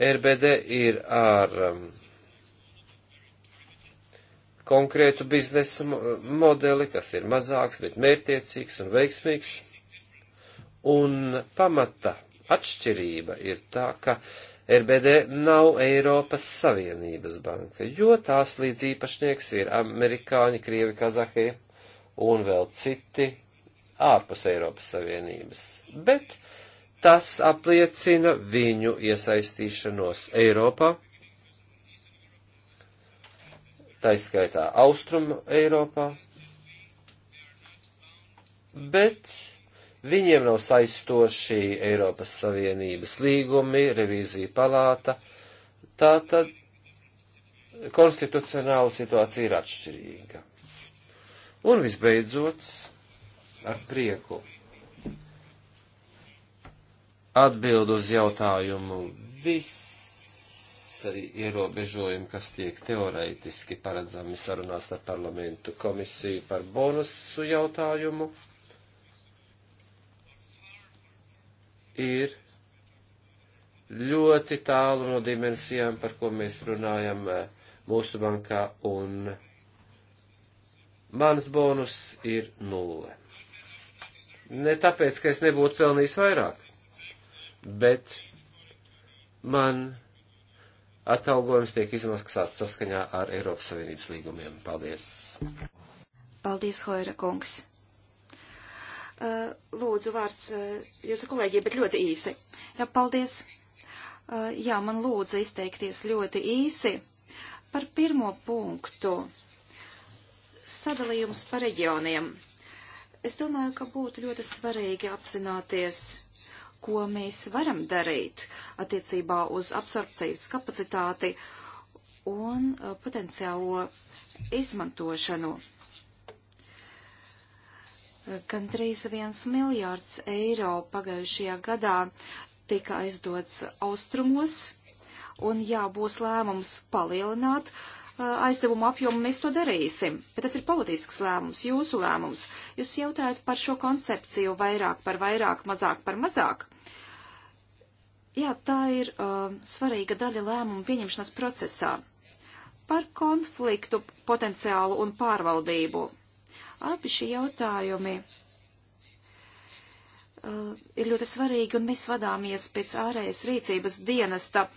S7: RBD ir ar um, konkrētu biznesa modeli, kas ir mazāks, bet mērtiecīgs un veiksmīgs. Un pamata atšķirība ir tā, ka RBD nav Eiropas Savienības banka, jo tās līdz īpašnieks ir amerikāņi, krievi, kazahie un vēl citi ārpus Eiropas Savienības. Bet uh, tas apliecina viņu iesaistīšanos Eiropā, taiskaitā Austrum Eiropā, bet viņiem nav saistoši Eiropas Savienības līgumi, revīzija palāta, tā tad konstitucionāla situācija ir atšķirīga. Un visbeidzot, ar prieku atbild uz jautājumu visi ierobežojumi, kas tiek teoretiski paredzami sarunās ar parlamentu komisiju par bonusu jautājumu, ir ļoti tālu no dimensijām, par ko mēs runājam eh, mūsu bankā, un mans bonus ir nulle. Ne tāpēc, ka es nebūtu pelnījis vairāk, bet man atalgojums tiek izmaksāts saskaņā ar Eiropas Savienības līgumiem. Paldies!
S2: Paldies, Hoira kungs! Uh, lūdzu, vārds uh, jūsu kolēģiem, bet ļoti īsi. Jā, paldies! Uh, jā, man lūdzu izteikties ļoti īsi par pirmo punktu. Sadalījums pa reģioniem. Es domāju, ka būtu ļoti svarīgi apzināties ko mēs varam darīt attiecībā uz absorpcijas kapacitāti un uh, potenciālo izmantošanu. Gandrīz viens miljārds eiro pagājušajā gadā tika aizdots austrumos, un jā, būs lēmums palielināt uh, Eh, aizdevumu apjomu, mēs to darīsim. Bet tas ir politisks lēmums, jūsu lēmums. Jūs jautājat par šo koncepciju vairāk par vairāk, mazāk par mazāk. Jā, tā ir uh, svarīga daļa lēmumu pieņemšanas procesā. Par konfliktu potenciālu un pārvaldību. Abi šie jautājumi uh, ir ļoti svarīgi, un mēs vadāmies pēc ārējas rīcības dienesta uh,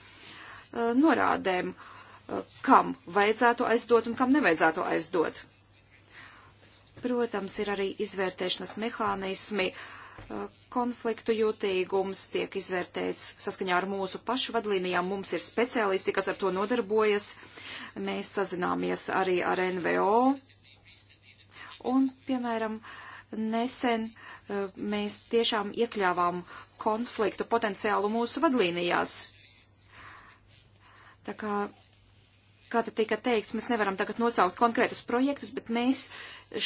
S2: norādēm. Uh, kam vajadzētu aizdot un kam nevajadzētu aizdot. Protams, ir arī izvērtēšanas mehānismi, uh, konfliktu jūtīgums tiek izvērtēts saskaņā ar mūsu pašu vadlīnijām. Mums ir speciālisti, kas ar to nodarbojas. Mēs sazināmies arī ar NVO. Un, piemēram, nesen uh, mēs tiešām iekļāvām konfliktu potenciālu mūsu vadlīnijās. Tā kā Kā te tika teikts, mēs nevaram tagad nosaukt konkrētus projektus, bet mēs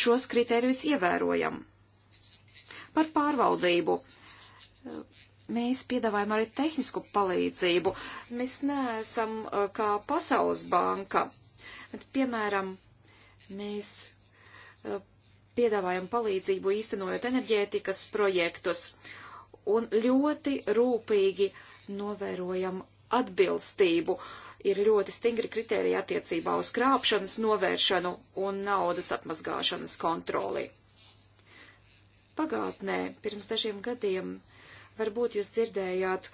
S2: šos kritērijus ievērojam. Par pārvaldību. Mēs piedāvājam arī tehnisku palīdzību. Mēs neesam uh, kā Pasaules banka. Bet, piemēram, mēs uh, piedāvājam palīdzību īstenojot enerģētikas projektus un ļoti rūpīgi novērojam atbilstību ir ļoti stingri kriteriji attiecībā uz krāpšanas novēršanu un naudas atmazgāšanas kontroli. Pagātnē, pirms dažiem gadiem, varbūt jūs dzirdējāt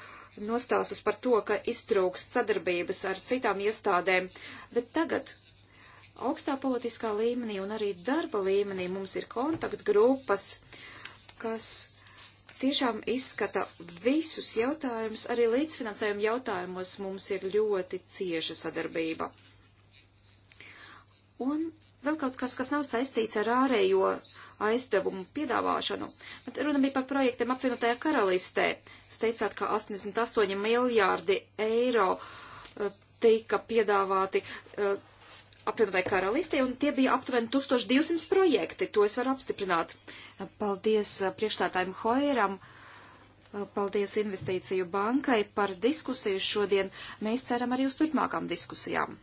S2: nostāstus par to, ka iztrūkst sadarbības ar citām iestādēm, bet tagad augstā politiskā līmenī un arī darba līmenī mums ir kontaktgrupas, kas tiešām izskata visus jautājumus, arī līdzfinansējuma jautājumos mums ir ļoti cieša sadarbība. Un vēl kaut kas, kas nav saistīts ar ārējo aizdevumu piedāvāšanu. Bet runa bija par projektiem apvienotajā karalistē. Jūs teicāt, ka 88 miljārdi eiro eh, tika piedāvāti. Uh, apvienotai karalistē, un tie bija aptuveni 1200 projekti, to es varu apstiprināt. Paldies uh, priekšstādājiem Hoeram, uh, paldies Investīciju bankai par diskusiju šodien. Mēs ceram arī uz turpmākām diskusijām.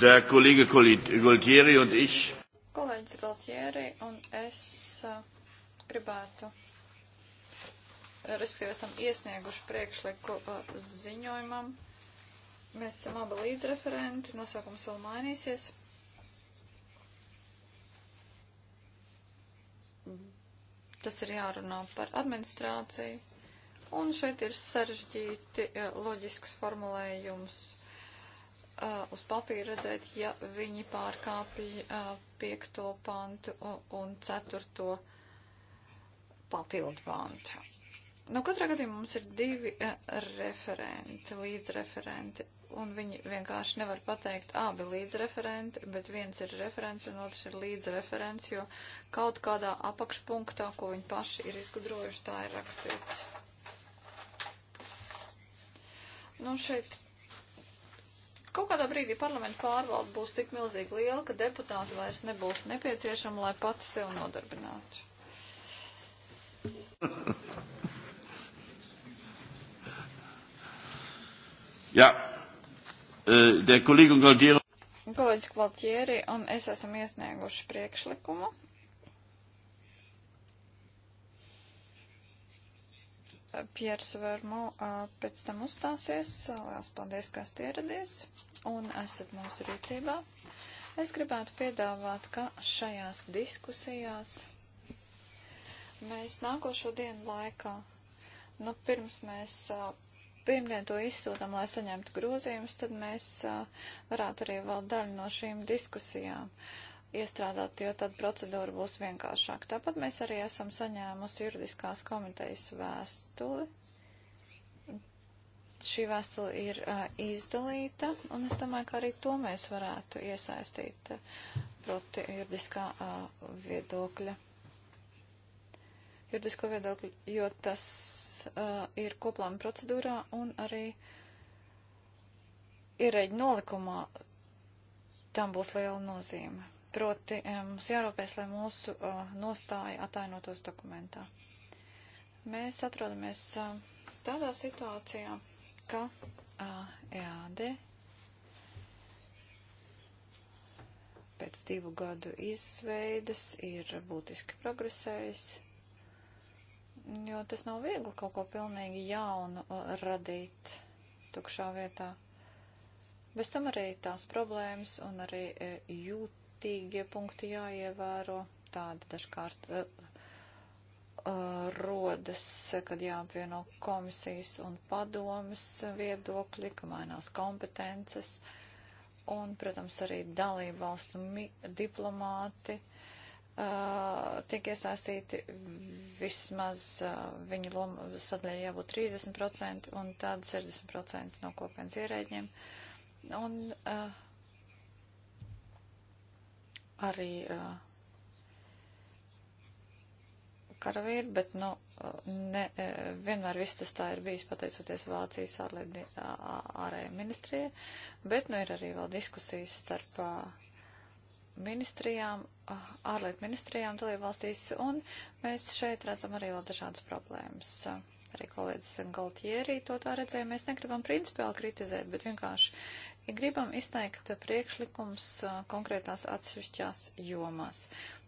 S4: Der Kollege Gualtieri und ich.
S3: Kolēģis Gualtieri un es uh, gribētu, respektīvi esam iesnieguši priekšliku uh, ziņojumam. Mēs esam abi līdzreferenti, nosaukums vēl mainīsies. Tas ir jārunā par administrāciju. Un šeit ir sarežģīti uh, loģisks formulējums uh, uz papīra redzēt, ja viņi pārkāpja uh, piekto pantu un ceturto papildu pantu. Nu, katrā gadījumā mums ir divi uh, referenti, līdzreferenti, un viņi vienkārši nevar pateikt abi līdzreferenti, bet viens ir referents un otrs ir līdzreferents, jo kaut kādā apakšpunktā, ko viņi paši ir izgudrojuši, tā ir rakstīts. Nu, šeit Kaut kādā brīdī parlamentu pārvalda būs tik milzīgi liela, ka deputāti vairs nebūs nepieciešama, lai pati sev nodarbinātu.
S4: Jā, eh, der kolēģi
S3: Galtieri un es esam iesnieguši priekšlikumu Piers Vermo pēc tam uzstāsies. Lielas paldies, kas ieradies un esat mūsu rīcībā. Es gribētu piedāvāt, ka šajās diskusijās mēs nākošo dienu laikā, nu pirms mēs pirmdien to izsūtam, lai saņemtu grozījumus, tad mēs varētu arī vēl daļu no šīm diskusijām. Uh, iestrādāt, jo tad procedūra būs vienkāršāka. Tāpat mēs arī esam saņēmusi juridiskās komitejas vēstuli. Šī vēstule ir uh, izdalīta, un es domāju, ka arī to mēs varētu iesaistīt, proti juridiskā uh, viedokļa. Juridisko viedokļu, jo tas uh, ir koplāma procedūrā un arī ierēģi nolikumā tam būs liela nozīme. Proti eh, mums jārūpēs, lai mūsu eh, nostāja atainotos dokumentā. Mēs atrodamies eh, tādā situācijā, ka EAD e pēc divu gadu izveidas ir būtiski progresējis, jo tas nav viegli kaut ko pilnīgi jaunu radīt tukšā vietā. Bez tam arī tās problēmas un arī jūt jūtīgie punkti jāievēro. Tāda dažkārt uh, uh, rodas, kad jāapvieno komisijas un padomas viedokļi, ka mainās kompetences. Un, protams, arī dalību valstu diplomāti uh, tiek iesaistīti vismaz viņa loma sadaļā jābūt 30% un tad 60% no kopienas ierēģiem. Un uh, arī karavīri, bet, nu, ne, vienmēr viss tas tā ir bijis pateicoties Vācijas ārējai ministrijai, bet, nu, ir arī vēl diskusijas starp ministrijām, ārlietu ministrijām dalībvalstīs, un mēs šeit redzam arī vēl dažādas problēmas. Uh, arī kolēģis Galtjērī to tā redzēja, mēs negribam principiāli kritizēt, bet vienkārši gribam izteikt priekšlikums konkrētās atsevišķās jomās.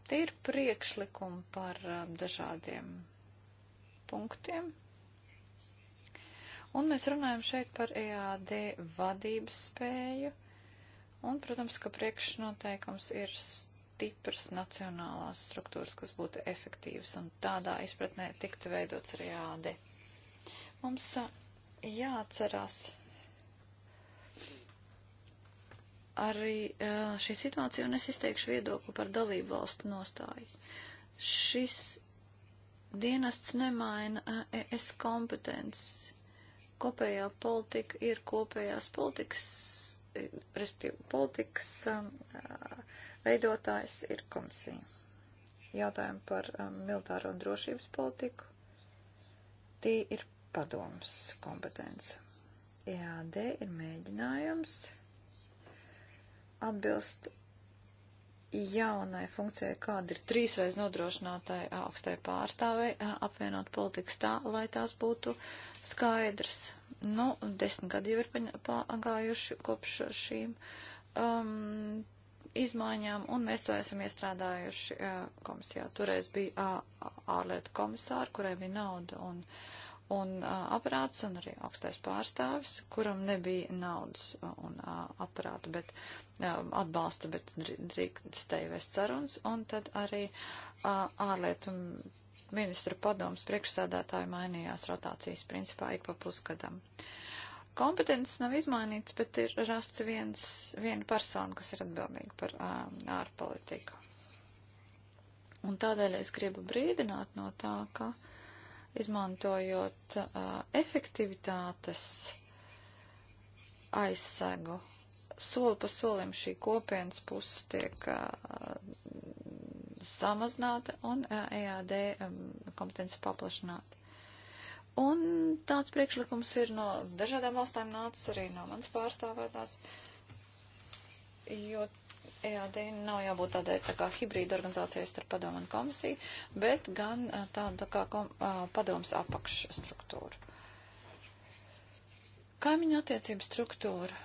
S3: Tie ir priekšlikumi par dažādiem punktiem. Un mēs runājam šeit par EAD vadības spēju. Un, protams, ka priekšnoteikums ir stipras nacionālās struktūras, kas būtu efektīvas, un tādā izpratnē tiktu veidots arī e AD. Mums jāatcerās arī šī situācija, un es izteikšu viedokli par dalību valstu nostāju. Šis dienests nemaina es kompetences. Kopējā politika ir kopējās politikas, e, respektīvi politikas veidotājs ir komisija. Jautājumi par militāro un drošības politiku. Tie ir padomus kompetence. EAD ir mēģinājums atbilst jaunai funkcijai, kāda ir trīsreiz nodrošinātai augstai pārstāvei, apvienot politikas tā, lai tās būtu skaidrs. Nu, desmit gadi jau ir pagājuši kopš šīm um, izmaiņām, un mēs to esam iestrādājuši uh, komisijā. Toreiz bija uh, ārlietu komisāra, kurai bija nauda un uh, un uh, aparāts un arī augstais pārstāvis, kuram nebija naudas un uh, aparāta, bet uh, atbalsta, bet drīkstēja vest sarunas, un tad arī uh, ārlietu ministra padoms priekšsādātāji mainījās rotācijas principā ik pa pusgadam. Kompetences nav izmainīts, bet ir rasts viens, viena persona, kas ir atbildīga par uh, ārpolitiku. Un tādēļ es gribu brīdināt no tā, ka uh, izmantojot uh, efektivitātes aizsegu. Soli pa solim šī kopienas puses tiek uh, samazināta un uh, EAD um, kompetence paplašināta. Un tāds priekšlikums ir no dažādām valstīm nācis arī no manas pārstāvētās, jo EAD nav jābūt tādai tā kā hibrīda organizācijai starp padomu un komisiju, bet gan e, tāda tā kā kom, e, padomas apakšstruktūra. Kaimiņa attiecību struktūra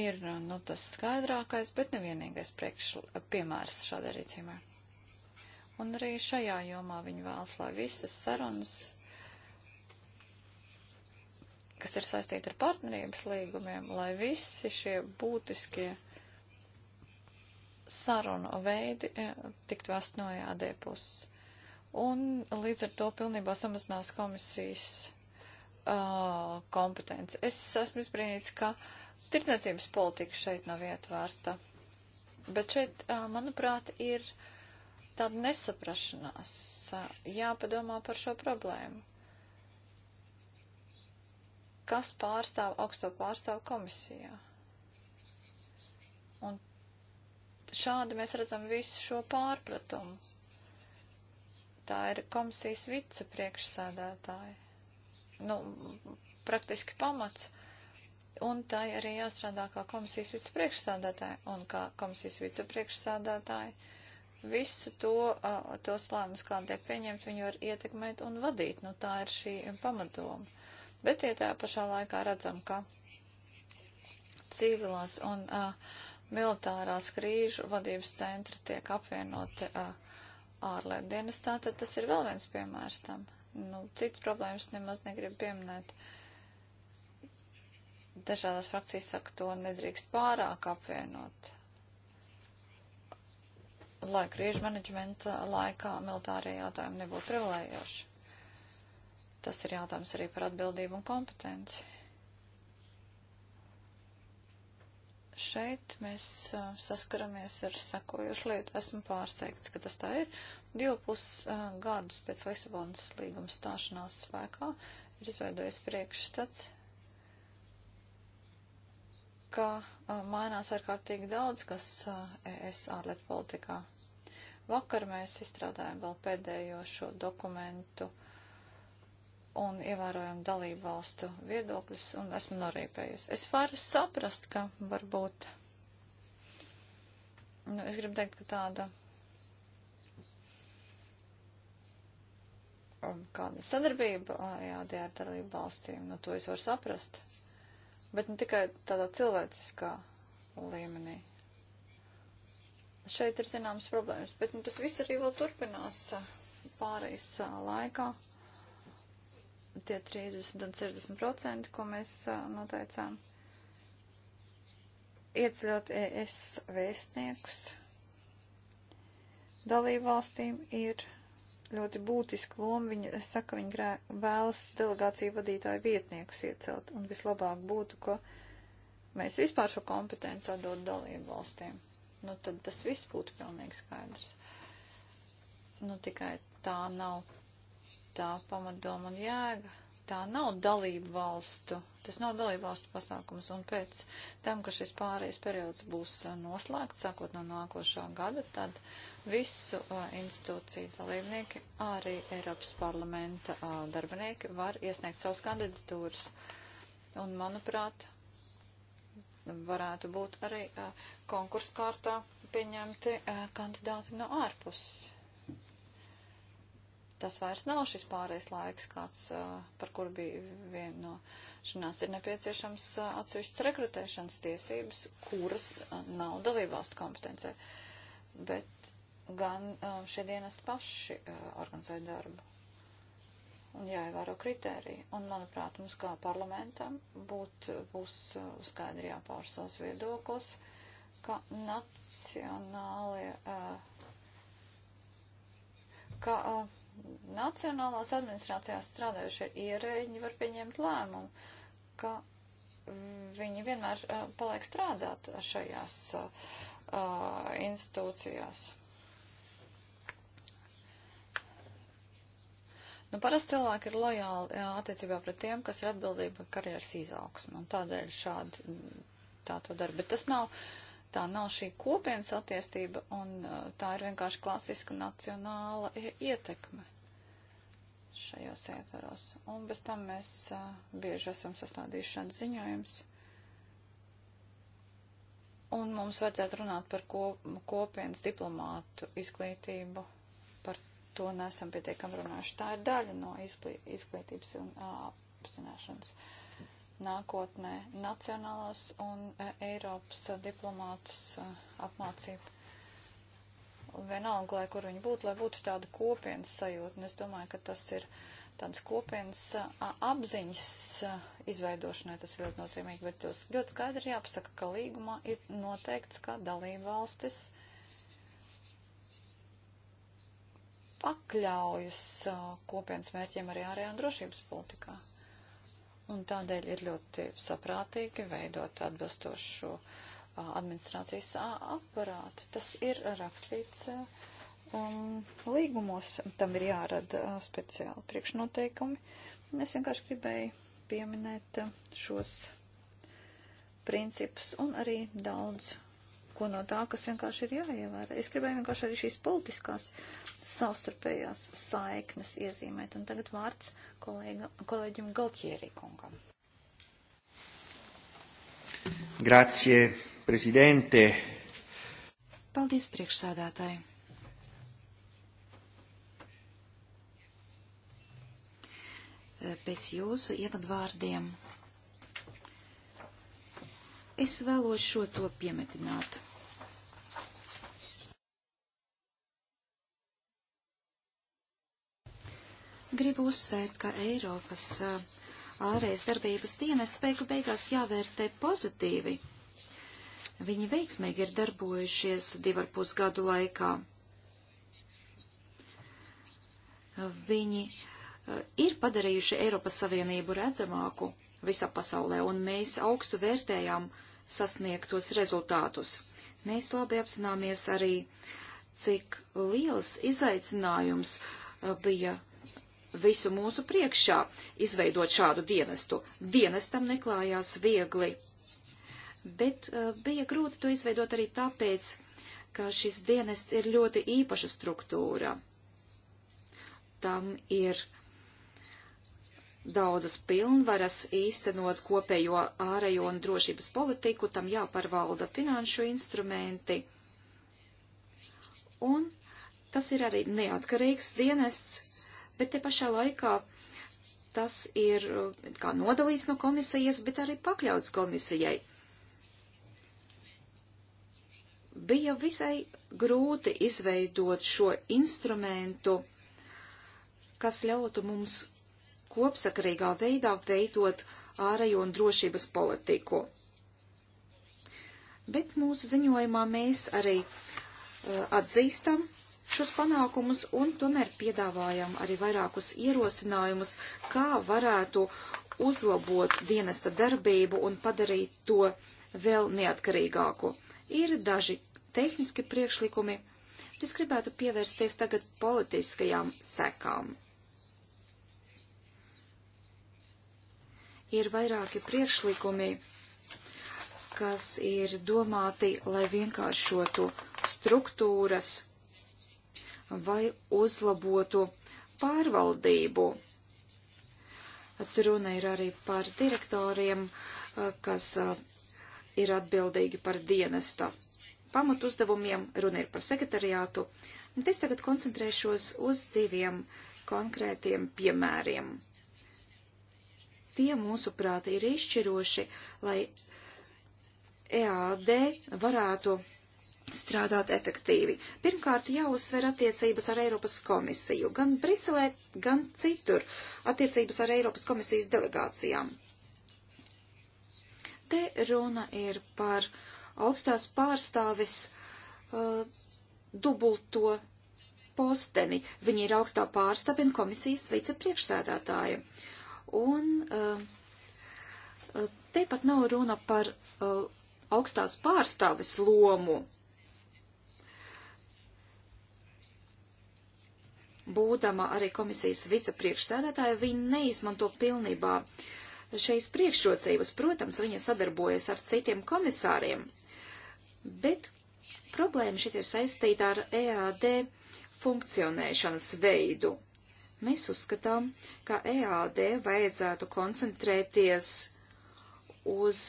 S3: ir e, nu, tas skaidrākais, bet nevienīgais priekš, piemērs šādai rīcībai. Un arī šajā jomā viņi vēlas, lai visas sarunas, kas ir saistīti ar partnerības līgumiem, lai visi šie būtiskie sarunu veidi e, tikt vest no jādē e puses. Un līdz ar to pilnībā samazinās komisijas uh, kompetence. Es esmu izbrīnīts, ka tirdzniecības politika šeit nav ietvērta. Bet šeit, uh, manuprāt, ir tāda nesaprašanās. Uh, jāpadomā par šo problēmu. Kas pārstāv augsto pārstāvu komisijā? Un šādi mēs redzam visu šo pārpratumu. Tā ir komisijas vicepriekšsēdētāja. Nu, praktiski pamats. Un tai arī jāstrādā kā komisijas vicepriekšsādātāja un kā komisijas vicepriekšsādātāja. Visu to, tos lēmumus, kādi tiek pieņemti, viņi var ietekmēt un vadīt. Nu, tā ir šī pamatoma. Bet ja tajā pašā laikā redzam, ka civilās un uh, militārās krīžu vadības centri tiek apvienoti ārlietu dienestā, tad tas ir vēl viens piemērs tam. Nu, cits problēmas nemaz negribu pieminēt. Dažādās frakcijas saka, to nedrīkst pārāk apvienot. Lai krīžu menedžmenta laikā militārie jautājumi nebūtu privilējoši. Tas ir jautājums arī par atbildību un kompetenci. šeit mēs uh, saskaramies ar sekojušu lietu. Esmu pārsteigts, ka tas tā ir. Divu pus uh, gadus pēc Lisabonas līguma stāšanās spēkā ir izveidojis priekšstats, ka uh, mainās ārkārtīgi daudz, kas ES ārlietu politikā. Vakar mēs izstrādājam vēl pēdējo šo dokumentu un ievērojam dalību valstu viedokļus, un esmu norīpējusi. Es varu saprast, ka varbūt, nu, es gribu teikt, ka tāda um, kāda sadarbība jādara ar dalību valstīm, nu, to es varu saprast, bet, nu, tikai tādā cilvēciskā līmenī. Šeit ir zināmas problēmas, bet, nu, tas viss arī vēl turpinās pārējais laikā tie 30 un 60 procenti, ko mēs noteicām, ieceļot ES vēstniekus dalību valstīm ir ļoti būtiska loma. Viņa saka, viņa grē, vēlas delegāciju vadītāju vietniekus iecelt, un vislabāk būtu, ka mēs vispār šo kompetenci atdot dalību valstīm. Nu, tad tas viss būtu pilnīgi skaidrs. Nu, tikai tā nav tā pamatdoma un jēga. Tā nav dalību valstu, tas nav dalību valstu pasākums, un pēc tam, ka šis pārējais periods būs uh, noslēgts, sākot no nākošā gada, tad visu uh, institūciju dalībnieki, arī Eiropas parlamenta uh, darbinieki var iesniegt savus kandidatūras. Un, manuprāt, varētu būt arī uh, konkursu kārtā pieņemti uh, kandidāti no ārpuses tas vairs nav šis pārējais laiks, kāds, eh, par kuru bija vienošanās, ir nepieciešams eh, atsevišķas rekrutēšanas tiesības, kuras eh, nav dalībvalstu kompetencē, bet gan šie dienesti paši organizē darbu un jāievēro kritēriji. Un, manuprāt, mums kā parlamentam būt, būs skaidri jāpauž savs viedoklis, ka nacionālie, ka nacionālās administrācijās strādājušie ierēģi var pieņemt lēmumu, ka viņi vienmēr uh, paliek strādāt šajās uh, uh, institūcijās. Nu, parasti cilvēki ir lojāli jā, attiecībā pret tiem, kas ir atbildība karjeras izaugsmu, un tādēļ šādi tā to dara. Bet tas nav uh, tā nav šī kopienas attīstība, un uh, tā ir vienkārši klasiska nacionāla ietekme šajos ietvaros. Un bez tam mēs uh, bieži esam sastādījuši šādu ziņojumus. Un mums vajadzētu runāt par kopienas diplomātu izglītību. Par to nesam pietiekami runājuši. Tā ir daļa no izglītības un uh, apzināšanas. Uh, nākotnē nacionālās un e, Eiropas diplomātus e, apmācību. Vienalga, lai kur viņi būtu, lai būtu tāda kopienas sajūta. Un es domāju, ka tas ir tāds kopienas e, apziņas izveidošanai, tas ļoti nozīmīgi, bet tas ļoti skaidri jāpasaka, ka līgumā ir noteikts, ka dalība valstis pakļaujas kopienas mērķiem arī ārējā un drošības politikā. Un tādēļ ir ļoti saprātīgi veidot atbilstošu administrācijas aparātu. Tas ir rakstīts um, līgumos, tam ir jārada speciāli priekšnoteikumi. Es vienkārši gribēju pieminēt šos principus un arī daudz ko no tā, kas vienkārši ir jāievēra. Es gribēju vienkārši arī šīs politiskās savstarpējās saiknes iezīmēt. Un tagad vārds kolēga, kolēģim Galtjērī kungam.
S1: Grazie, prezidente.
S2: Paldies, priekšsādātāji. Pēc jūsu ievadvārdiem Es vēlos šo to piemetināt. Gribu uzsvērt, ka Eiropas ārējas darbības dienas beigu beigās jāvērtē pozitīvi. Viņi veiksmīgi ir darbojušies divar pusgadu laikā. Viņi ir padarījuši Eiropas Savienību redzamāku visā pasaulē, un mēs augstu vērtējām sasniegtos rezultātus. Mēs labi apzināmies arī, cik liels izaicinājums uh, bija visu mūsu priekšā izveidot šādu dienestu. Dienestam neklājās viegli, bet uh, bija grūti to izveidot arī tāpēc, ka šis dienests ir ļoti īpaša struktūra. Tam ir daudzas pilnvaras īstenot kopējo ārējo un drošības politiku, tam jāparvalda finanšu instrumenti. Un tas ir arī neatkarīgs dienests, bet te pašā laikā tas ir uh, kā nodalīts no komisijas, bet arī pakļauts komisijai. Bija visai grūti izveidot šo instrumentu, kas ļautu mums kopsakarīgā veidā veidot ārējo un drošības politiku. Bet mūsu ziņojumā mēs arī uh, atzīstam šos panākumus un tomēr piedāvājam arī vairākus ierosinājumus, kā varētu uzlabot dienesta darbību un padarīt to vēl neatkarīgāku. Ir daži tehniski priekšlikumi, bet es gribētu pievērsties tagad politiskajām sekām. ir vairāki priekšlikumi, kas ir domāti, lai vienkāršotu struktūras vai uzlabotu pārvaldību. Runa ir arī par direktoriem, eh, kas eh, ir atbildīgi par dienesta pamatuzdevumiem, runa ir par sekretariātu, bet es tagad koncentrēšos uz diviem konkrētiem piemēriem. Tie, mūsuprāt, ir izšķiroši, lai EAD varētu strādāt efektīvi. Pirmkārt, jāuzsver attiecības ar Eiropas komisiju, gan Briselē, gan citur, attiecības ar Eiropas komisijas delegācijām. Te runa ir par augstās pārstāvis uh, dubulto posteni. Viņa ir augstā pārstāvja un komisijas vicepriekšsēdētāja. Uh, Un eh, eh, te pat nav runa par eh, augstās pārstāves lomu. Būdama arī komisijas vicepriekšsēdētāja, viņa neizmanto pilnībā šīs priekšrocības. Protams, viņa sadarbojas ar citiem komisāriem, bet problēma šeit ir saistīta ar EAD funkcionēšanas veidu. Mēs uzskatām, ka EAD vajadzētu koncentrēties uz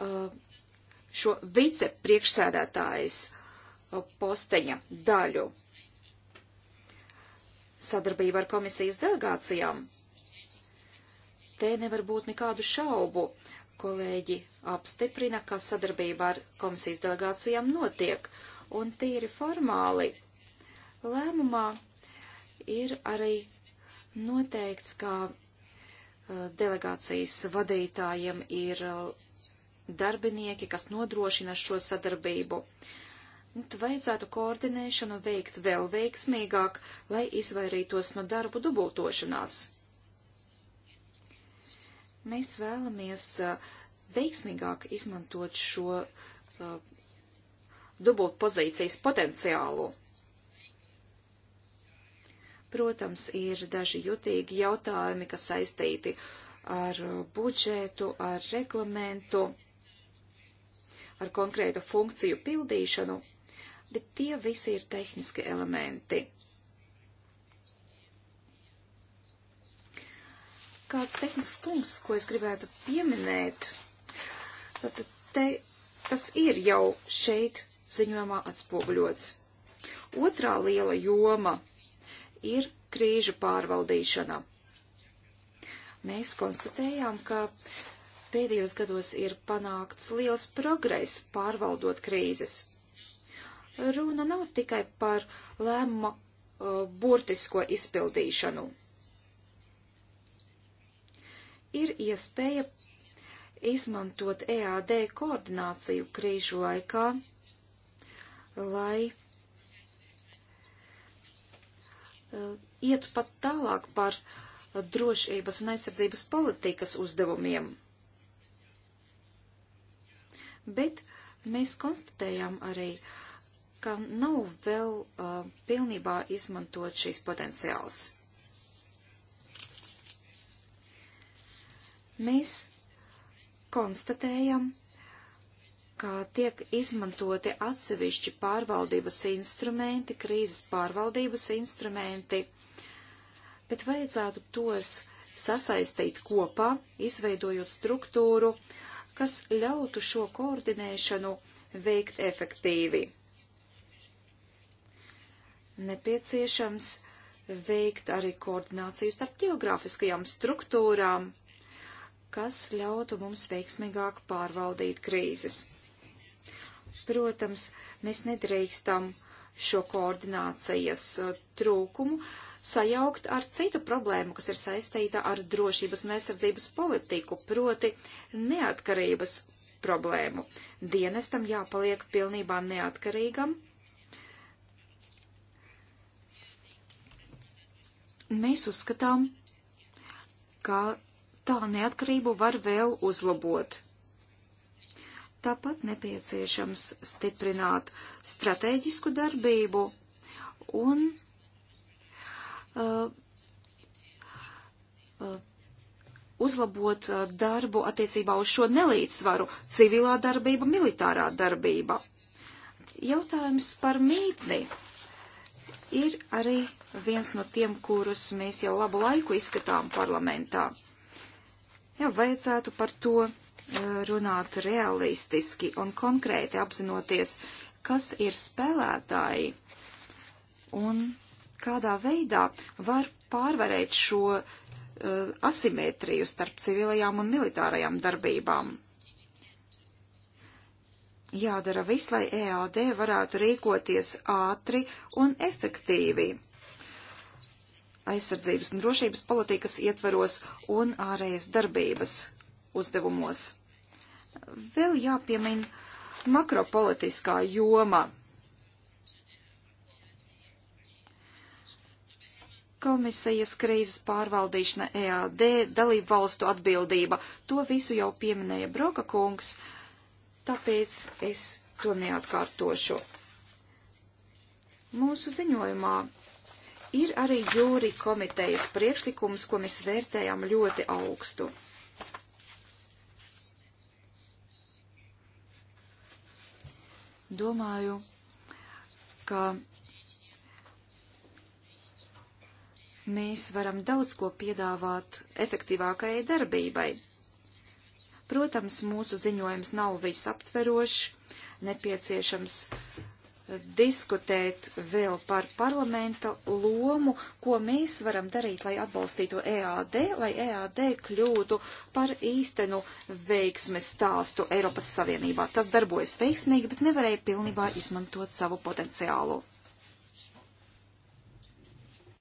S2: uh, šo vicepriekšsēdētājas uh, posteņa daļu. Sadarbība ar komisijas delegācijām. Te nevar būt nekādu šaubu. Kolēģi apstiprina, ka sadarbība ar komisijas delegācijām notiek, un tīri formāli lēmumā ir arī noteikts, ka uh, delegācijas vadītājiem ir uh, darbinieki, kas nodrošina šo sadarbību. Tad vajadzētu koordinēšanu veikt vēl veiksmīgāk, lai izvairītos no darbu dubultošanās. Mēs vēlamies uh, veiksmīgāk izmantot šo dubultpozīcijas potenciālu. Protams, ir daži jutīgi jautājumi, kas saistīti ar budžetu, ar reglamentu, ar konkrētu funkciju pildīšanu, bet tie visi ir tehniski elementi. Kāds tehnisks punkts, ko es gribētu pieminēt, tad te, tas ir jau šeit ziņojumā atspoguļots. Otrā liela joma ir krīžu pārvaldīšana. Mēs konstatējām, ka pēdējos gados ir panākts liels progress pārvaldot krīzes. Runa nav tikai par lēmuma uh, burtisko izpildīšanu. Ir iespēja izmantot EAD koordināciju krīžu laikā, lai Uh, ietu pat tālāk par drošības un aizsardzības politikas uzdevumiem. Bet mēs konstatējām arī, ka nav vēl uh, pilnībā izmantot šīs potenciāls. Mēs konstatējam, kā tiek izmantoti atsevišķi pārvaldības instrumenti, krīzes pārvaldības instrumenti, bet vajadzētu tos sasaistīt kopā, izveidojot struktūru, kas ļautu šo koordinēšanu veikt efektīvi. Nepieciešams veikt arī koordināciju starp geogrāfiskajām struktūrām, kas ļautu mums veiksmīgāk pārvaldīt krīzes. Protams, mēs nedrīkstam šo koordinācijas uh, trūkumu sajaukt ar citu problēmu, kas ir saistīta ar drošības un aizsardzības politiku, proti neatkarības problēmu. Dienestam jāpaliek pilnībā neatkarīgam. Mēs uzskatām, ka tā neatkarību var vēl uzlabot. Tāpat nepieciešams stiprināt strateģisku darbību un uh, uh, uzlabot uh, darbu attiecībā uz šo nelīdzsvaru - civilā darbība, militārā darbība. Jautājums par mītni ir arī viens no tiem, kurus mēs jau labu laiku izskatām parlamentā. Jā, vajadzētu par to runāt realistiski un konkrēti apzinoties, kas ir spēlētāji un kādā veidā var pārvarēt šo e, asimetriju starp civilajām un militārajām darbībām. Jādara viss, lai EAD varētu rīkoties ātri un efektīvi aizsardzības un drošības politikas ietvaros un ārējas darbības uzdevumos. Vēl jāpiemin makropolitiskā joma. Komisijas krīzes pārvaldīšana EAD, dalību valstu atbildība, to visu jau pieminēja Broka kungs, tāpēc es to neatkārtošu. Mūsu ziņojumā ir arī jūri komitejas priekšlikums, ko mēs vērtējam ļoti augstu. domāju, ka mēs varam daudz ko piedāvāt efektīvākajai darbībai. Protams, mūsu ziņojums nav visaptverošs, nepieciešams diskutēt vēl par parlamenta lomu, ko mēs varam darīt, lai atbalstītu EAD, lai EAD kļūtu par īstenu veiksmes stāstu Eiropas Savienībā. Tas darbojas veiksmīgi, bet nevarēja pilnībā izmantot savu potenciālu.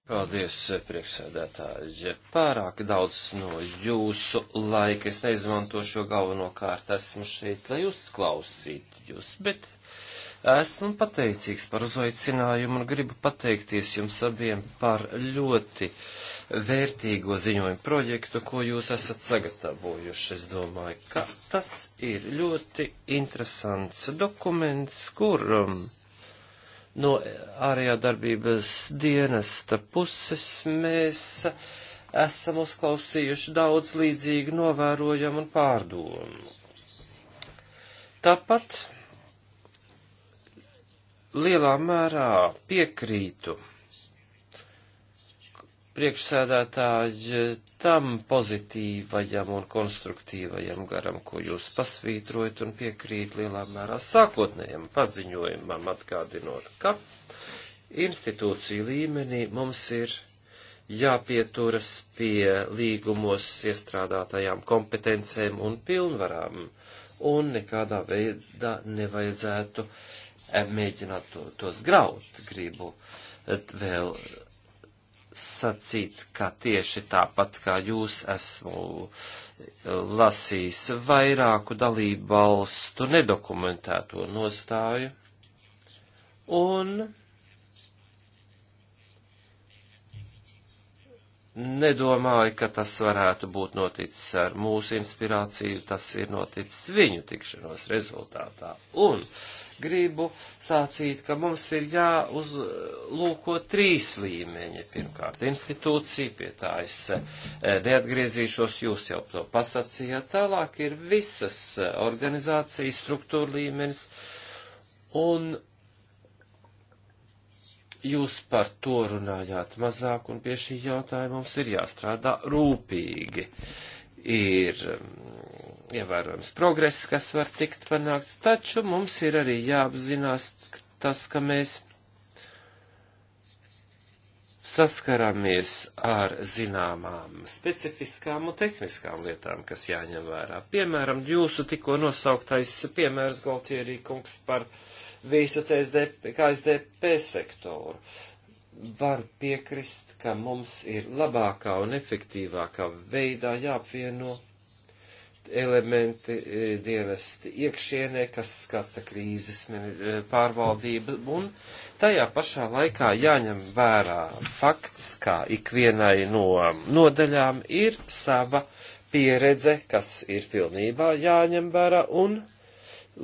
S7: Paldies, priekšsēdētāji. Pārāk daudz no jūsu laika es neizmantošu, jo galvenokārt esmu šeit, lai uzklausītu jūs, bet Esmu pateicīgs par uzaicinājumu un gribu pateikties jums abiem par ļoti vērtīgo ziņojumu projektu, ko jūs esat sagatavojuši. Es domāju, ka tas ir ļoti interesants dokuments, kur um, no ārējā darbības dienesta puses mēs esam uzklausījuši daudz līdzīgu novērojumu un pārdomu. Tāpat lielā mērā piekrītu priekšsēdētāji tam pozitīvajam un konstruktīvajam garam, ko jūs pasvītrojat un piekrīt lielā mērā sākotnējam paziņojumam atgādinot, ka institūciju līmenī mums ir jāpieturas pie līgumos iestrādātajām kompetencēm un pilnvarām, un nekādā veidā nevajadzētu uh, Eh, mēģināt to, tos graut. Gribu eh, vēl sacīt, ka tieši tāpat kā jūs esmu eh, lasījis vairāku dalību valstu nedokumentēto nostāju. Un nedomāju, ka tas varētu būt noticis ar mūsu inspirāciju, tas ir noticis viņu tikšanos rezultātā. Un uh, gribu sācīt, ka mums ir jāuzlūko trīs līmeņi. Pirmkārt, institūcija, pie tā es eh, neatgriezīšos, jūs jau to pasacījāt. Tālāk ir visas eh, organizācijas struktūra līmenis. Un jūs par to runājāt mazāk, un pie šī jautājuma mums ir jāstrādā rūpīgi ir um, ievērojams progress, kas var tikt panākts, taču mums ir arī jāapzinās tas, ka mēs saskaramies ar zināmām specifiskām un tehniskām lietām, kas jāņem vērā. Piemēram, jūsu tikko nosauktais piemērs Galtierī kungs par visu CSDP, KSDP sektoru. Uh, varu piekrist, ka mums ir labākā un efektīvākā veidā jāapvieno elementi e, dienesti iekšienē, kas skata krīzes e, pārvaldību, un tajā pašā laikā jāņem vērā fakts, kā ikvienai no nodaļām ir sava pieredze, kas ir pilnībā jāņem vērā, un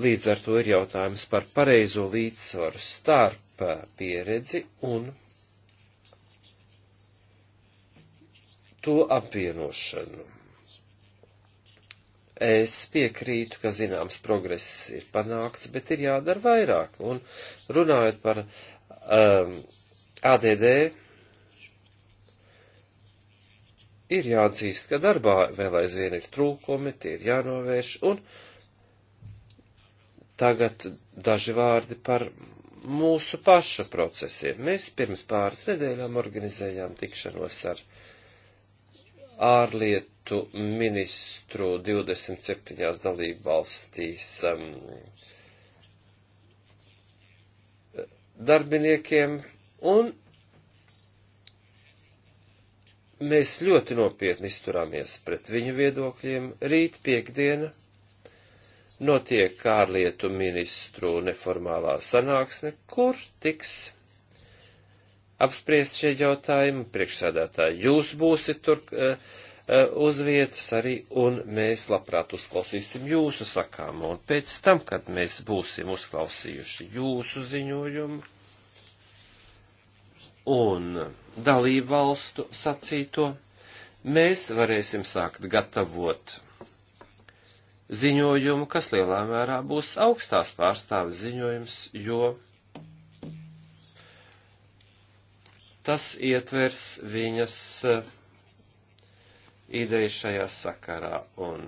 S7: līdz ar to ir jautājums par pareizo līdzsvaru starp pieredzi un to apvienošanu. Es piekrītu, ka zināms progress ir panākts, bet ir jādara vairāk. Un runājot par um, ADD, ir jāatzīst, ka darbā vēl aizvien ir trūkumi, tie ir jānovērš, un tagad daži vārdi par mūsu pašu procesiem. Mēs pirms pāris nedēļām organizējām tikšanos ar uh, ārlietu ministru 27. dalību valstīs um, darbiniekiem, un mēs ļoti nopietni izturāmies pret viņu viedokļiem. Rīt piekdiena notiek ārlietu ministru neformālā sanāksme, kur tiks apspriest šie jautājumi. Priekšsēdētāji, jūs būsiet tur eh, eh, uz vietas arī, un mēs labprāt uzklausīsim jūsu sakāmo. Un pēc tam, kad mēs būsim uzklausījuši jūsu ziņojumu un dalību valstu sacīto, mēs varēsim sākt gatavot ziņojumu, kas lielā mērā būs augstās pārstāvis ziņojums, jo tas ietvers viņas eh, idejas šajā sakarā. Un,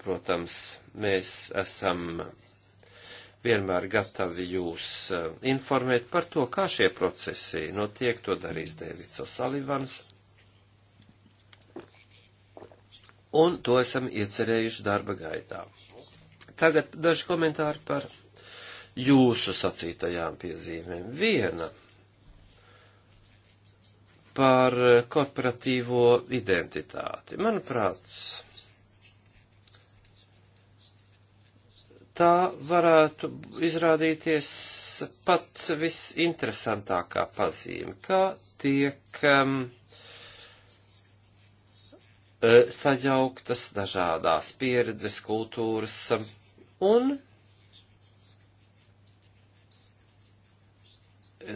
S7: protams, mēs esam vienmēr gatavi jūs eh, informēt par to, kā šie procesi notiek. To darīs Dēvids Osalivans. Un to esam iecerējuši darba gaitā. Tagad daži komentāri par jūsu sacītajām piezīmēm. Viena par eh, korporatīvo identitāti. Manuprāt, tā varētu izrādīties pats visinteresantākā pazīme, kā tiek um, sajauktas dažādās pieredzes, kultūras um, un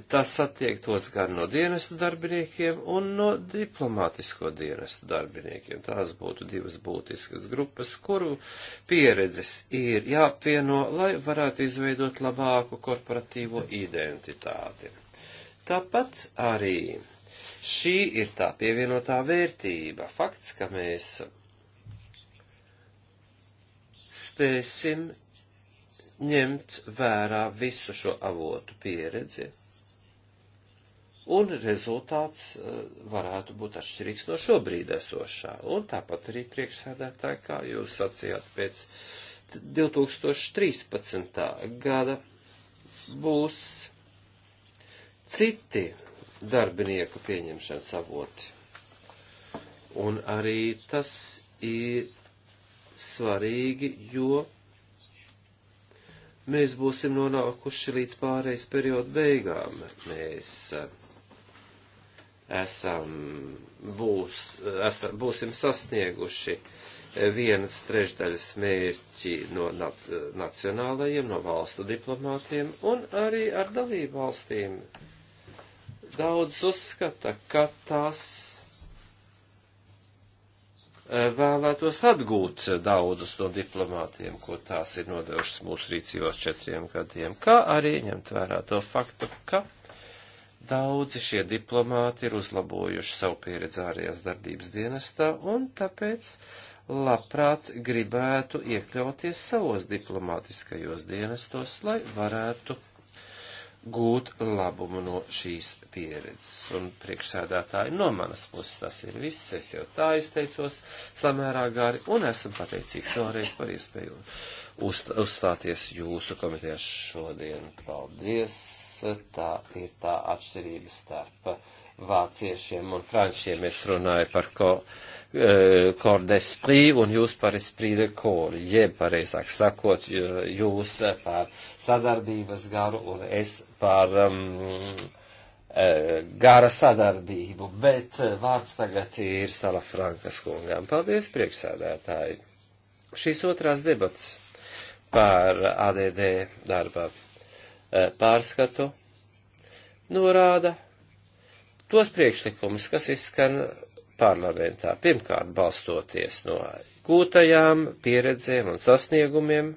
S7: tas attiektos gan no dienestu darbiniekiem un no diplomātisko dienestu darbiniekiem. Tās būtu divas būtiskas grupas, kuru pieredzes ir jāpieno, lai varētu izveidot labāku korporatīvo identitāti. Tāpat arī šī ir tā pievienotā vērtība, fakts, ka mēs spēsim ņemt vērā visu šo avotu pieredzi un rezultāts eh, varētu būt atšķirīgs no šobrīd esošā. Un tāpat arī priekšsēdētāji, kā jūs sacījāt, pēc 2013. gada būs citi darbinieku pieņemšanas avoti. Un arī tas ir svarīgi, jo mēs būsim nonākuši līdz pārejas periodu beigām. Mēs eh, esam, būs, esam, būsim sasnieguši vienas trešdaļas mērķi no nac, nacionālajiem, no valstu diplomātiem un arī ar dalību valstīm. Daudz uzskata, ka tās e, vēlētos atgūt daudzus no diplomātiem, ko tās ir nodevušas mūsu rīcībās četriem gadiem, kā arī ņemt vērā to faktu, ka Daudzi šie diplomāti ir uzlabojuši savu pieredzi ārējās darbības dienestā un tāpēc labprāt gribētu iekļauties savos diplomātiskajos dienestos, lai varētu gūt labumu no šīs pieredzes. Un priekšsēdētāji no manas puses tas ir viss. Es jau tā izteicos samērā gari un esmu pateicīgs vēlreiz par iespēju uzstāties jūsu komitejā šodien. Paldies! tā ir tā atšķirība starp vāciešiem un frančiem. Es runāju par ko, kor eh, desprī un jūs par esprī de kor, jeb pareizāk sakot, jūs par sadarbības garu un es par um, gara sadarbību, bet eh, vārds tagad ir Sala Frankas kungām. Paldies, priekšsēdētāji! Šīs otrās debats par ADD darbā E, pārskatu, norāda tos priekšlikumus, kas izskan parlamentā, pirmkārt balstoties no gūtajām pieredzēm un sasniegumiem,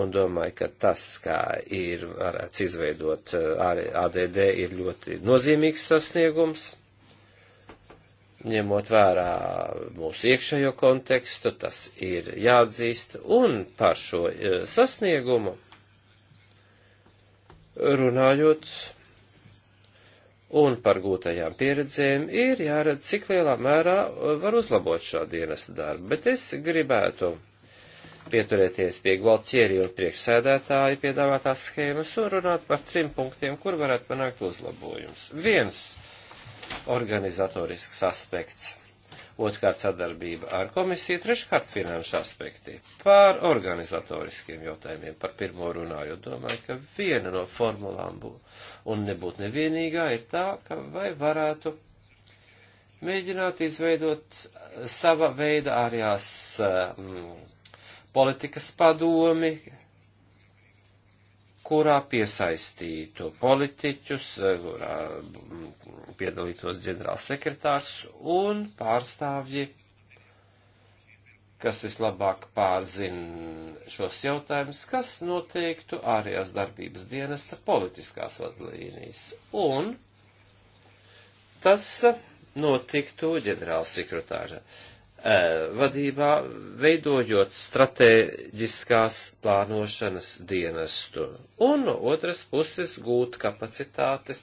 S7: un domāju, ka tas, kā ir varēts izveidot e, ADD, ir ļoti nozīmīgs sasniegums. Ņemot vērā mūsu iekšējo kontekstu, tas ir jāatzīst, un par šo e, sasniegumu runājot un par gūtajām pieredzēm, ir jāredz, cik lielā mērā uh, var uzlabot šā dienesta darbu. Bet es gribētu pieturēties pie Gualtieri un priekšsēdētāja piedāvātās schēmas un runāt par trim punktiem, kur varētu panākt uzlabojumus. Viens organizatorisks aspekts otrkārt sadarbība ar komisiju, treškārt finanšu aspekti. Par organizatoriskiem jautājumiem par pirmo runājot, domāju, ka viena no formulām būtu, un nebūtu nevienīgā, ir tā, ka vai varētu mēģināt izveidot eh, sava veida ārējās um, politikas padomi, kurā piesaistītu politiķus, eh, kurā mm, piedalītos ģenerālsekretārs un pārstāvji, kas vislabāk pārzina šos jautājumus, kas noteiktu ārējās darbības dienesta politiskās vadlīnijas. Un tas notiktu ģenerālsekretāra uh, Eh, vadībā, veidojot stratēģiskās plānošanas dienestu. Un no otras puses gūt kapacitātes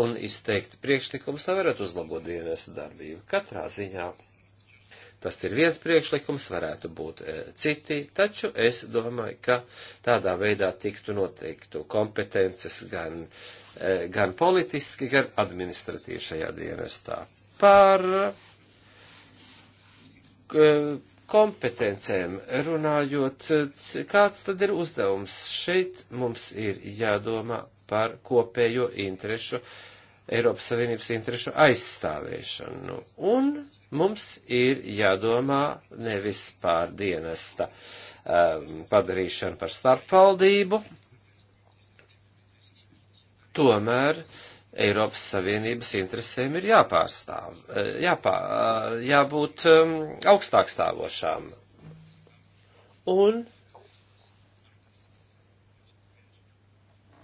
S7: un izteikt priekšlikumus, lai varētu uzlabot dienestu darbību. Katrā ziņā tas ir viens priekšlikums, varētu būt e, citi, taču es domāju, ka tādā veidā tiktu noteiktu kompetences gan, e, gan politiski, gan administratīvi šajā dienestā. Par Eh, kompetencēm runājot, eh, kāds tad ir uzdevums? Šeit mums ir jādomā par kopējo interešu, Eiropas Savienības interešu aizstāvēšanu. Un mums ir jādomā nevis par dienesta um, padarīšanu par starpvaldību, tomēr uh, Eiropas Savienības interesēm ir jāpārstāv, eh, jāpā, eh, jābūt um, augstāk stāvošām. Un,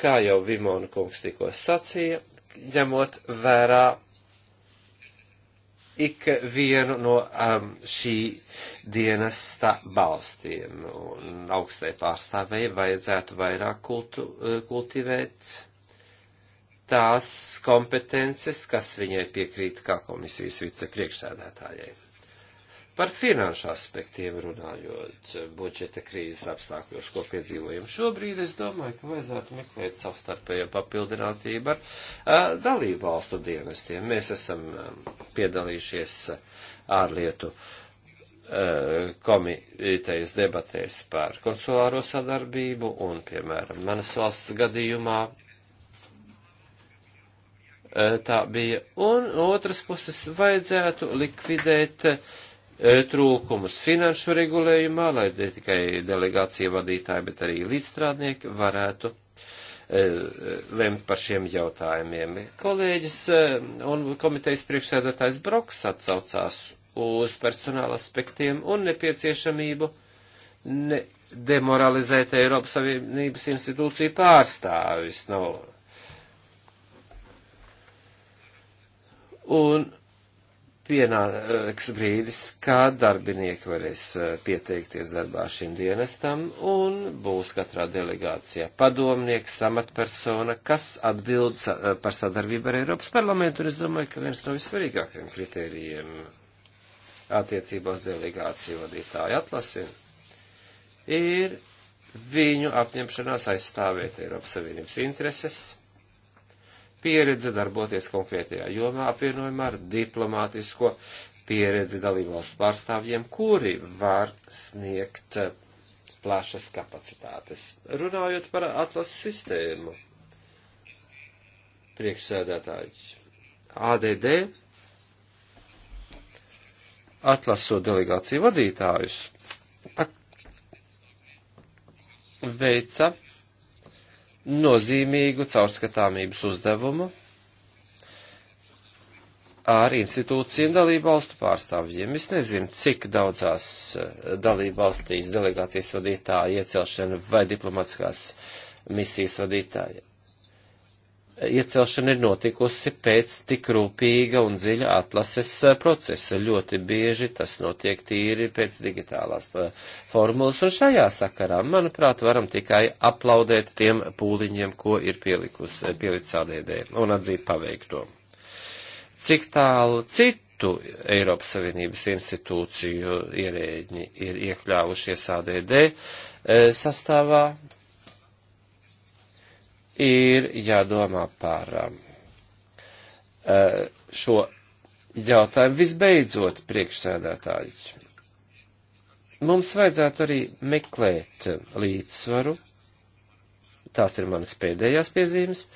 S7: kā jau Vimona kungs tikko sacīja, ņemot vērā ik vienu no um, šī dienesta balstiem un augstai pārstāvēji vajadzētu vairāk kultu, eh, kultivēt tās kompetences, kas viņai piekrīt kā komisijas vicepriekšsēdētājai. Par finanšu aspektiem runājot, budžeta krīzes apstākļos, ko piedzīvojam šobrīd, es domāju, ka vajadzētu meklēt savstarpējo papildinātību ar a, dalību valstu dienestiem. Mēs esam a, piedalījušies ārlietu komitejas debatēs par konsulāro sadarbību un, piemēram, manas valsts gadījumā Eh, tā bija. Un otras puses vajadzētu likvidēt eh, trūkumus finanšu regulējumā, lai ne tikai delegācija vadītāji, bet arī līdzstrādnieki varētu eh, lemt par šiem jautājumiem. Kolēģis un komitejas priekšsēdētājs Broks atsaucās uz personāla aspektiem un nepieciešamību ne demoralizēt Eiropas Savienības institūciju pārstāvis. Nav no un pienāks brīdis, kad darbinieki varēs eh, pieteikties darbā šim dienestam, un būs katrā delegācijā padomnieks, amatpersona, kas atbild eh, par sadarbību ar Eiropas parlamentu, un es domāju, ka viens no vissvarīgākajiem kritērijiem attiecībās delegāciju vadītāju atlasi ir viņu apņemšanās aizstāvēt Eiropas Savienības intereses pieredze darboties konkrētajā jomā apvienojumā ar diplomātisko pieredzi dalībvalstu pārstāvjiem, kuri var sniegt eh, plašas kapacitātes. Runājot par atlases sistēmu, priekšsēdētāji, ADD atlasot delegāciju vadītājus, veica nozīmīgu caurskatāmības uzdevumu ar institūcijiem dalībvalstu pārstāvjiem. Es nezinu, cik daudzās eh, dalībvalstīs delegācijas vadītāja iecelšana vai diplomatiskās misijas vadītāja iecelšana ir notikusi pēc tik rūpīga un dziļa atlases eh, procesa. Ļoti bieži tas notiek tīri pēc digitālās eh, formulas, un šajā sakarā, manuprāt, varam tikai aplaudēt tiem pūliņiem, ko ir pielikus, eh, pielicis ADD un atzīt paveikto. Cik tālu citu Eiropas Savienības institūciju ierēģi ir iekļāvušies ADD sastāvā, ir jādomā par um, uh, šo jautājumu. Visbeidzot, priekšsēdētāji, mums vajadzētu arī meklēt līdzsvaru, tās ir manas pēdējās piezīmes,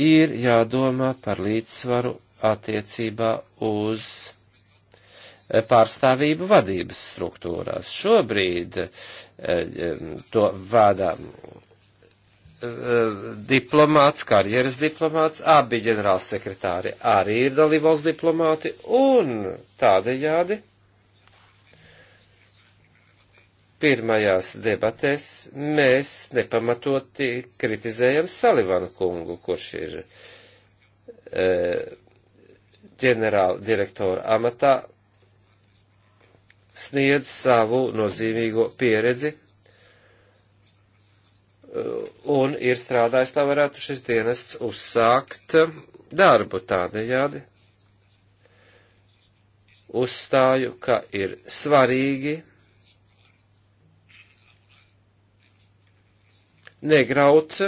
S7: ir jādomā par līdzsvaru attiecībā uz eh, pārstāvību vadības struktūrās. Šobrīd eh, to vada Eh, diplomāts, karjeras diplomāts, abi ģenerālsekretāri arī ir dalībvalsts diplomāti un tādējādi pirmajās debatēs mēs nepamatoti kritizējam Salivanu kungu, kurš ir e, ģenerāla direktora amatā, sniedz savu nozīmīgo pieredzi un ir strādājis, lai varētu šis dienests uzsākt darbu tādējādi. Uzstāju, ka ir svarīgi negraut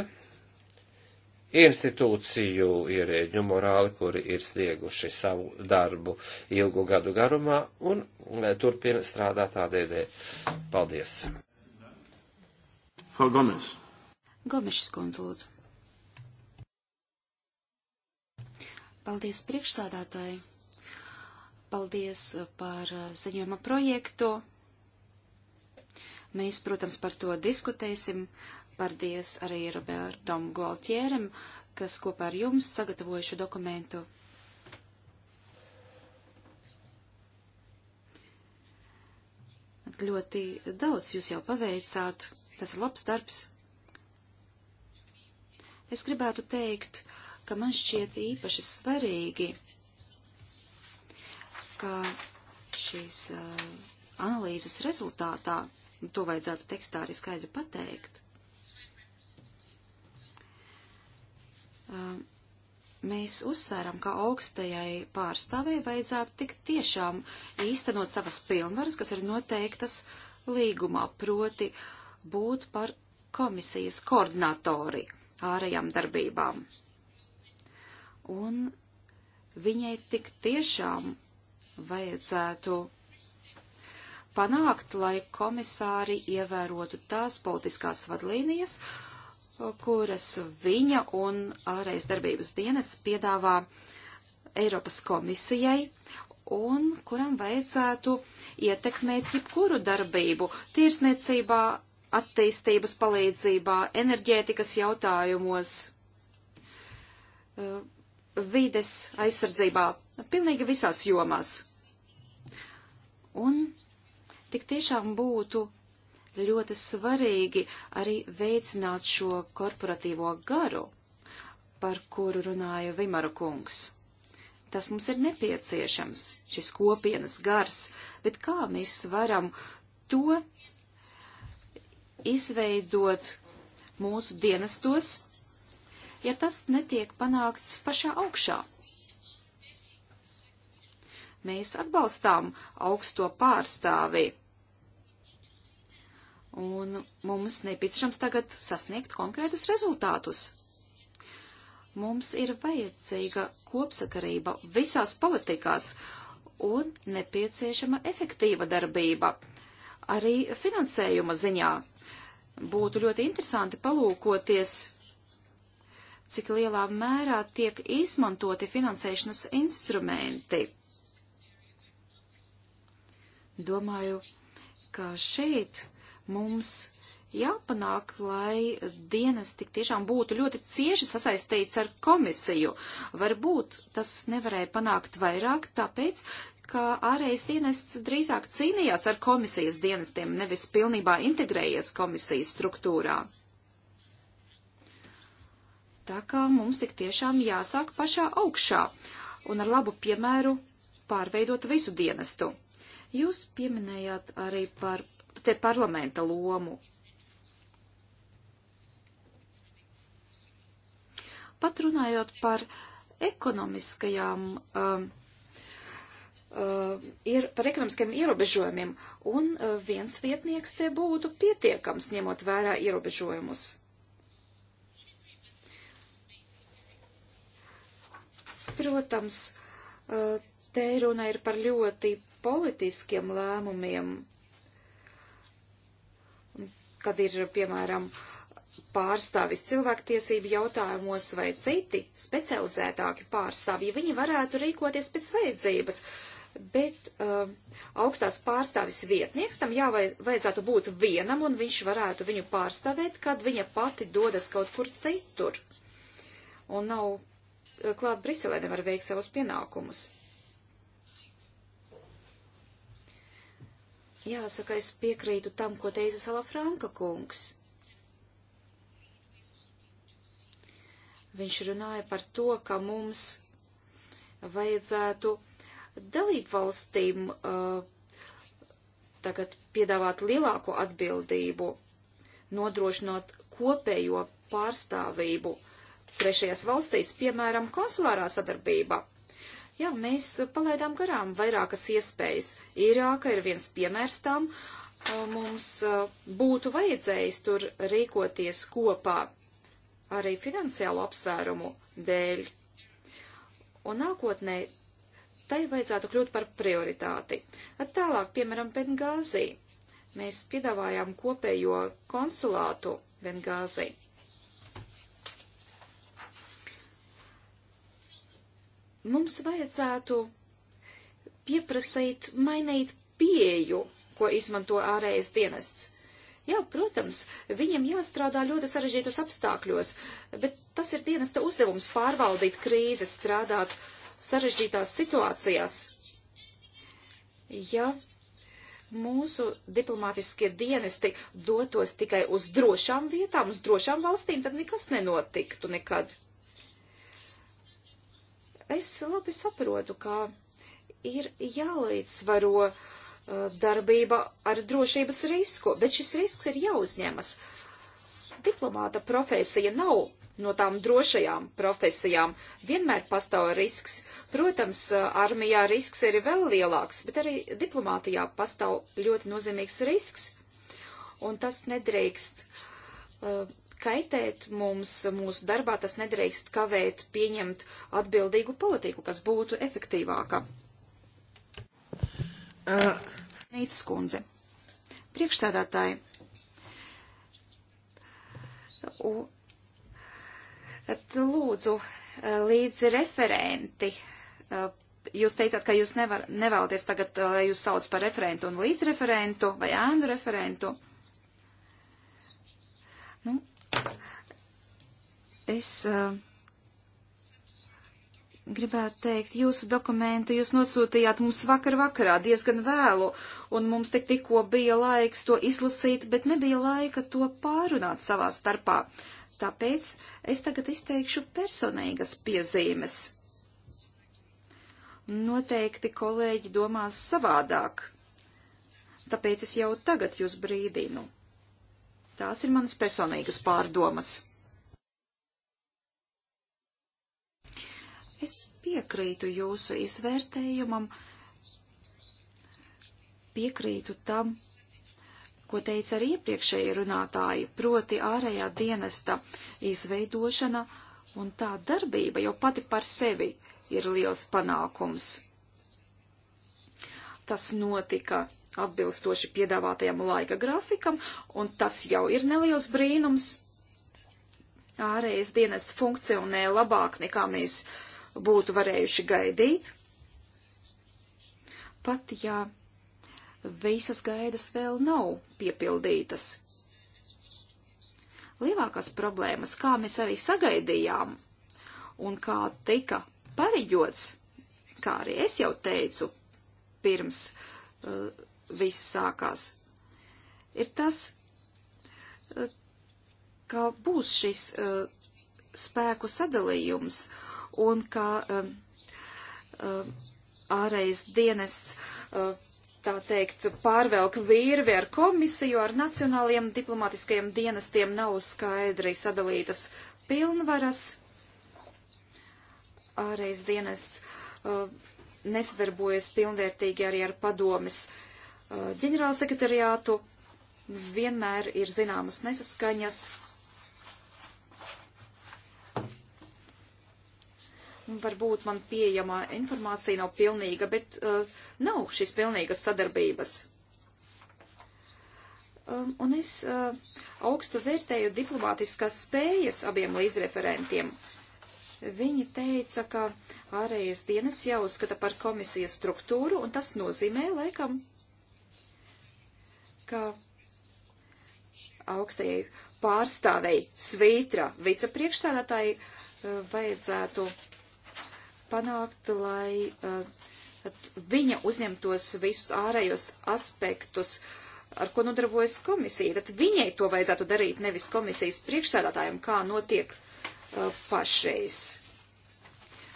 S7: institūciju ierēģu morāli, kuri ir snieguši savu darbu ilgu gadu garumā un e, turpina strādāt tādēļ. Paldies! Frau Gomes. Gomešas kundze, lūdzu.
S2: Paldies priekšsādātāji. Paldies par uh, ziņojuma projektu. Mēs, protams, par to diskutēsim. Paldies arī Robertam Gualtierim, kas kopā ar jums sagatavoja šo dokumentu. Ļoti daudz jūs jau paveicāt. Tas ir labs darbs. Es gribētu teikt, ka man šķiet īpaši svarīgi, ka šīs uh, analīzes rezultātā, un to vajadzētu tekstā arī skaidri pateikt, uh, mēs uzsveram, ka augstajai pārstāvēji vajadzētu tik tiešām īstenot savas pilnvaras, kas ir noteiktas līgumā, proti būt par komisijas koordinatori ārējām darbībām. Un viņai tik tiešām vajadzētu panākt, lai komisāri ievērotu tās politiskās vadlīnijas, kuras viņa un ārējas darbības dienas piedāvā Eiropas komisijai un kuram vajadzētu ietekmēt jebkuru darbību tirsniecībā, attīstības palīdzībā, enerģētikas jautājumos, eh, vides aizsardzībā, pilnīgi visās jomās. Un tik tiešām būtu ļoti svarīgi arī veicināt šo korporatīvo garu, par kuru runāja Vimara kungs. Tas mums ir nepieciešams, šis kopienas gars, bet kā mēs varam to izveidot mūsu dienestos, ja tas netiek panākts pašā augšā. Mēs atbalstām augsto pārstāvi. Un mums nepieciešams tagad sasniegt konkrētus rezultātus. Mums ir vajadzīga kopsakarība visās politikās un nepieciešama efektīva darbība arī finansējuma ziņā būtu ļoti interesanti palūkoties, cik lielā mērā tiek izmantoti finansēšanas instrumenti. Domāju, ka šeit mums jāpanāk, lai dienas tik tiešām būtu ļoti cieši sasaistīts ar komisiju. Varbūt tas nevarēja panākt vairāk, tāpēc, ka ārējais dienests drīzāk cīnījās ar komisijas dienestiem, nevis pilnībā integrējies komisijas struktūrā. Tā kā mums tik tiešām jāsāk pašā augšā un ar labu piemēru pārveidot visu dienestu. Jūs pieminējāt arī par te parlamenta lomu. Pat runājot par ekonomiskajām um, Uh, ir par ekonomiskiem ierobežojumiem, un uh, viens vietnieks te būtu pietiekams, ņemot vērā ierobežojumus. Protams, uh, te runa ir par ļoti politiskiem lēmumiem, kad ir, piemēram, pārstāvis cilvēktiesību jautājumos vai citi specializētāki pārstāvji, viņi varētu rīkoties pēc vajadzības. Uh, bet uh, augstās pārstāvis vietnieks tam jāvajadzētu būt vienam, un viņš varētu viņu pārstāvēt, kad viņa pati dodas kaut kur citur. Un nav uh, klāt Briselē nevar veikt savus pienākumus. Jāsaka, es piekrītu tam, ko teica Salafranka kungs. Viņš runāja par to, ka mums vajadzētu dalību valstīm uh, eh, tagad piedāvāt lielāko atbildību, nodrošinot kopējo pārstāvību trešajās valstīs, piemēram, konsulārā sadarbība. Jā, mēs palaidām garām vairākas iespējas. Irāka ir viens piemērs tam, eh, mums eh, būtu vajadzējis tur rīkoties kopā arī finansiālu apsvērumu dēļ. Un nākotnē tai vajadzētu kļūt par prioritāti. Tad tālāk, piemēram, Bengāzī. Mēs piedāvājām kopējo konsulātu Bengāzī. Mums vajadzētu pieprasīt, mainīt pieju, ko izmanto ārējais dienests. Jā, protams, viņiem jāstrādā ļoti sarežģītos apstākļos, bet tas ir dienesta uzdevums pārvaldīt krīzes, strādāt sarežģītās situācijās. Ja mūsu diplomātiskie dienesti dotos tikai uz drošām vietām, uz drošām valstīm, tad nekas nenotiktu nekad. Es labi saprotu, ka ir jālīdzsvaro uh, darbība ar drošības risku, bet šis risks ir jāuzņemas. Diplomāta profesija nav no tām drošajām profesijām. Vienmēr pastāv risks. Protams, armijā risks ir vēl lielāks, bet arī diplomātijā pastāv ļoti nozīmīgs risks. Un tas nedrīkst uh, kaitēt mums, mūsu darbā tas nedrīkst kavēt pieņemt atbildīgu politiku, kas būtu efektīvāka. Uh. Nīcis kundze. Priekšsēdētāji. U, Tad lūdzu eh, līdzi referenti. Eh, jūs teicāt, ka jūs nevar, nevēlaties tagad, lai eh, jūs sauc par referentu un līdzreferentu vai ēnu referentu. Nu, es uh, gribētu teikt, jūsu dokumentu jūs nosūtījāt mums vakar vakarā diezgan vēlu, un mums tik tikko bija laiks to izlasīt, bet nebija laika to pārunāt savā starpā. Uh, Tāpēc es tagad izteikšu personīgas piezīmes. Noteikti kolēģi domās savādāk, tāpēc es jau tagad jūs brīdinu. Tās ir manas personīgas pārdomas. Es piekrītu jūsu izvērtējumam, piekrītu tam, ko teica arī iepriekšēji runātāji, proti ārējā dienesta izveidošana un tā darbība jau pati par sevi ir liels panākums. Tas notika atbilstoši piedāvātajam laika grafikam, un tas jau ir neliels brīnums. Ārējais dienas funkcionē labāk, nekā mēs būtu varējuši gaidīt. Pat ja visas gaidas vēl nav piepildītas. Lielākās problēmas, kā mēs arī sagaidījām un kā tika pareģots, kā arī es jau teicu, pirms uh, viss sākās, ir tas, uh, ka būs šis uh, spēku sadalījums un ka uh, uh, ārējais dienests uh, tā teikt, pārvelk virvi ar komisiju, ar nacionāliem diplomatiskajiem dienestiem nav skaidri sadalītas pilnvaras. Ārējais dienests uh, nesadarbojas pilnvērtīgi arī ar padomis uh, ģenerālsekretariātu. Vienmēr ir zināmas nesaskaņas Varbūt man pieejamā informācija nav pilnīga, bet uh, nav šīs pilnīgas sadarbības. Um, un es uh, augstu vērtēju diplomātiskās spējas abiem līdzreferentiem. Viņi teica, ka ārējais dienas jāuzskata par komisijas struktūru, un tas nozīmē, laikam, ka augstajai pārstāvei svītra vicepriekšsēdētāji uh, vajadzētu uh, panākt, lai eh, viņa uzņemtos visus ārējos aspektus, ar ko nodarbojas komisija. Tad viņai to vajadzētu darīt, nevis komisijas priekšsēdātājiem, kā notiek eh, pašreiz.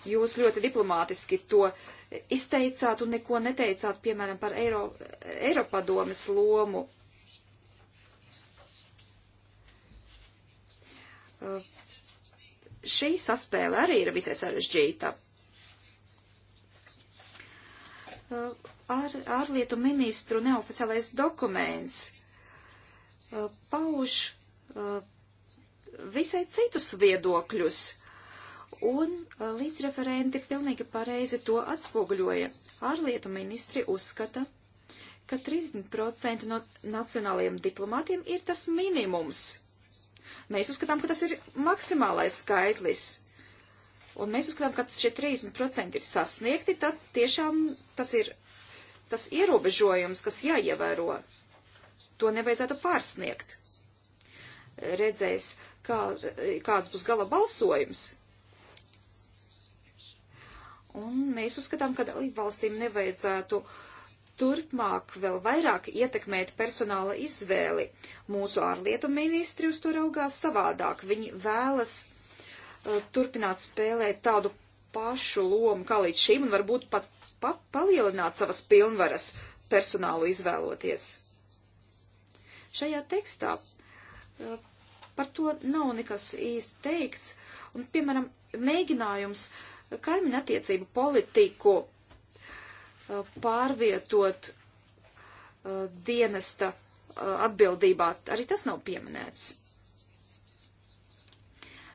S2: Jūs ļoti diplomātiski to izteicāt un neko neteicāt, piemēram, par Eiro, Eiropadomes lomu. Eh, šī saspēle arī ir visai sarežģīta. Eh, ar, ārlietu ministru neoficiālais dokuments eh, pauž eh, visai citus viedokļus, un līdzreferenti pilnīgi pareizi to atspoguļoja. Ārlietu ministri uzskata, ka 30% no nacionālajiem diplomātiem ir tas minimums. Mēs uzskatām, ka tas ir maksimālais skaitlis un mēs uzskatām, ka šie 30% ir sasniegti, tad tiešām tas ir tas ierobežojums, kas jāievēro. To nevajadzētu pārsniegt. Redzēs, kā, kāds būs gala balsojums. Un mēs uzskatām, ka dalībvalstīm nevajadzētu turpmāk vēl vairāk ietekmēt personāla izvēli. Mūsu ārlietu ministri uz to raugās savādāk. Viņi vēlas Uh, turpināt spēlēt tādu pašu lomu kā līdz šim un varbūt pat pa, palielināt savas pilnvaras personālu izvēloties. Šajā tekstā uh, par to nav nekas īsti teikts, un, piemēram, mēģinājums kaimiņa attiecību politiku uh, pārvietot dienesta atbildībā, arī tas nav pieminēts.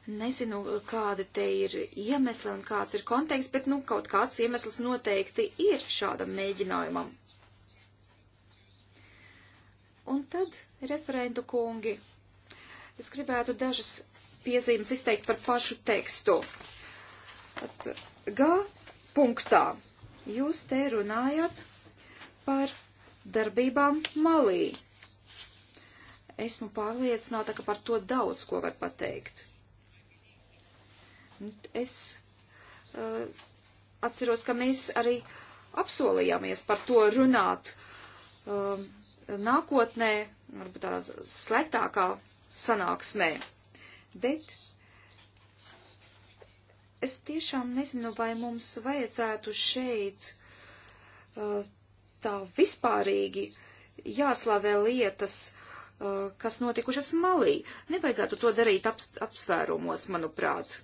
S2: Nezinu, kādi te ir iemesli un kāds ir konteksts, bet, nu, kaut kāds iemesls noteikti ir šādam mēģinājumam. Un tad, referentu kungi, es gribētu dažas piezīmes izteikt par pašu tekstu. At, G punktā jūs te runājat par darbībām malī. Esmu pārliecināta, ka par to daudz ko var pateikt. Es uh, atceros, ka mēs arī apsolījāmies par to runāt uh, nākotnē, varbūt tādā slēgtākā sanāksmē. Bet es tiešām nezinu, vai mums vajadzētu šeit uh, tā vispārīgi jāslavē lietas, uh, kas notikušas malī. Nevajadzētu to darīt aps, apsvērumos, manuprāt.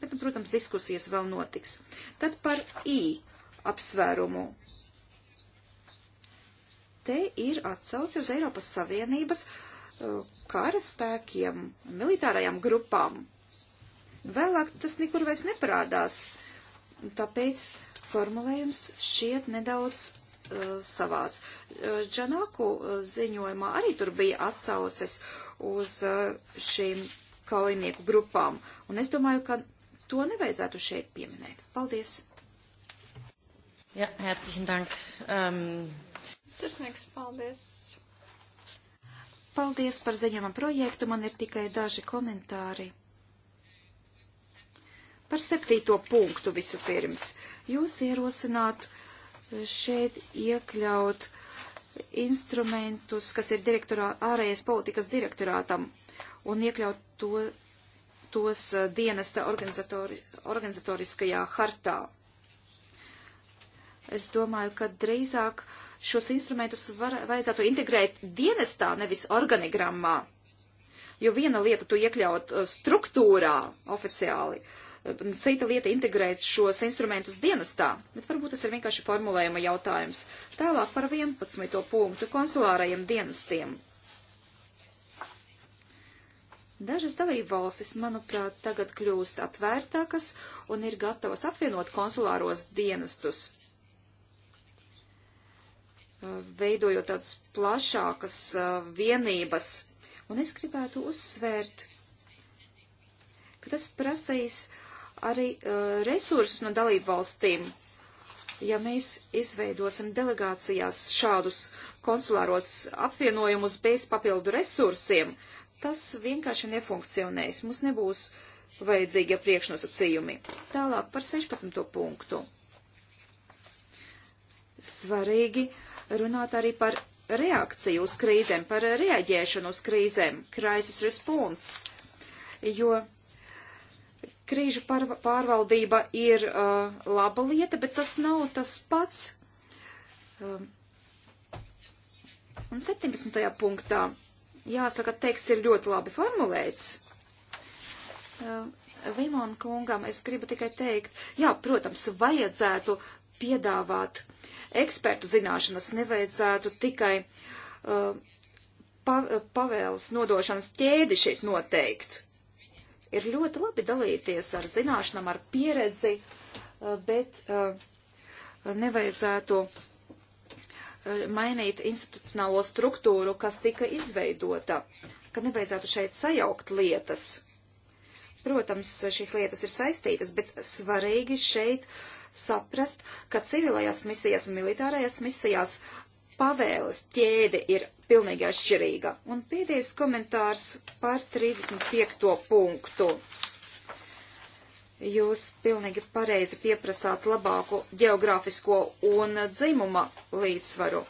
S2: Bet, nu, protams, diskusijas vēl notiks. Tad par I apsvērumu. Te ir atsauci uz Eiropas Savienības uh, kara spēkiem, militārajām grupām. Vēlāk tas nekur vairs neparādās, tāpēc formulējums šiet nedaudz uh, savāds. Uh, Džanaku uh, ziņojumā arī tur bija atsauces uz uh, šīm kaujinieku grupām, un es domāju, ka To nevajadzētu šeit pieminēt.
S3: Paldies!
S4: Jā, ja, herzlichen dank. Um... Ähm,
S3: Sirsnieks, paldies!
S2: Paldies par ziņojumu projektu. Man ir tikai daži komentāri. Par septīto punktu visu pirms. Jūs ierosināt šeit iekļaut instrumentus, kas ir ārējais politikas direktorātam, un iekļaut to tos eh, dienesta organizatori, organizatoriskajā hartā. Es domāju, ka drīzāk šos instrumentus var, vajadzētu integrēt dienestā, nevis organigrammā. Jo viena lieta tu iekļaut eh, struktūrā oficiāli, eh, cita lieta integrēt šos instrumentus dienestā, bet varbūt tas ir vienkārši formulējuma jautājums. Tālāk par 11. punktu konsulārajiem dienestiem. Dažas dalību valstis, manuprāt, tagad kļūst atvērtākas un ir gatavas apvienot konsulāros dienestus, veidojot tādas plašākas vienības. Un es gribētu uzsvērt, ka tas prasīs arī resursus no dalību valstīm. Ja mēs izveidosim delegācijās šādus konsulāros apvienojumus bez papildu resursiem, uh, Tas vienkārši nefunkcionēs. Mums nebūs vajadzīgie priekšnosacījumi. Tālāk par 16. punktu. Svarīgi runāt arī par reakciju uz krīzēm, par reaģēšanu uz krīzēm, crisis response, jo krīžu pārvaldība ir uh, laba lieta, bet tas nav tas pats. Um, un 17. punktā Jāsaka, teksts ir ļoti labi formulēts. Limon uh, kungam es gribu tikai teikt, jā, protams, vajadzētu piedāvāt ekspertu zināšanas, nevajadzētu tikai uh, pa, pavēles nodošanas ķēdi šeit noteikt. Ir ļoti labi dalīties ar zināšanām, ar pieredzi, uh, bet uh, nevajadzētu uh, Eh, mainīt institucionālo struktūru, kas tika izveidota, ka nevajadzētu šeit sajaukt lietas. Protams, šīs lietas ir saistītas, bet svarīgi šeit saprast, ka civilajās misijās un militārajās misijās pavēles ķēde ir pilnīgi atšķirīga. Un pēdējais komentārs par 35. punktu. Jūs pilnīgi pareizi pieprasāt labāku geogrāfisko un dzimuma līdzsvaru.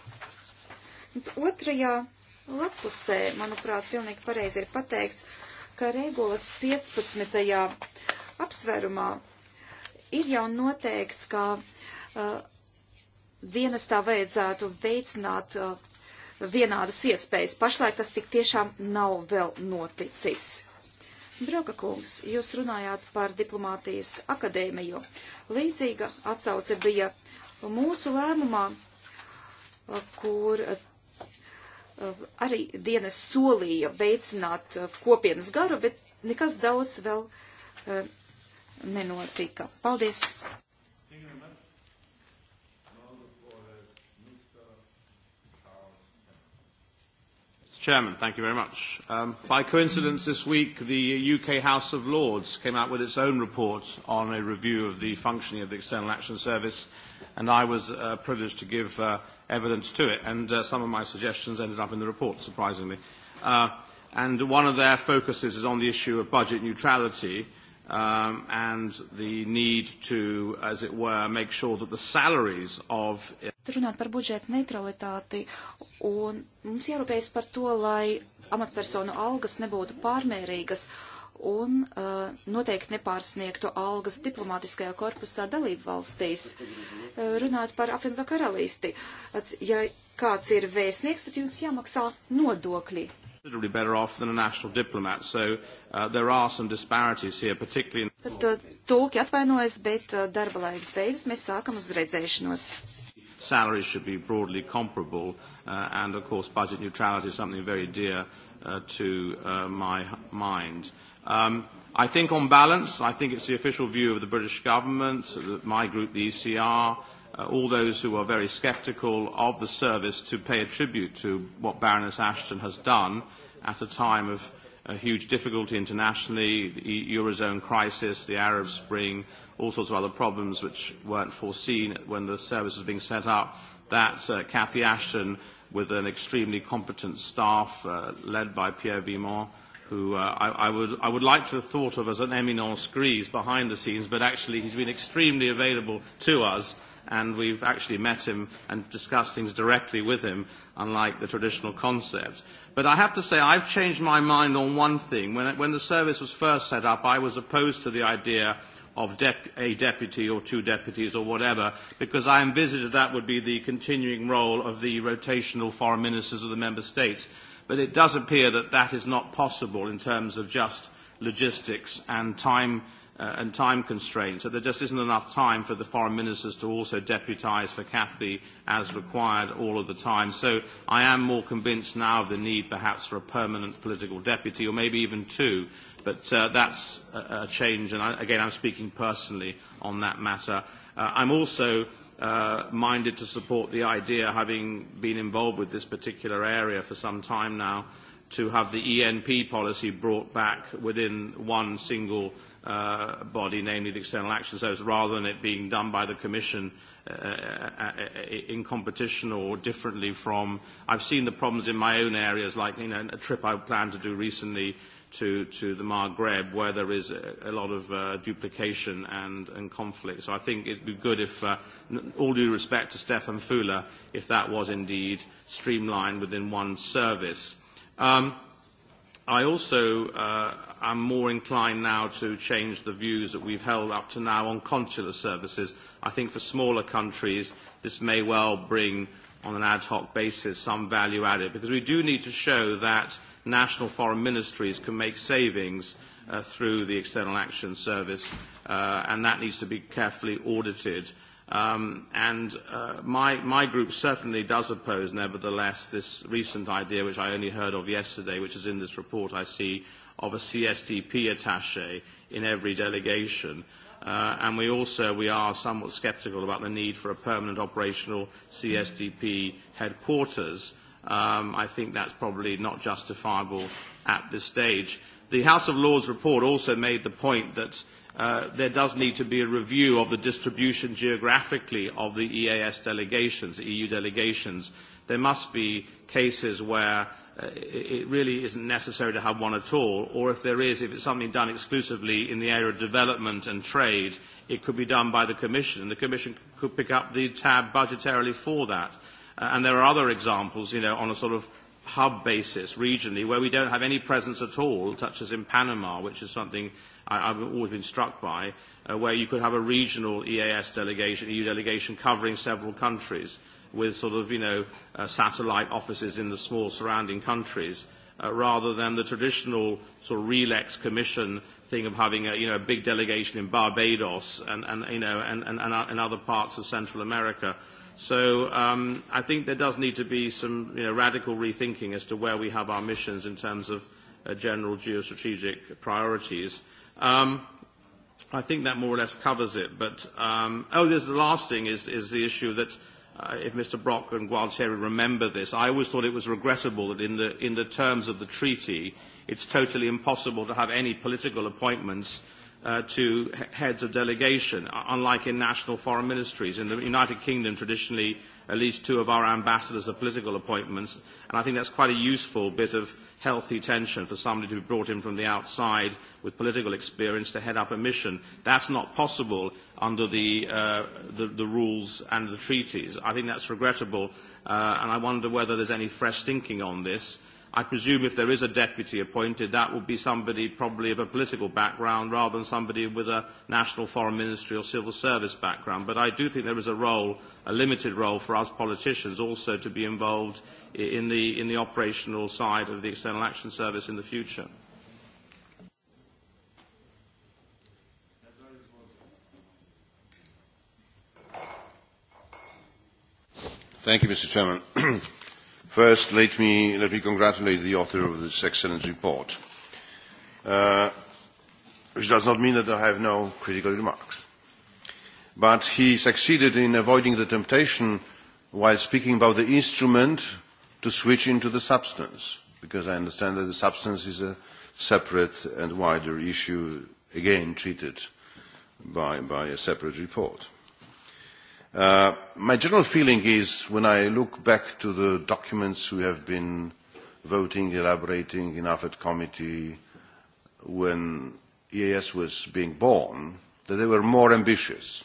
S2: Otrajā lapusē, manuprāt, pilnīgi pareizi ir pateikts, ka regulas 15. apsvērumā ir jau noteikts, ka uh, dienestā vajadzētu veicināt uh, vienādas iespējas. Pašlaik tas tik tiešām nav vēl noticis. Broka kungs, jūs runājāt par diplomātijas akadēmiju. Līdzīga atsauce bija mūsu lēmumā, kur eh, arī dienas solīja veicināt eh, kopienas garu, bet nekas daudz vēl eh, nenotika. Paldies!
S6: Chairman, thank you very much. Um, by coincidence, this week the UK House of Lords came out with its own report on a review of the functioning of the External Action Service, and I was uh, privileged to give uh, evidence to it, and uh, some of my suggestions ended up in the report, surprisingly. Uh, and one of their focuses is on the issue of budget neutrality, uh, um, and the need to, as it were, make sure that the salaries of.
S2: Runāt par budžeta neutralitāti, un mums jārūpējas par to, lai amatpersonu algas nebūtu pārmērīgas un uh, noteikti nepārsniegtu algas diplomātiskajā korpusā dalību valstīs. Uh, runāt par apvienoto karalisti. At, ja kāds ir vēstnieks, tad jums jāmaksā nodokļi
S6: considerably better off than a national diplomat. So uh, there are some disparities here, particularly
S2: in... Tad uh, tulki atvainojas, bet uh, darba laiks beidzas, mēs sākam uz redzēšanos.
S6: Salaries should be broadly comparable, uh, and of course budget neutrality is something very dear uh, to uh, my mind. Um, I think on balance, I think it's the official view of the British government, my group, the ECR, uh, all those who are very sceptical of the service to pay a tribute to what Baroness Ashton has done at a time of a uh, huge difficulty internationally, the e-, Eurozone crisis, the Arab Spring, all sorts of other problems which weren't foreseen when the service was being set up, that uh, Cathy Ashton, with an extremely competent staff uh, led by Pierre Vimont, who uh, I, I, would, I would like to have thought of as an eminence grise behind the scenes, but actually he's been extremely available to us and we've actually met him and discussed things directly with him, unlike the traditional concept. But I have to say I've changed my mind on one thing. When, when the service was first set up, I was opposed to the idea of de- a deputy or two deputies or whatever, because I envisaged that would be the continuing role of the rotational foreign ministers of the member states. But it does appear that that is not possible in terms of just logistics and time uh, and time constraints, that there just isn't enough time for the foreign ministers to also deputise for Cathy as required all of the time. So I am more convinced now of the need perhaps for a permanent political deputy, or maybe even two. But uh, that's a, a change, and I, again, I'm speaking personally on that matter. Uh, I'm also uh, minded to support the idea, having been involved with this particular area for some time now, to have the ENP policy brought back within one single uh, uh, body, namely the External Action Service, rather than it being done by the Commission uh, uh, uh, in competition or differently from. I've seen the problems in my own areas, like you know, a trip I planned to do recently to, to the Maghreb, where there is a, a lot of uh, duplication and, and conflict. So I think it would be good if, uh, all due respect to Stefan Fula, if that was indeed streamlined within one service. Um, I also uh, am more inclined now to change the views that we've held up to now on consular services. I think for smaller countries, this may well bring, on an ad hoc basis, some value added, because we do need to show that national foreign ministries can make savings uh, through the External Action Service, uh, and that needs to be carefully audited. Uh, Um, and uh, my, my group certainly does oppose, nevertheless, this recent idea, which I only heard of yesterday, which is in this report I see, of a CSDP attaché in every delegation. Uh, and we also we are somewhat sceptical about the need for a permanent operational CSDP headquarters. Um, I think that's probably not justifiable at this stage. The House of Lords report also made the point that uh, uh, there does need to be a review of the distribution geographically of the EAS delegations, the EU delegations. There must be cases where uh, it really isn't necessary to have one at all, or if there is, if it's something done exclusively in the area of development and trade, it could be done by the Commission, and the Commission could pick up the tab budgetarily for that. Uh, and there are other examples, you know, on a sort of hub basis regionally where we don't have any presence at all, such as in Panama, which is something I, I've always been struck by, uh, where you could have a regional EAS delegation, EU delegation covering several countries with sort of, you know, uh, satellite offices in the small surrounding countries, uh, rather than the traditional sort of RELEX commission thing of having a, you know, a big delegation in Barbados and, and, you know, and, and, and other parts of Central America. So um, I think there does need to be some you know, radical rethinking as to where we have our missions in terms of uh, general geostrategic priorities. Uh, Um, I think that more or less covers it. But um, oh, there's the last thing is, is the issue that uh, if Mr. Brock and Gualtieri remember this, I always thought it was regrettable that in the, in the terms of the treaty, it's totally impossible to have any political appointments uh, to heads of delegation, unlike in national foreign ministries. In the United Kingdom, traditionally, at least two of our ambassadors of political appointments, and I think that's quite a useful bit of healthy tension for somebody to be brought in from the outside with political experience to head up a mission. That's not possible under the, uh, the, the rules and the treaties. I think that's regrettable, uh, and I wonder whether there's any fresh thinking on this. I presume if there is a deputy appointed, that will be somebody probably of a political background rather than somebody with a national foreign ministry or civil service background. But I do think there is a role a limited role for us politicians also to be involved in the, in the operational side of the External Action Service in the future.
S5: Thank you, Mr. Chairman. First, let me, let me congratulate the author of this excellent report, uh, which does not mean that I have no critical remarks but he succeeded in avoiding the temptation while speaking about the instrument to switch into the substance, because I understand that the substance is a separate and wider issue, again treated by, by a separate report. Uh, my general feeling is, when I look back to the documents we have been voting, elaborating in AFED committee, when EAS was being born, that they were more ambitious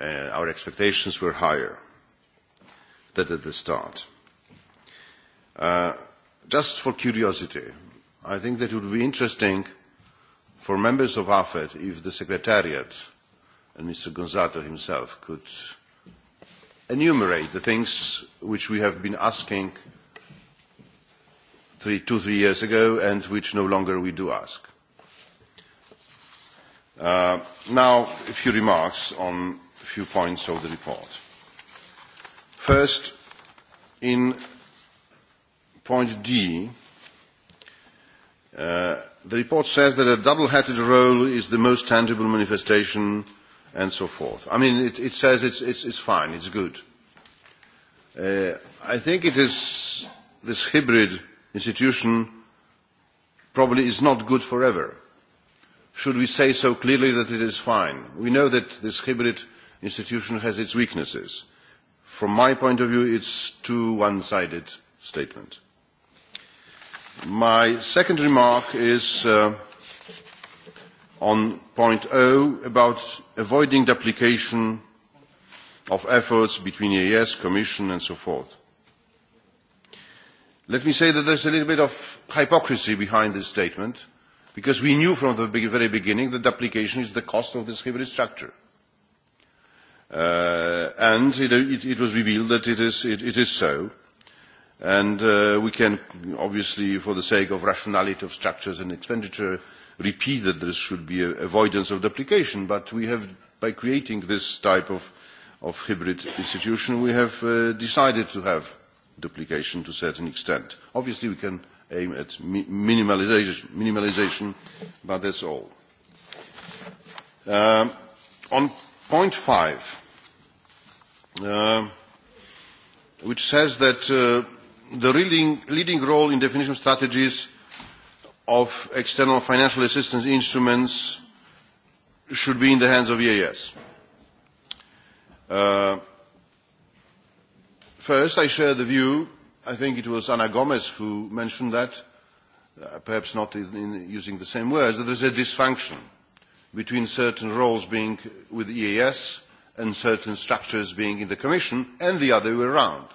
S5: uh, our expectations were higher than at the start. Uh, just for curiosity, I think that it would be interesting for members of AFET if the Secretariat and Mr. Gonzato himself could enumerate the things which we have been asking three, two, three years ago and which no longer we do ask. Uh, now, a few remarks on few points of the report. First, in point D, uh, the report says that a double-headed role is the most tangible manifestation and so forth. I mean, it, it says it's, it's, it's fine, it's good. Uh, I think it is this hybrid institution probably is not good forever. Should we say so clearly that it is fine? We know that this hybrid institution has its weaknesses. From my point of view, it's too one-sided statement. My second remark is uh, on point O about avoiding duplication of efforts between EAS, Commission and so forth. Let me say that there's a little bit of hypocrisy behind this statement because we knew from the very beginning that duplication is the cost of this hybrid structure. Uh, Uh, and it, it, it was revealed that it is, it, it is so. And uh, we can obviously, for the sake of rationality of structures and expenditure, repeat that there should be a avoidance of duplication, but we have, by creating this type of, of hybrid institution, we have uh, decided to have duplication to a certain extent. Obviously, we can aim at mi minimalization, minimalization, but that's all. Um, on point five, uh, which says that uh, the leading, leading role in definition of strategies of external financial assistance instruments should be in the hands of EAS. Uh, first, I share the view, I think it was Ana Gomez who mentioned that, uh, perhaps not in, in using the same words, that there's a dysfunction between certain roles being with EAS and certain structures being in the Commission, and the other way around.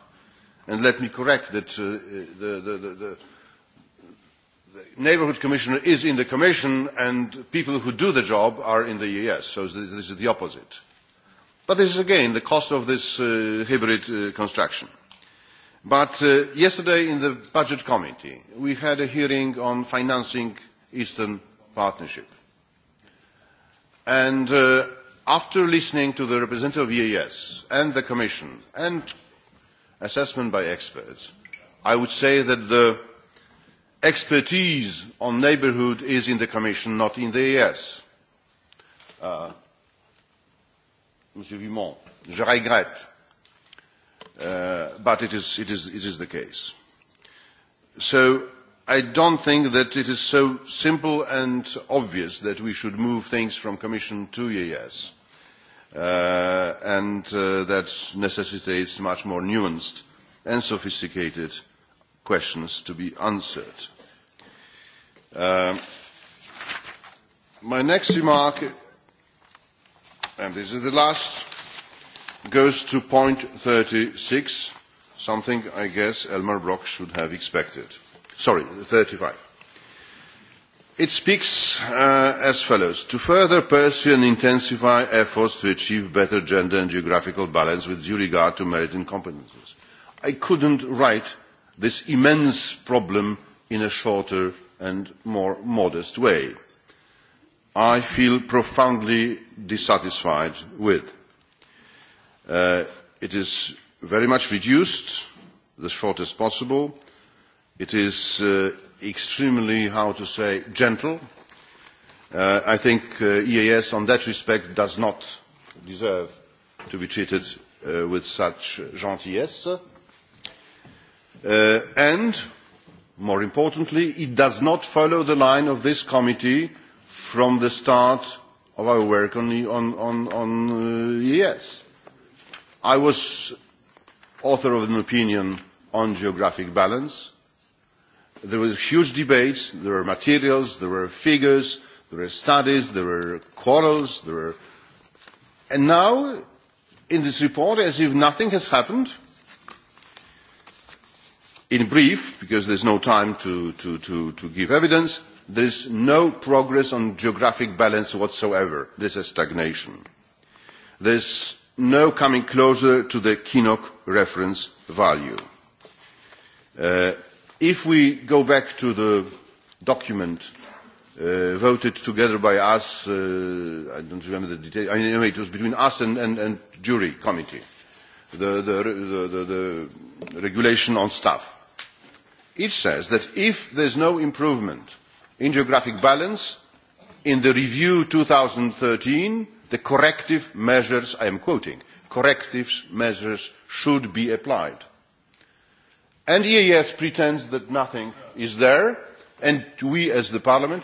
S5: And let me correct that uh, the, the, the, the neighbourhood commissioner is in the commission and people who do the job are in the EES. So this is the opposite. But this is again the cost of this uh, hybrid uh, construction. But uh, yesterday in the budget committee we had a hearing on financing Eastern Partnership. And uh, after listening to the representative of EAS and the Commission and assessment by experts, I would say that the expertise on neighbourhood is in the Commission, not in the EAS. Uh, Monsieur Vimont, je regrette, uh, but it is, it, is, it is the case. So I don't think that it is so simple and obvious that we should move things from Commission to EAS, uh, and uh, that necessitates much more nuanced and sophisticated questions to be answered. Uh, my next remark, and this is the last, goes to point 36, something I guess Elmar Brock should have expected sorry, 35. It speaks uh, as follows to further pursue and intensify efforts to achieve better gender and geographical balance with due regard to merit and competences. I couldn't write this immense problem in a shorter and more modest way. I feel profoundly dissatisfied with. Uh, it is very much reduced, the shortest possible, uh, It is uh, extremely, how to say, gentle. Uh, I think uh, EAS on that respect does not deserve to be treated uh, with such gentillesse. Uh, and, more importantly, it does not follow the line of this committee from the start of our work on, e, on, on, on uh, EAS. I was author of an opinion on geographic balance there were huge debates, there were materials, there were figures, there were studies, there were quarrels, there were... And now, in this report, as if nothing has happened, in brief, because there's no time to, to, to, to give evidence, there is no progress on geographic balance whatsoever. There's a stagnation. There's no coming closer to the Kinnock reference value. Uh, If we go back to the document uh, voted together by us, uh, I don't remember the detail, I mean, anyway, it was between us and, and, and jury committee, the, the, the, the, the regulation on staff. It says that if there's no improvement in geographic balance, in the review 2013, the corrective measures, I am quoting, corrective measures should be applied And EAS pretends that nothing is there, and we as the Parliament...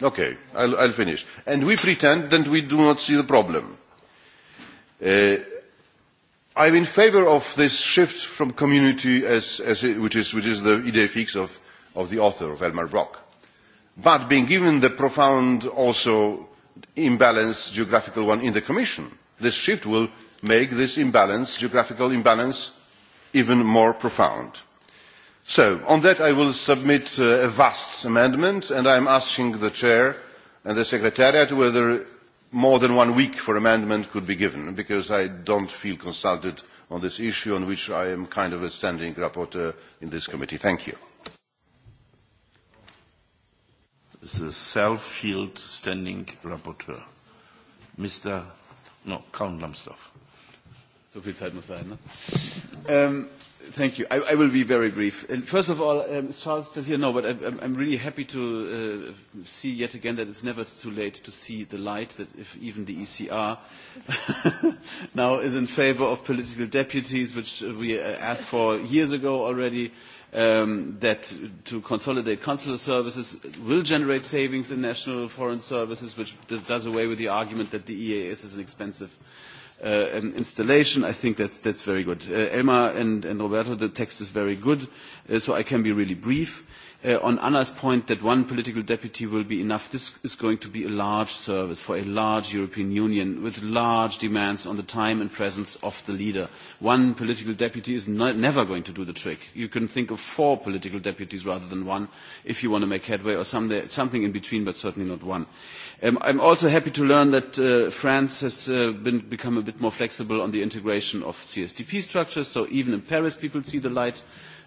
S5: Okay, I'll, I'll finish. And we pretend that we do not see the problem. Uh, I'm in favour of this shift from community, as, as it, which, is, which is the idea fix of, of the author, of Elmar Brock. But being given the profound also imbalance, geographical one, in the Commission, this shift will make this imbalance, geographical imbalance, even more profound. So, on that I will submit uh, a vast amendment and I am asking the Chair and the Secretariat whether more than one week for amendment could be given because I don't feel consulted on this issue on which I am kind of a standing rapporteur in this committee. Thank you. The self-field standing rapporteur. Mr.
S4: No,
S8: Count Lambsdorff. So viel Zeit muss sein, ne? Um, thank you. I, I will be very brief. And first of all, um, is Charles still here? No, but I, I'm, I'm really happy to uh, see yet again that it's never too late to see the light, that if even the ECR now is in favor of political deputies, which we uh, asked for years ago already, um, that to consolidate consular services will generate savings in national foreign services, which does away with the argument that the EAS is an expensive uh, uh, installation. I think that's, that's very good. Uh, Elmar and, and Roberto, the text is very good, uh, so I can be really brief. Uh, on Anna's point that one political deputy will be enough, this is going to be a large service for a large European Union with large demands on the time and presence of the leader. One political deputy is not, never going to do the trick. You can think of four political deputies rather than one if you want to make headway or someday, something in between, but certainly not one. Uh, Um, I'm also happy to learn that uh, France has uh, been, become a bit more flexible on the integration of CSDP structures, so even in Paris people see the light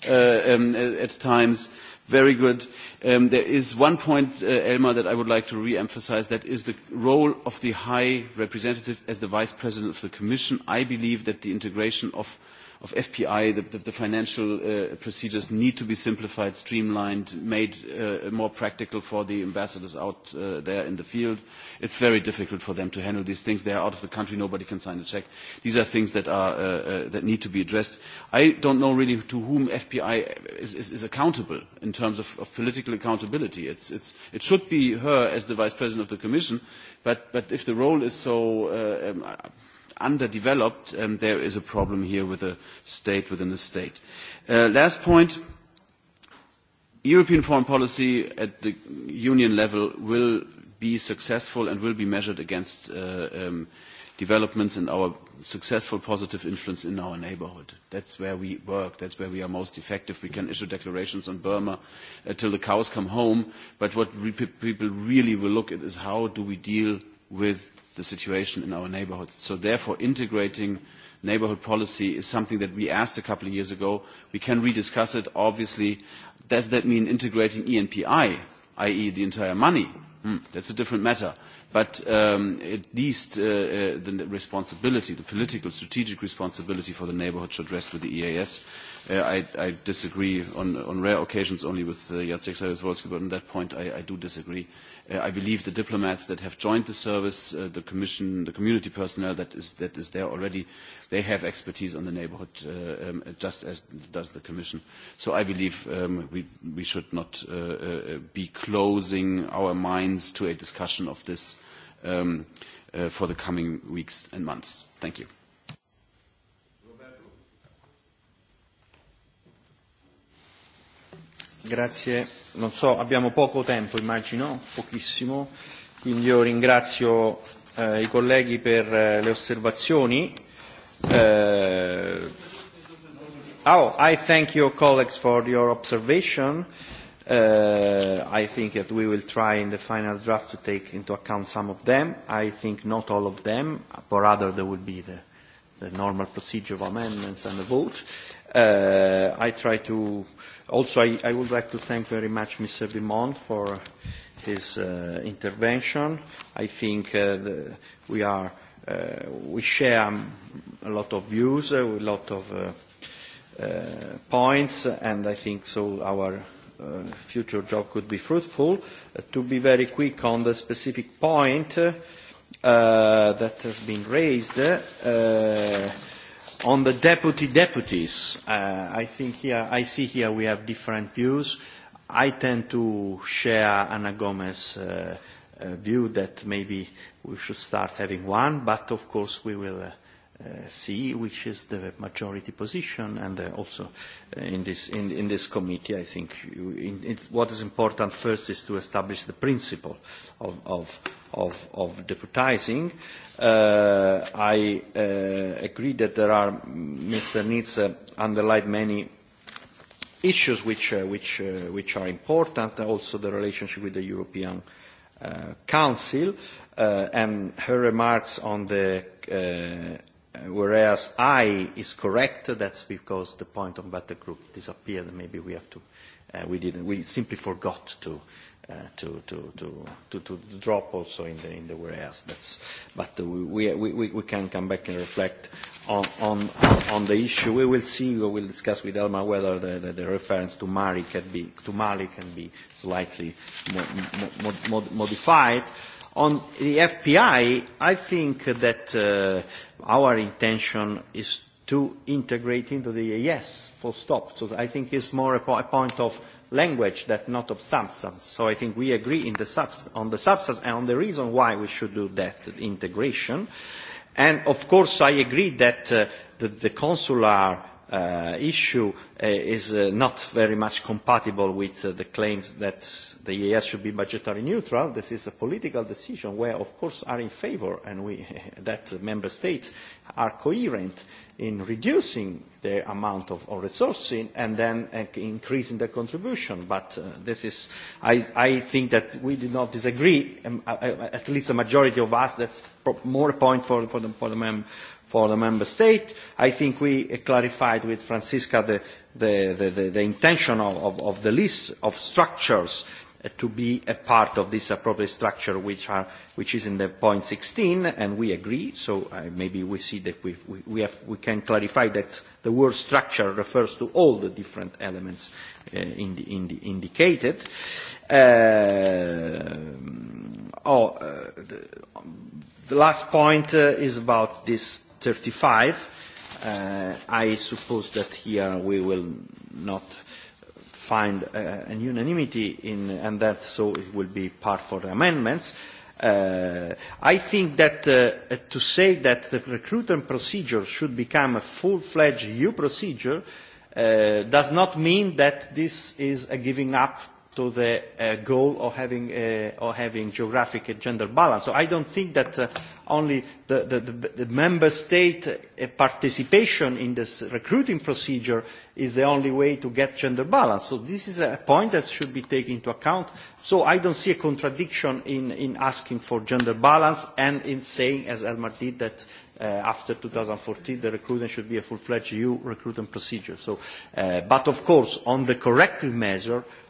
S8: uh, um, at times. Very good. Um, there is one point, uh, Elmar, that I would like to re-emphasize. That is the role of the High Representative as the Vice President of the Commission. I believe that the integration of uh, of FPI, the, the, the financial uh, procedures need to be simplified, streamlined, made uh, more practical for the ambassadors out uh, there in the field. It's very difficult for them to handle these things. They are out of the country. Nobody can sign a check. These are things that, are, uh, uh, that need to be addressed. I don't know really to whom FPI is, is, is accountable in terms of, of political accountability. It's, it's, it should be her as the vice president of the commission, but, but if the role is so... Uh, um, underdeveloped, um, there is a problem here with a state within a state. Uh, last point, European foreign policy at the Union level will be successful and will be measured against uh, um, developments in our successful positive influence in our neighborhood. That's where we work. That's where we are most effective. We can issue declarations on Burma uh, till the cows come home. But what re- people really will look at is how do we deal with the situation in our neighborhood. So therefore, integrating neighborhood policy is something that we asked a couple of years ago. We can rediscuss it, obviously. Does that mean integrating ENPI, i.e. the entire money? Hmm, that's a different matter. But um, at least uh, uh, the responsibility, the political strategic responsibility for the neighborhood should rest with the EAS Uh, I, I disagree on, on rare occasions only with uh, Jacek Saryusz-Wolski, but on that point I, I do disagree. Uh, I believe the diplomats that have joined the service, uh, the commission, the community personnel that is, that is there already, they have expertise on the neighborhood, uh, um, just as does the commission. So I believe um, we, we should not uh, uh, be closing our minds to a discussion of this um, uh, for the coming weeks and
S1: months. Thank you. Grazie. Non so, abbiamo poco tempo, immagino, pochissimo, quindi io ringrazio eh, i colleghi per eh, le osservazioni. Eh, oh, I thank your colleagues for your observation. Uh, I think that we will try in the final draft to take into account some of them. I think not all of them, but rather there will be the, the normal procedure of amendments and the vote. Uh, I try to uh, Also, I, I would like to thank very much Mr. Dumont for his uh, intervention. I think uh, the, we are uh, we share a lot of views, a uh, lot of uh, uh, points, and I think so our uh, future job could be fruitful. Uh, to be very quick on the specific point uh, uh, that has been raised, uh, On the deputy deputies, uh, I think here, I see here we have different views. I tend to share Anna Gomez's uh, uh, view that maybe we should start having one, but of course we will uh, uh, C, which is the majority position, and uh, also uh, in this, in, in this committee, I think you, in, it's, what is important first is to establish the principle of, of, of, of deputizing. Uh, I uh, agree that there are, Mr. Nietzsche uh, underlined many issues which, uh, which, uh, which are important, also the relationship with the European uh, Council, uh, and her remarks on the uh, whereas I is correct, that's because the point on battle group disappeared, and maybe we have to, uh, we didn't, we simply forgot to, uh, to, to, to, to, to drop also in the, in the whereas. That's, but uh, we, we, we, we can come back and reflect on, on, on the issue. We will see, we will discuss with Elma whether the, the, the reference to Mali can be, to Mali can be slightly mo mo mo modified. Uh, On the FPI, I think that uh, our intention is to integrate into the EAS, full stop. So I think it's more a, po a point of language that not of substance. So I think we agree in the subst on the substance and on the reason why we should do that integration. And of course I agree that uh, the, the consular uh, issue uh, is uh, not very much compatible with uh, the claims that the EAS should be budgetary neutral. This is a political decision where, of course, are in favor and we, that member states are coherent in reducing the amount of, of resourcing and then uh, increasing the contribution. But uh, this is, I, I think that we do not disagree, um, I, uh, I, uh, at least a majority of us, that's more a point for, for, the, for the mem for the member state. I think we clarified with Francisca the, the, the, the, the intention of, of, of the list of structures uh, to be a part of this appropriate structure which, are, which is in the point 16 and we agree so uh, maybe we see that we, we, we, have, we can clarify that the word structure refers to all the different elements uh, in the, in the indicated. Uh, oh, uh, the, the last point uh, is about this 35. Uh, I suppose that here we will not find uh, an unanimity in, and that so it will be part for the amendments. Uh, I think that uh, to say that the recruitment procedure should become a full-fledged EU procedure uh, does not mean that this is a giving up to the uh, goal of having, uh, of having geographic and gender balance. So I don't think that uh, only the, the, the, the member state uh, participation in this recruiting procedure is the only way to get gender balance. So this is a point that should be taken into account. So I don't see a contradiction in, in asking for gender balance and in saying, as Elmar did, that uh, after 2014 the recruitment should be a full-fledged EU recruitment procedure. So, uh, but of course, on the corrective measure,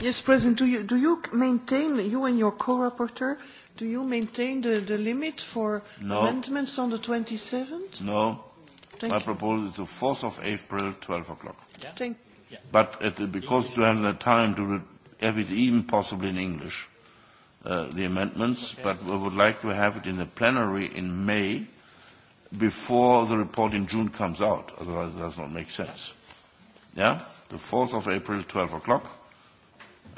S1: Yes, President, do you, do you maintain, you and your co-rapporteur, do you maintain the, the limit for no. amendments on the 27th?
S4: No. Thank My you. proposal is the 4th of April, 12 o'clock. Yeah. Thank yeah. But at, because you have the time to have it even possible in English, uh, the amendments, okay. but we would like to have it in the plenary in May before the report in June comes out. Otherwise, it does not make sense. Yeah? The 4th of April, 12 o'clock